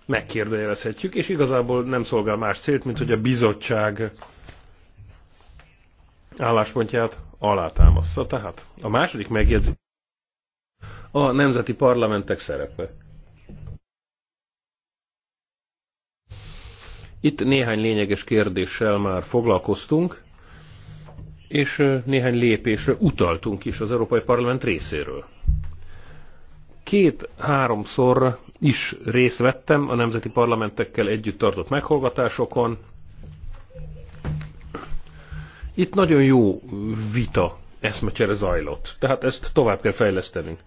megkérdőjelezhetjük, és igazából nem szolgál más célt, mint hogy a bizottság álláspontját alátámaszza. Tehát a második megjegyzés a nemzeti parlamentek szerepe. Itt néhány lényeges kérdéssel már foglalkoztunk, és néhány lépésre utaltunk is az Európai Parlament részéről két-háromszor is részt vettem a nemzeti parlamentekkel együtt tartott meghallgatásokon. Itt nagyon jó vita eszmecsere zajlott, tehát ezt tovább kell fejlesztenünk.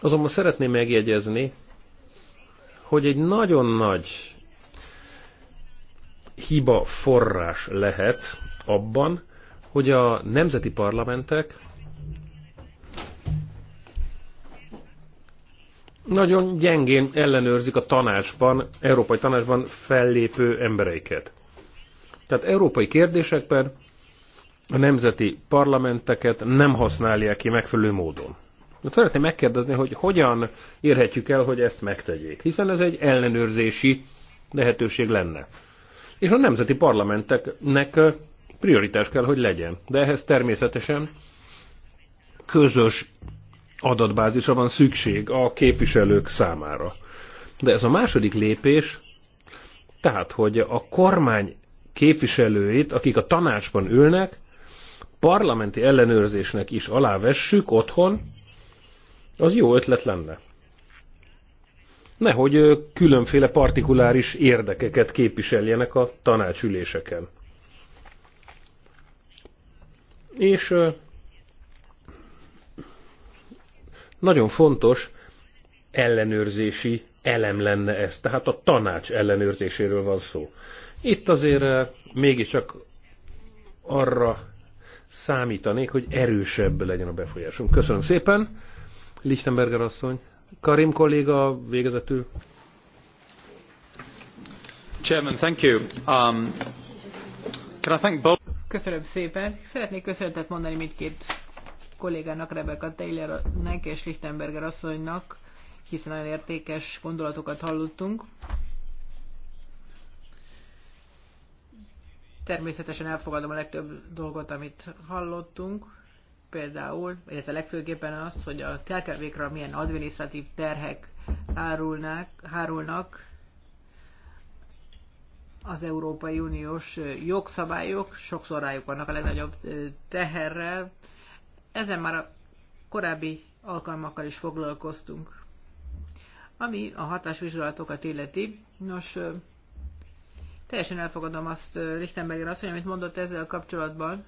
Azonban szeretném megjegyezni, hogy egy nagyon nagy hiba forrás lehet abban, hogy a nemzeti parlamentek nagyon gyengén ellenőrzik a tanácsban, európai tanácsban fellépő embereiket. Tehát európai kérdésekben a nemzeti parlamenteket nem használják ki megfelelő módon. De szeretném megkérdezni, hogy hogyan érhetjük el, hogy ezt megtegyék, hiszen ez egy ellenőrzési lehetőség lenne. És a nemzeti parlamenteknek prioritás kell, hogy legyen. De ehhez természetesen közös adatbázisa van szükség a képviselők számára. De ez a második lépés, tehát, hogy a kormány képviselőit, akik a tanácsban ülnek, parlamenti ellenőrzésnek is alávessük otthon, az jó ötlet lenne. Nehogy különféle partikuláris érdekeket képviseljenek a tanácsüléseken. És Nagyon fontos ellenőrzési elem lenne ez, tehát a tanács ellenőrzéséről van szó. Itt azért eh, mégiscsak arra számítanék, hogy erősebb legyen a befolyásunk. Köszönöm szépen, Lichtenberger asszony. Karim kolléga végezetül. Chairman, thank you. Um,
can I thank both? Köszönöm szépen. Szeretnék köszönetet mondani mindkét kollégának, Rebecca Taylornek és Lichtenberger asszonynak, hiszen nagyon értékes gondolatokat hallottunk. Természetesen elfogadom a legtöbb dolgot, amit hallottunk, például, illetve legfőképpen azt, hogy a kkv milyen adminisztratív terhek árulnák, hárulnak az Európai Uniós jogszabályok, sokszor rájuk vannak a legnagyobb teherrel, ezen már a korábbi alkalmakkal is foglalkoztunk. Ami a hatásvizsgálatokat illeti, nos, teljesen elfogadom azt Lichtenberger azt, hogy amit mondott ezzel kapcsolatban,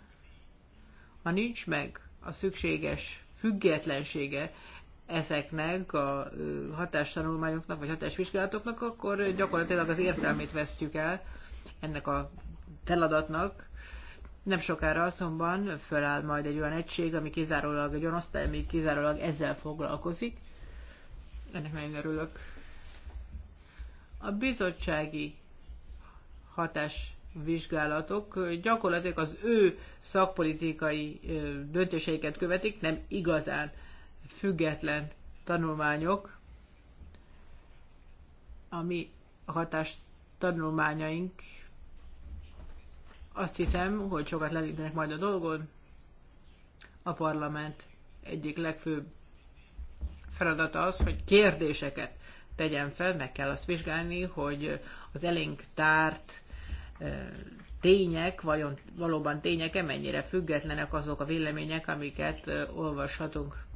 ha nincs meg a szükséges függetlensége ezeknek a hatástanulmányoknak, vagy hatásvizsgálatoknak, akkor gyakorlatilag az értelmét vesztjük el ennek a feladatnak. Nem sokára azonban föláll majd egy olyan egység, ami kizárólag, egy olyan osztály, ami kizárólag ezzel foglalkozik. Ennek nagyon örülök. A bizottsági hatás vizsgálatok gyakorlatilag az ő szakpolitikai döntéseiket követik, nem igazán független tanulmányok, ami hatás tanulmányaink azt hiszem, hogy sokat lelítenek majd a dolgon. A parlament egyik legfőbb feladata az, hogy kérdéseket tegyen fel, meg kell azt vizsgálni, hogy az elénk tárt tények, vajon valóban tények mennyire függetlenek azok a vélemények, amiket olvashatunk.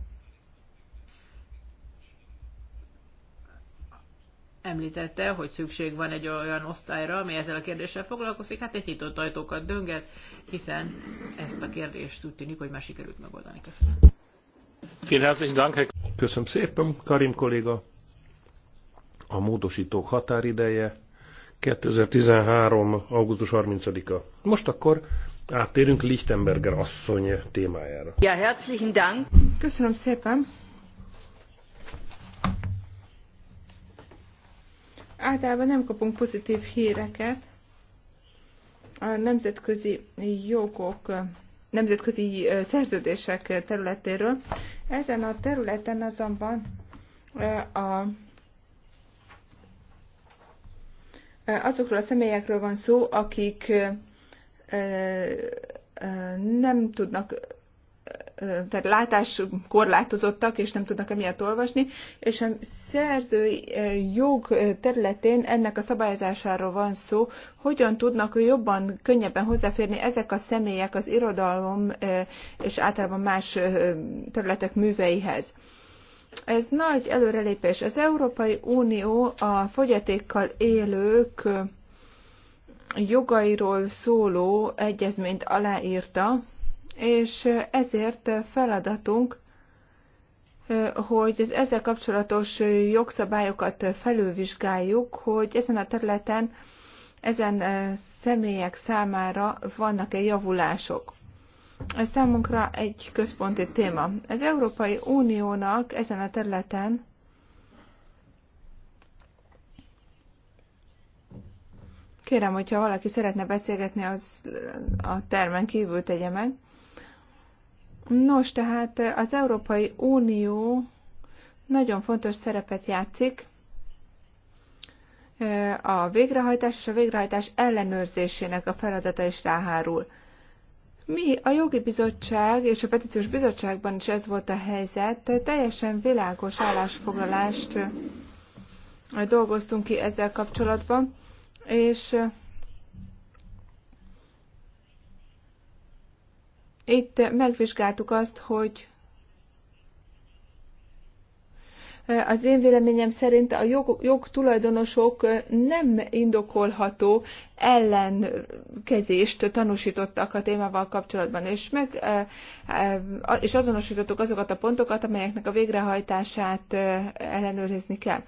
említette, hogy szükség van egy olyan osztályra, ami ezzel a kérdéssel foglalkozik, hát egy nyitott ajtókat dönget, hiszen ezt a kérdést úgy tűnik, hogy már sikerült megoldani.
Köszönöm. Köszönöm szépen, Karim kolléga. A módosítók határideje 2013. augusztus 30-a. Most akkor áttérünk Lichtenberger asszony témájára.
Ja, herzlichen Dank. Köszönöm szépen. általában nem kapunk pozitív híreket. A nemzetközi jogok, nemzetközi szerződések területéről. Ezen a területen azonban a azokról a személyekről van szó, akik nem tudnak tehát látás korlátozottak, és nem tudnak emiatt olvasni, és a szerzői jog területén ennek a szabályozásáról van szó, hogyan tudnak jobban, könnyebben hozzáférni ezek a személyek az irodalom és általában más területek műveihez. Ez nagy előrelépés. Az Európai Unió a fogyatékkal élők jogairól szóló egyezményt aláírta, és ezért feladatunk, hogy az ezzel kapcsolatos jogszabályokat felülvizsgáljuk, hogy ezen a területen ezen személyek számára vannak-e javulások. Ez számunkra egy központi téma. Az Európai Uniónak ezen a területen Kérem, hogyha valaki szeretne beszélgetni, az a termen kívül tegye meg. Nos, tehát az Európai Unió nagyon fontos szerepet játszik a végrehajtás és a végrehajtás ellenőrzésének a feladata is ráhárul. Mi a jogi bizottság és a petíciós bizottságban is ez volt a helyzet, teljesen világos állásfoglalást dolgoztunk ki ezzel kapcsolatban, és Itt megvizsgáltuk azt, hogy az én véleményem szerint a jog, jogtulajdonosok nem indokolható ellenkezést tanúsítottak a témával kapcsolatban, és, meg, e, e, és azonosítottuk azokat a pontokat, amelyeknek a végrehajtását e, ellenőrizni kell.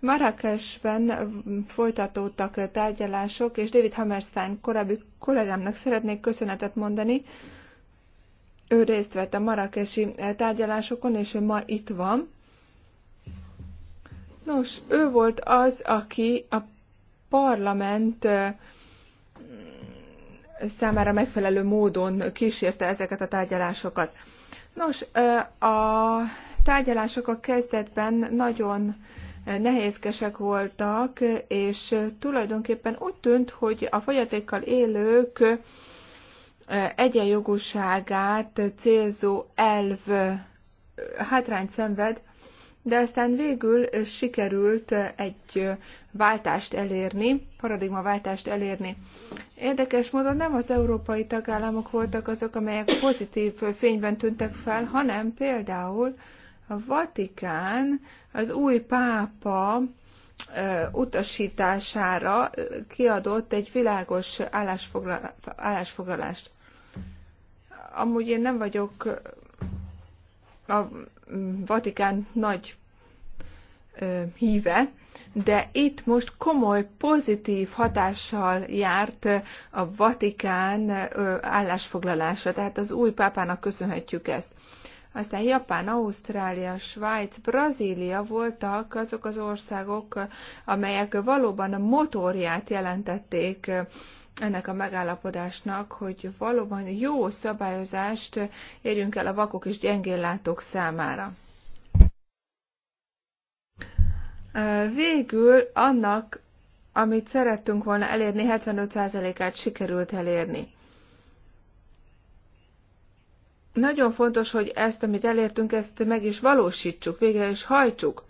Marrakesben folytatódtak tárgyalások, és David Hammerstein korábbi kollégámnak szeretnék köszönetet mondani, ő részt vett a marakesi eh, tárgyalásokon, és ő ma itt van. Nos, ő volt az, aki a parlament eh, számára megfelelő módon kísérte ezeket a tárgyalásokat. Nos, eh, a tárgyalások a kezdetben nagyon nehézkesek voltak, és tulajdonképpen úgy tűnt, hogy a fogyatékkal élők egyenjogúságát célzó elv hátrányt szenved, de aztán végül sikerült egy váltást elérni, paradigmaváltást elérni. Érdekes módon nem az európai tagállamok voltak azok, amelyek pozitív fényben tűntek fel, hanem például a Vatikán az új pápa utasítására kiadott egy világos állásfoglalást. Amúgy én nem vagyok a Vatikán nagy híve, de itt most komoly pozitív hatással járt a Vatikán állásfoglalása, tehát az új pápának köszönhetjük ezt. Aztán Japán, Ausztrália, Svájc, Brazília voltak azok az országok, amelyek valóban a motorját jelentették ennek a megállapodásnak, hogy valóban jó szabályozást érjünk el a vakok és gyengéllátók számára. Végül annak, amit szerettünk volna elérni, 75%-át sikerült elérni. Nagyon fontos, hogy ezt, amit elértünk, ezt meg is valósítsuk, végre is hajtsuk.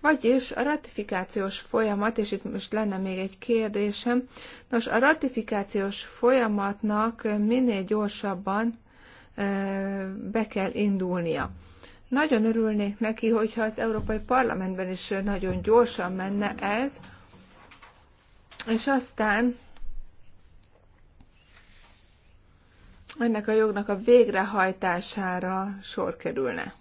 Vagyis a ratifikációs folyamat, és itt most lenne még egy kérdésem, nos, a ratifikációs folyamatnak minél gyorsabban be kell indulnia. Nagyon örülnék neki, hogyha az Európai Parlamentben is nagyon gyorsan menne ez, és aztán ennek a jognak a végrehajtására sor kerülne.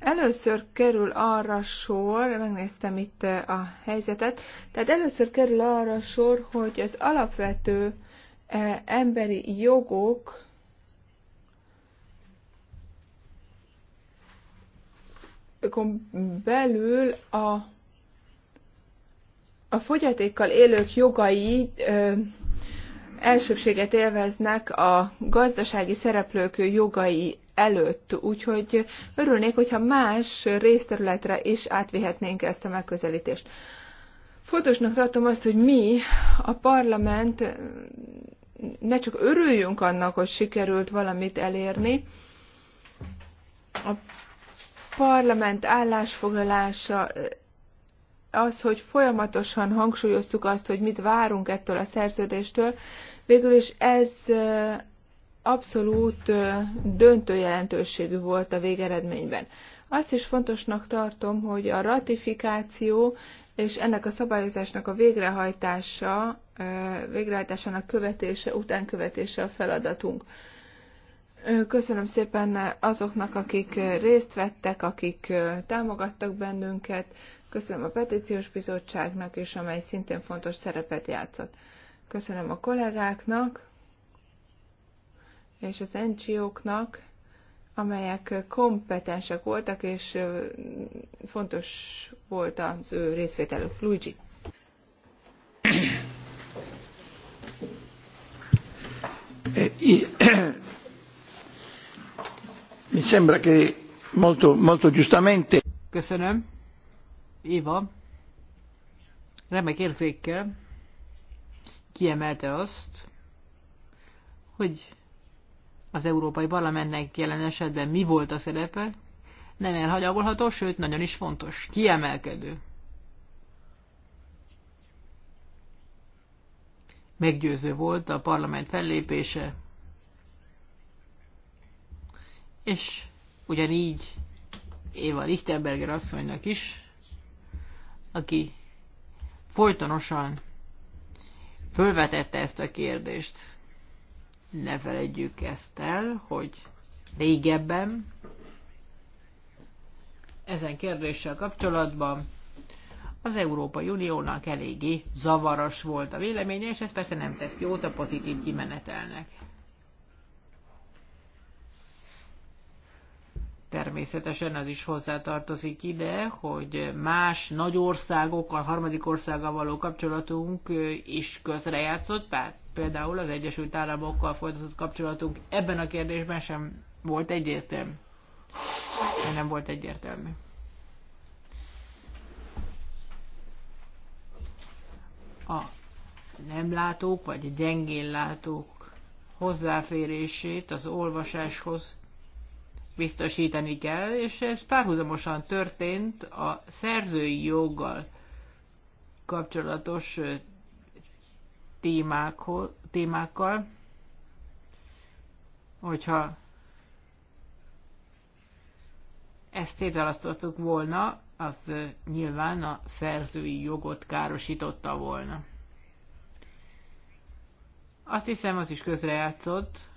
Először kerül arra sor, megnéztem itt eh, a helyzetet, tehát először kerül arra sor, hogy az alapvető eh, emberi jogok belül a, a fogyatékkal élők jogai ö, eh, elsőbséget élveznek a gazdasági szereplők jogai előtt, úgyhogy örülnék, hogyha más részterületre is átvihetnénk ezt a megközelítést. Fontosnak tartom azt, hogy mi, a parlament, ne csak örüljünk annak, hogy sikerült valamit elérni, a parlament állásfoglalása az, hogy folyamatosan hangsúlyoztuk azt, hogy mit várunk ettől a szerződéstől, végül is ez abszolút döntő jelentőségű volt a végeredményben. Azt is fontosnak tartom, hogy a ratifikáció és ennek a szabályozásnak a végrehajtása, végrehajtásának követése, utánkövetése a feladatunk. Köszönöm szépen azoknak, akik részt vettek, akik támogattak bennünket. Köszönöm a petíciós bizottságnak is, amely szintén fontos szerepet játszott. Köszönöm a kollégáknak és az NGO-knak, amelyek kompetensek voltak, és fontos volt az ő részvételük. Luigi.
Eh, mi sembra che molto, molto giustamente... Köszönöm. Éva, remek érzékkel kiemelte azt, hogy az Európai Parlamentnek jelen esetben mi volt a szerepe, nem elhagyagolható, sőt, nagyon is fontos, kiemelkedő. Meggyőző volt a parlament fellépése, és ugyanígy Éva Lichtenberger asszonynak is, aki folytonosan fölvetette ezt a kérdést ne felejtjük ezt el, hogy régebben ezen kérdéssel kapcsolatban az Európai Uniónak eléggé zavaros volt a véleménye, és ez persze nem tesz jót a pozitív kimenetelnek. Természetesen az is hozzátartozik ide, hogy más nagy országokkal, harmadik országgal való kapcsolatunk is közrejátszott, tehát például az Egyesült Államokkal folytatott kapcsolatunk ebben a kérdésben sem volt egyértelmű. Nem volt egyértelmű. A nem látók, vagy gyengén látók hozzáférését az olvasáshoz biztosítani kell, és ez párhuzamosan történt a szerzői joggal kapcsolatos témákhoz, témákkal, hogyha ezt szétválasztottuk volna, az nyilván a szerzői jogot károsította volna. Azt hiszem, az is közrejátszott,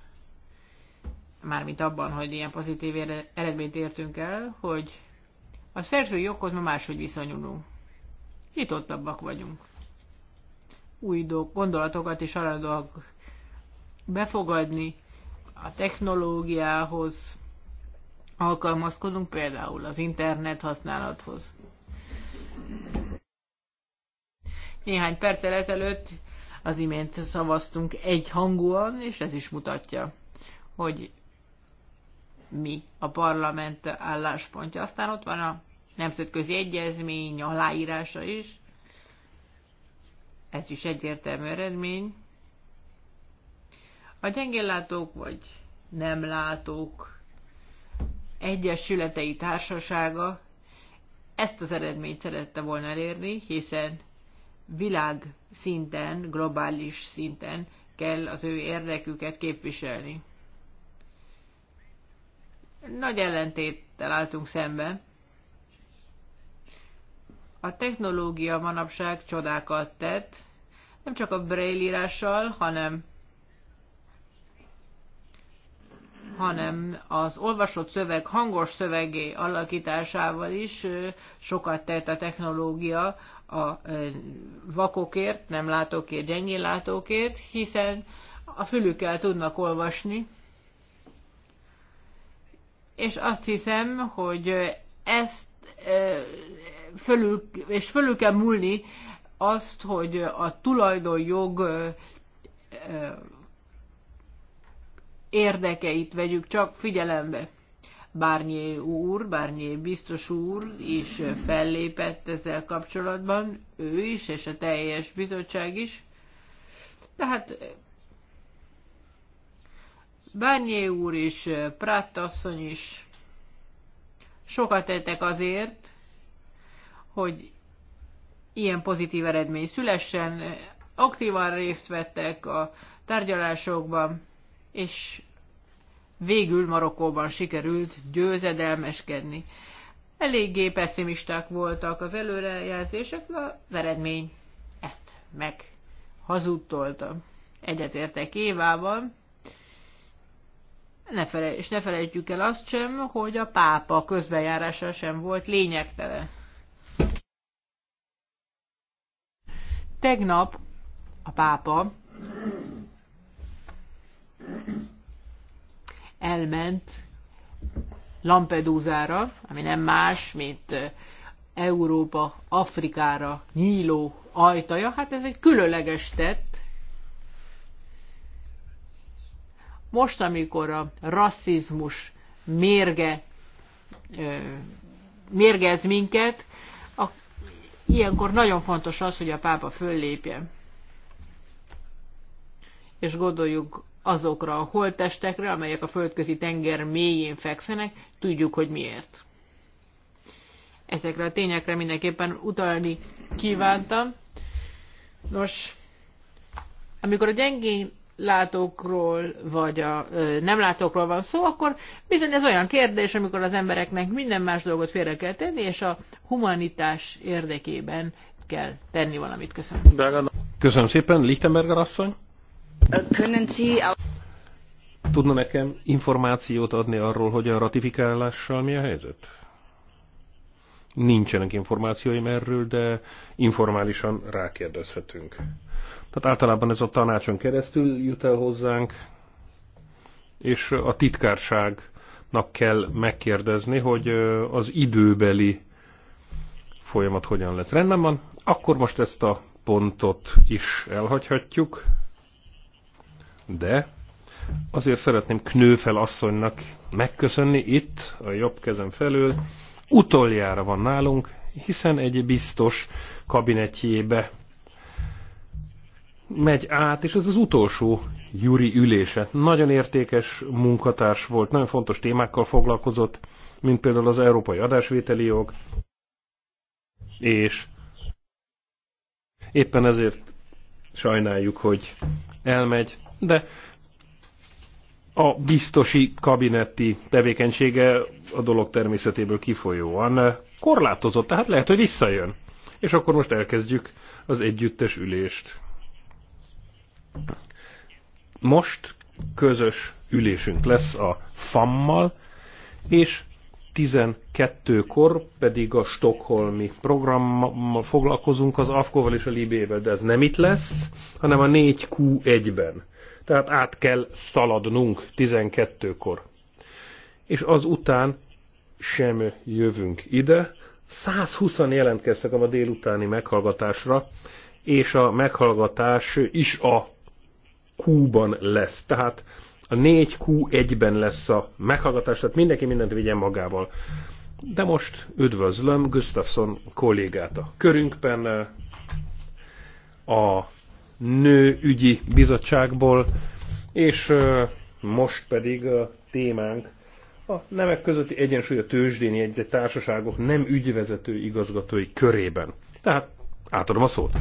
mármint abban, hogy ilyen pozitív eredményt értünk el, hogy a szerzői joghoz ma máshogy viszonyulunk. Nyitottabbak vagyunk. Új gondolatokat is hajlandóak befogadni, a technológiához alkalmazkodunk, például az internet használathoz. Néhány perccel ezelőtt az imént szavaztunk egy hangúan, és ez is mutatja, hogy mi a parlament álláspontja. Aztán ott van a nemzetközi egyezmény aláírása is. Ez is egyértelmű eredmény. A gyengéllátók vagy nem látók egyesületei társasága ezt az eredményt szerette volna elérni, hiszen világ szinten, globális szinten kell az ő érdeküket képviselni. Nagy ellentéttel álltunk szembe. A technológia manapság csodákat tett, nem csak a braille írással, hanem
hanem
az olvasott szöveg hangos szövegé alakításával is sokat tett a technológia a vakokért, nem látókért, gyengén látókért, hiszen a fülükkel tudnak olvasni, és azt hiszem, hogy ezt fölül, és fölül kell múlni azt, hogy a tulajdonjog érdekeit vegyük csak figyelembe. Bárnyé úr, Bárnyé biztos úr is fellépett ezzel kapcsolatban, ő is, és a teljes bizottság is. Tehát Bárnyé úr is, Pratt asszony is sokat tettek azért, hogy ilyen pozitív eredmény szülessen, aktívan részt vettek a tárgyalásokban, és végül Marokkóban sikerült győzedelmeskedni. Eléggé pessimisták voltak az előrejelzések, az eredmény ezt meg hazudtolta. Egyetértek Évával, ne felej, és ne felejtjük el azt sem, hogy a pápa közbejárása sem volt lényegtelen. Tegnap a pápa elment lampedúzára, ami nem más, mint Európa Afrikára nyíló ajtaja. Hát ez egy különleges tett, Most, amikor a rasszizmus mérge mérgez minket, a, ilyenkor nagyon fontos az, hogy a pápa föllépje. És gondoljuk azokra a holttestekre, amelyek a földközi tenger mélyén fekszenek, tudjuk, hogy miért. Ezekre a tényekre mindenképpen utalni kívántam. Nos, amikor a gyengén, látókról, vagy a nem látókról van szó, akkor bizony ez olyan kérdés, amikor az embereknek minden más dolgot félre kell tenni, és a humanitás érdekében kell tenni valamit. Köszönöm.
Köszönöm szépen, Lichtenberger asszony. Tudna nekem információt adni arról, hogy a ratifikálással mi a helyzet? Nincsenek információim erről, de informálisan rákérdezhetünk. Tehát általában ez a tanácson keresztül jut el hozzánk, és a titkárságnak kell megkérdezni, hogy az időbeli folyamat hogyan lesz. Rendben van, akkor most ezt a pontot is elhagyhatjuk, de azért szeretném Knőfel asszonynak megköszönni itt, a jobb kezem felől, utoljára van nálunk, hiszen egy biztos kabinetjébe megy át, és ez az utolsó Juri ülése. Nagyon értékes munkatárs volt, nagyon fontos témákkal foglalkozott, mint például az európai adásvételi jog, és éppen ezért sajnáljuk, hogy elmegy, de a biztosi kabinetti tevékenysége a dolog természetéből kifolyóan korlátozott, tehát lehet, hogy visszajön. És akkor most elkezdjük az együttes ülést. Most közös ülésünk lesz a FAM-mal, és 12-kor pedig a stokholmi programmal foglalkozunk az AFKO-val és a Libével, de ez nem itt lesz, hanem a 4Q1-ben. Tehát át kell szaladnunk 12-kor. És az után sem jövünk ide. 120-an jelentkeztek a délutáni meghallgatásra, és a meghallgatás is a Q-ban lesz. Tehát a 4Q1-ben lesz a meghallgatás, tehát mindenki mindent vigyen magával. De most üdvözlöm Gustafsson kollégát a körünkben, a nőügyi bizottságból, és most pedig a témánk a nemek közötti egyensúly a tőzsdén jegyzett társaságok nem ügyvezető igazgatói körében. Tehát átadom a szót.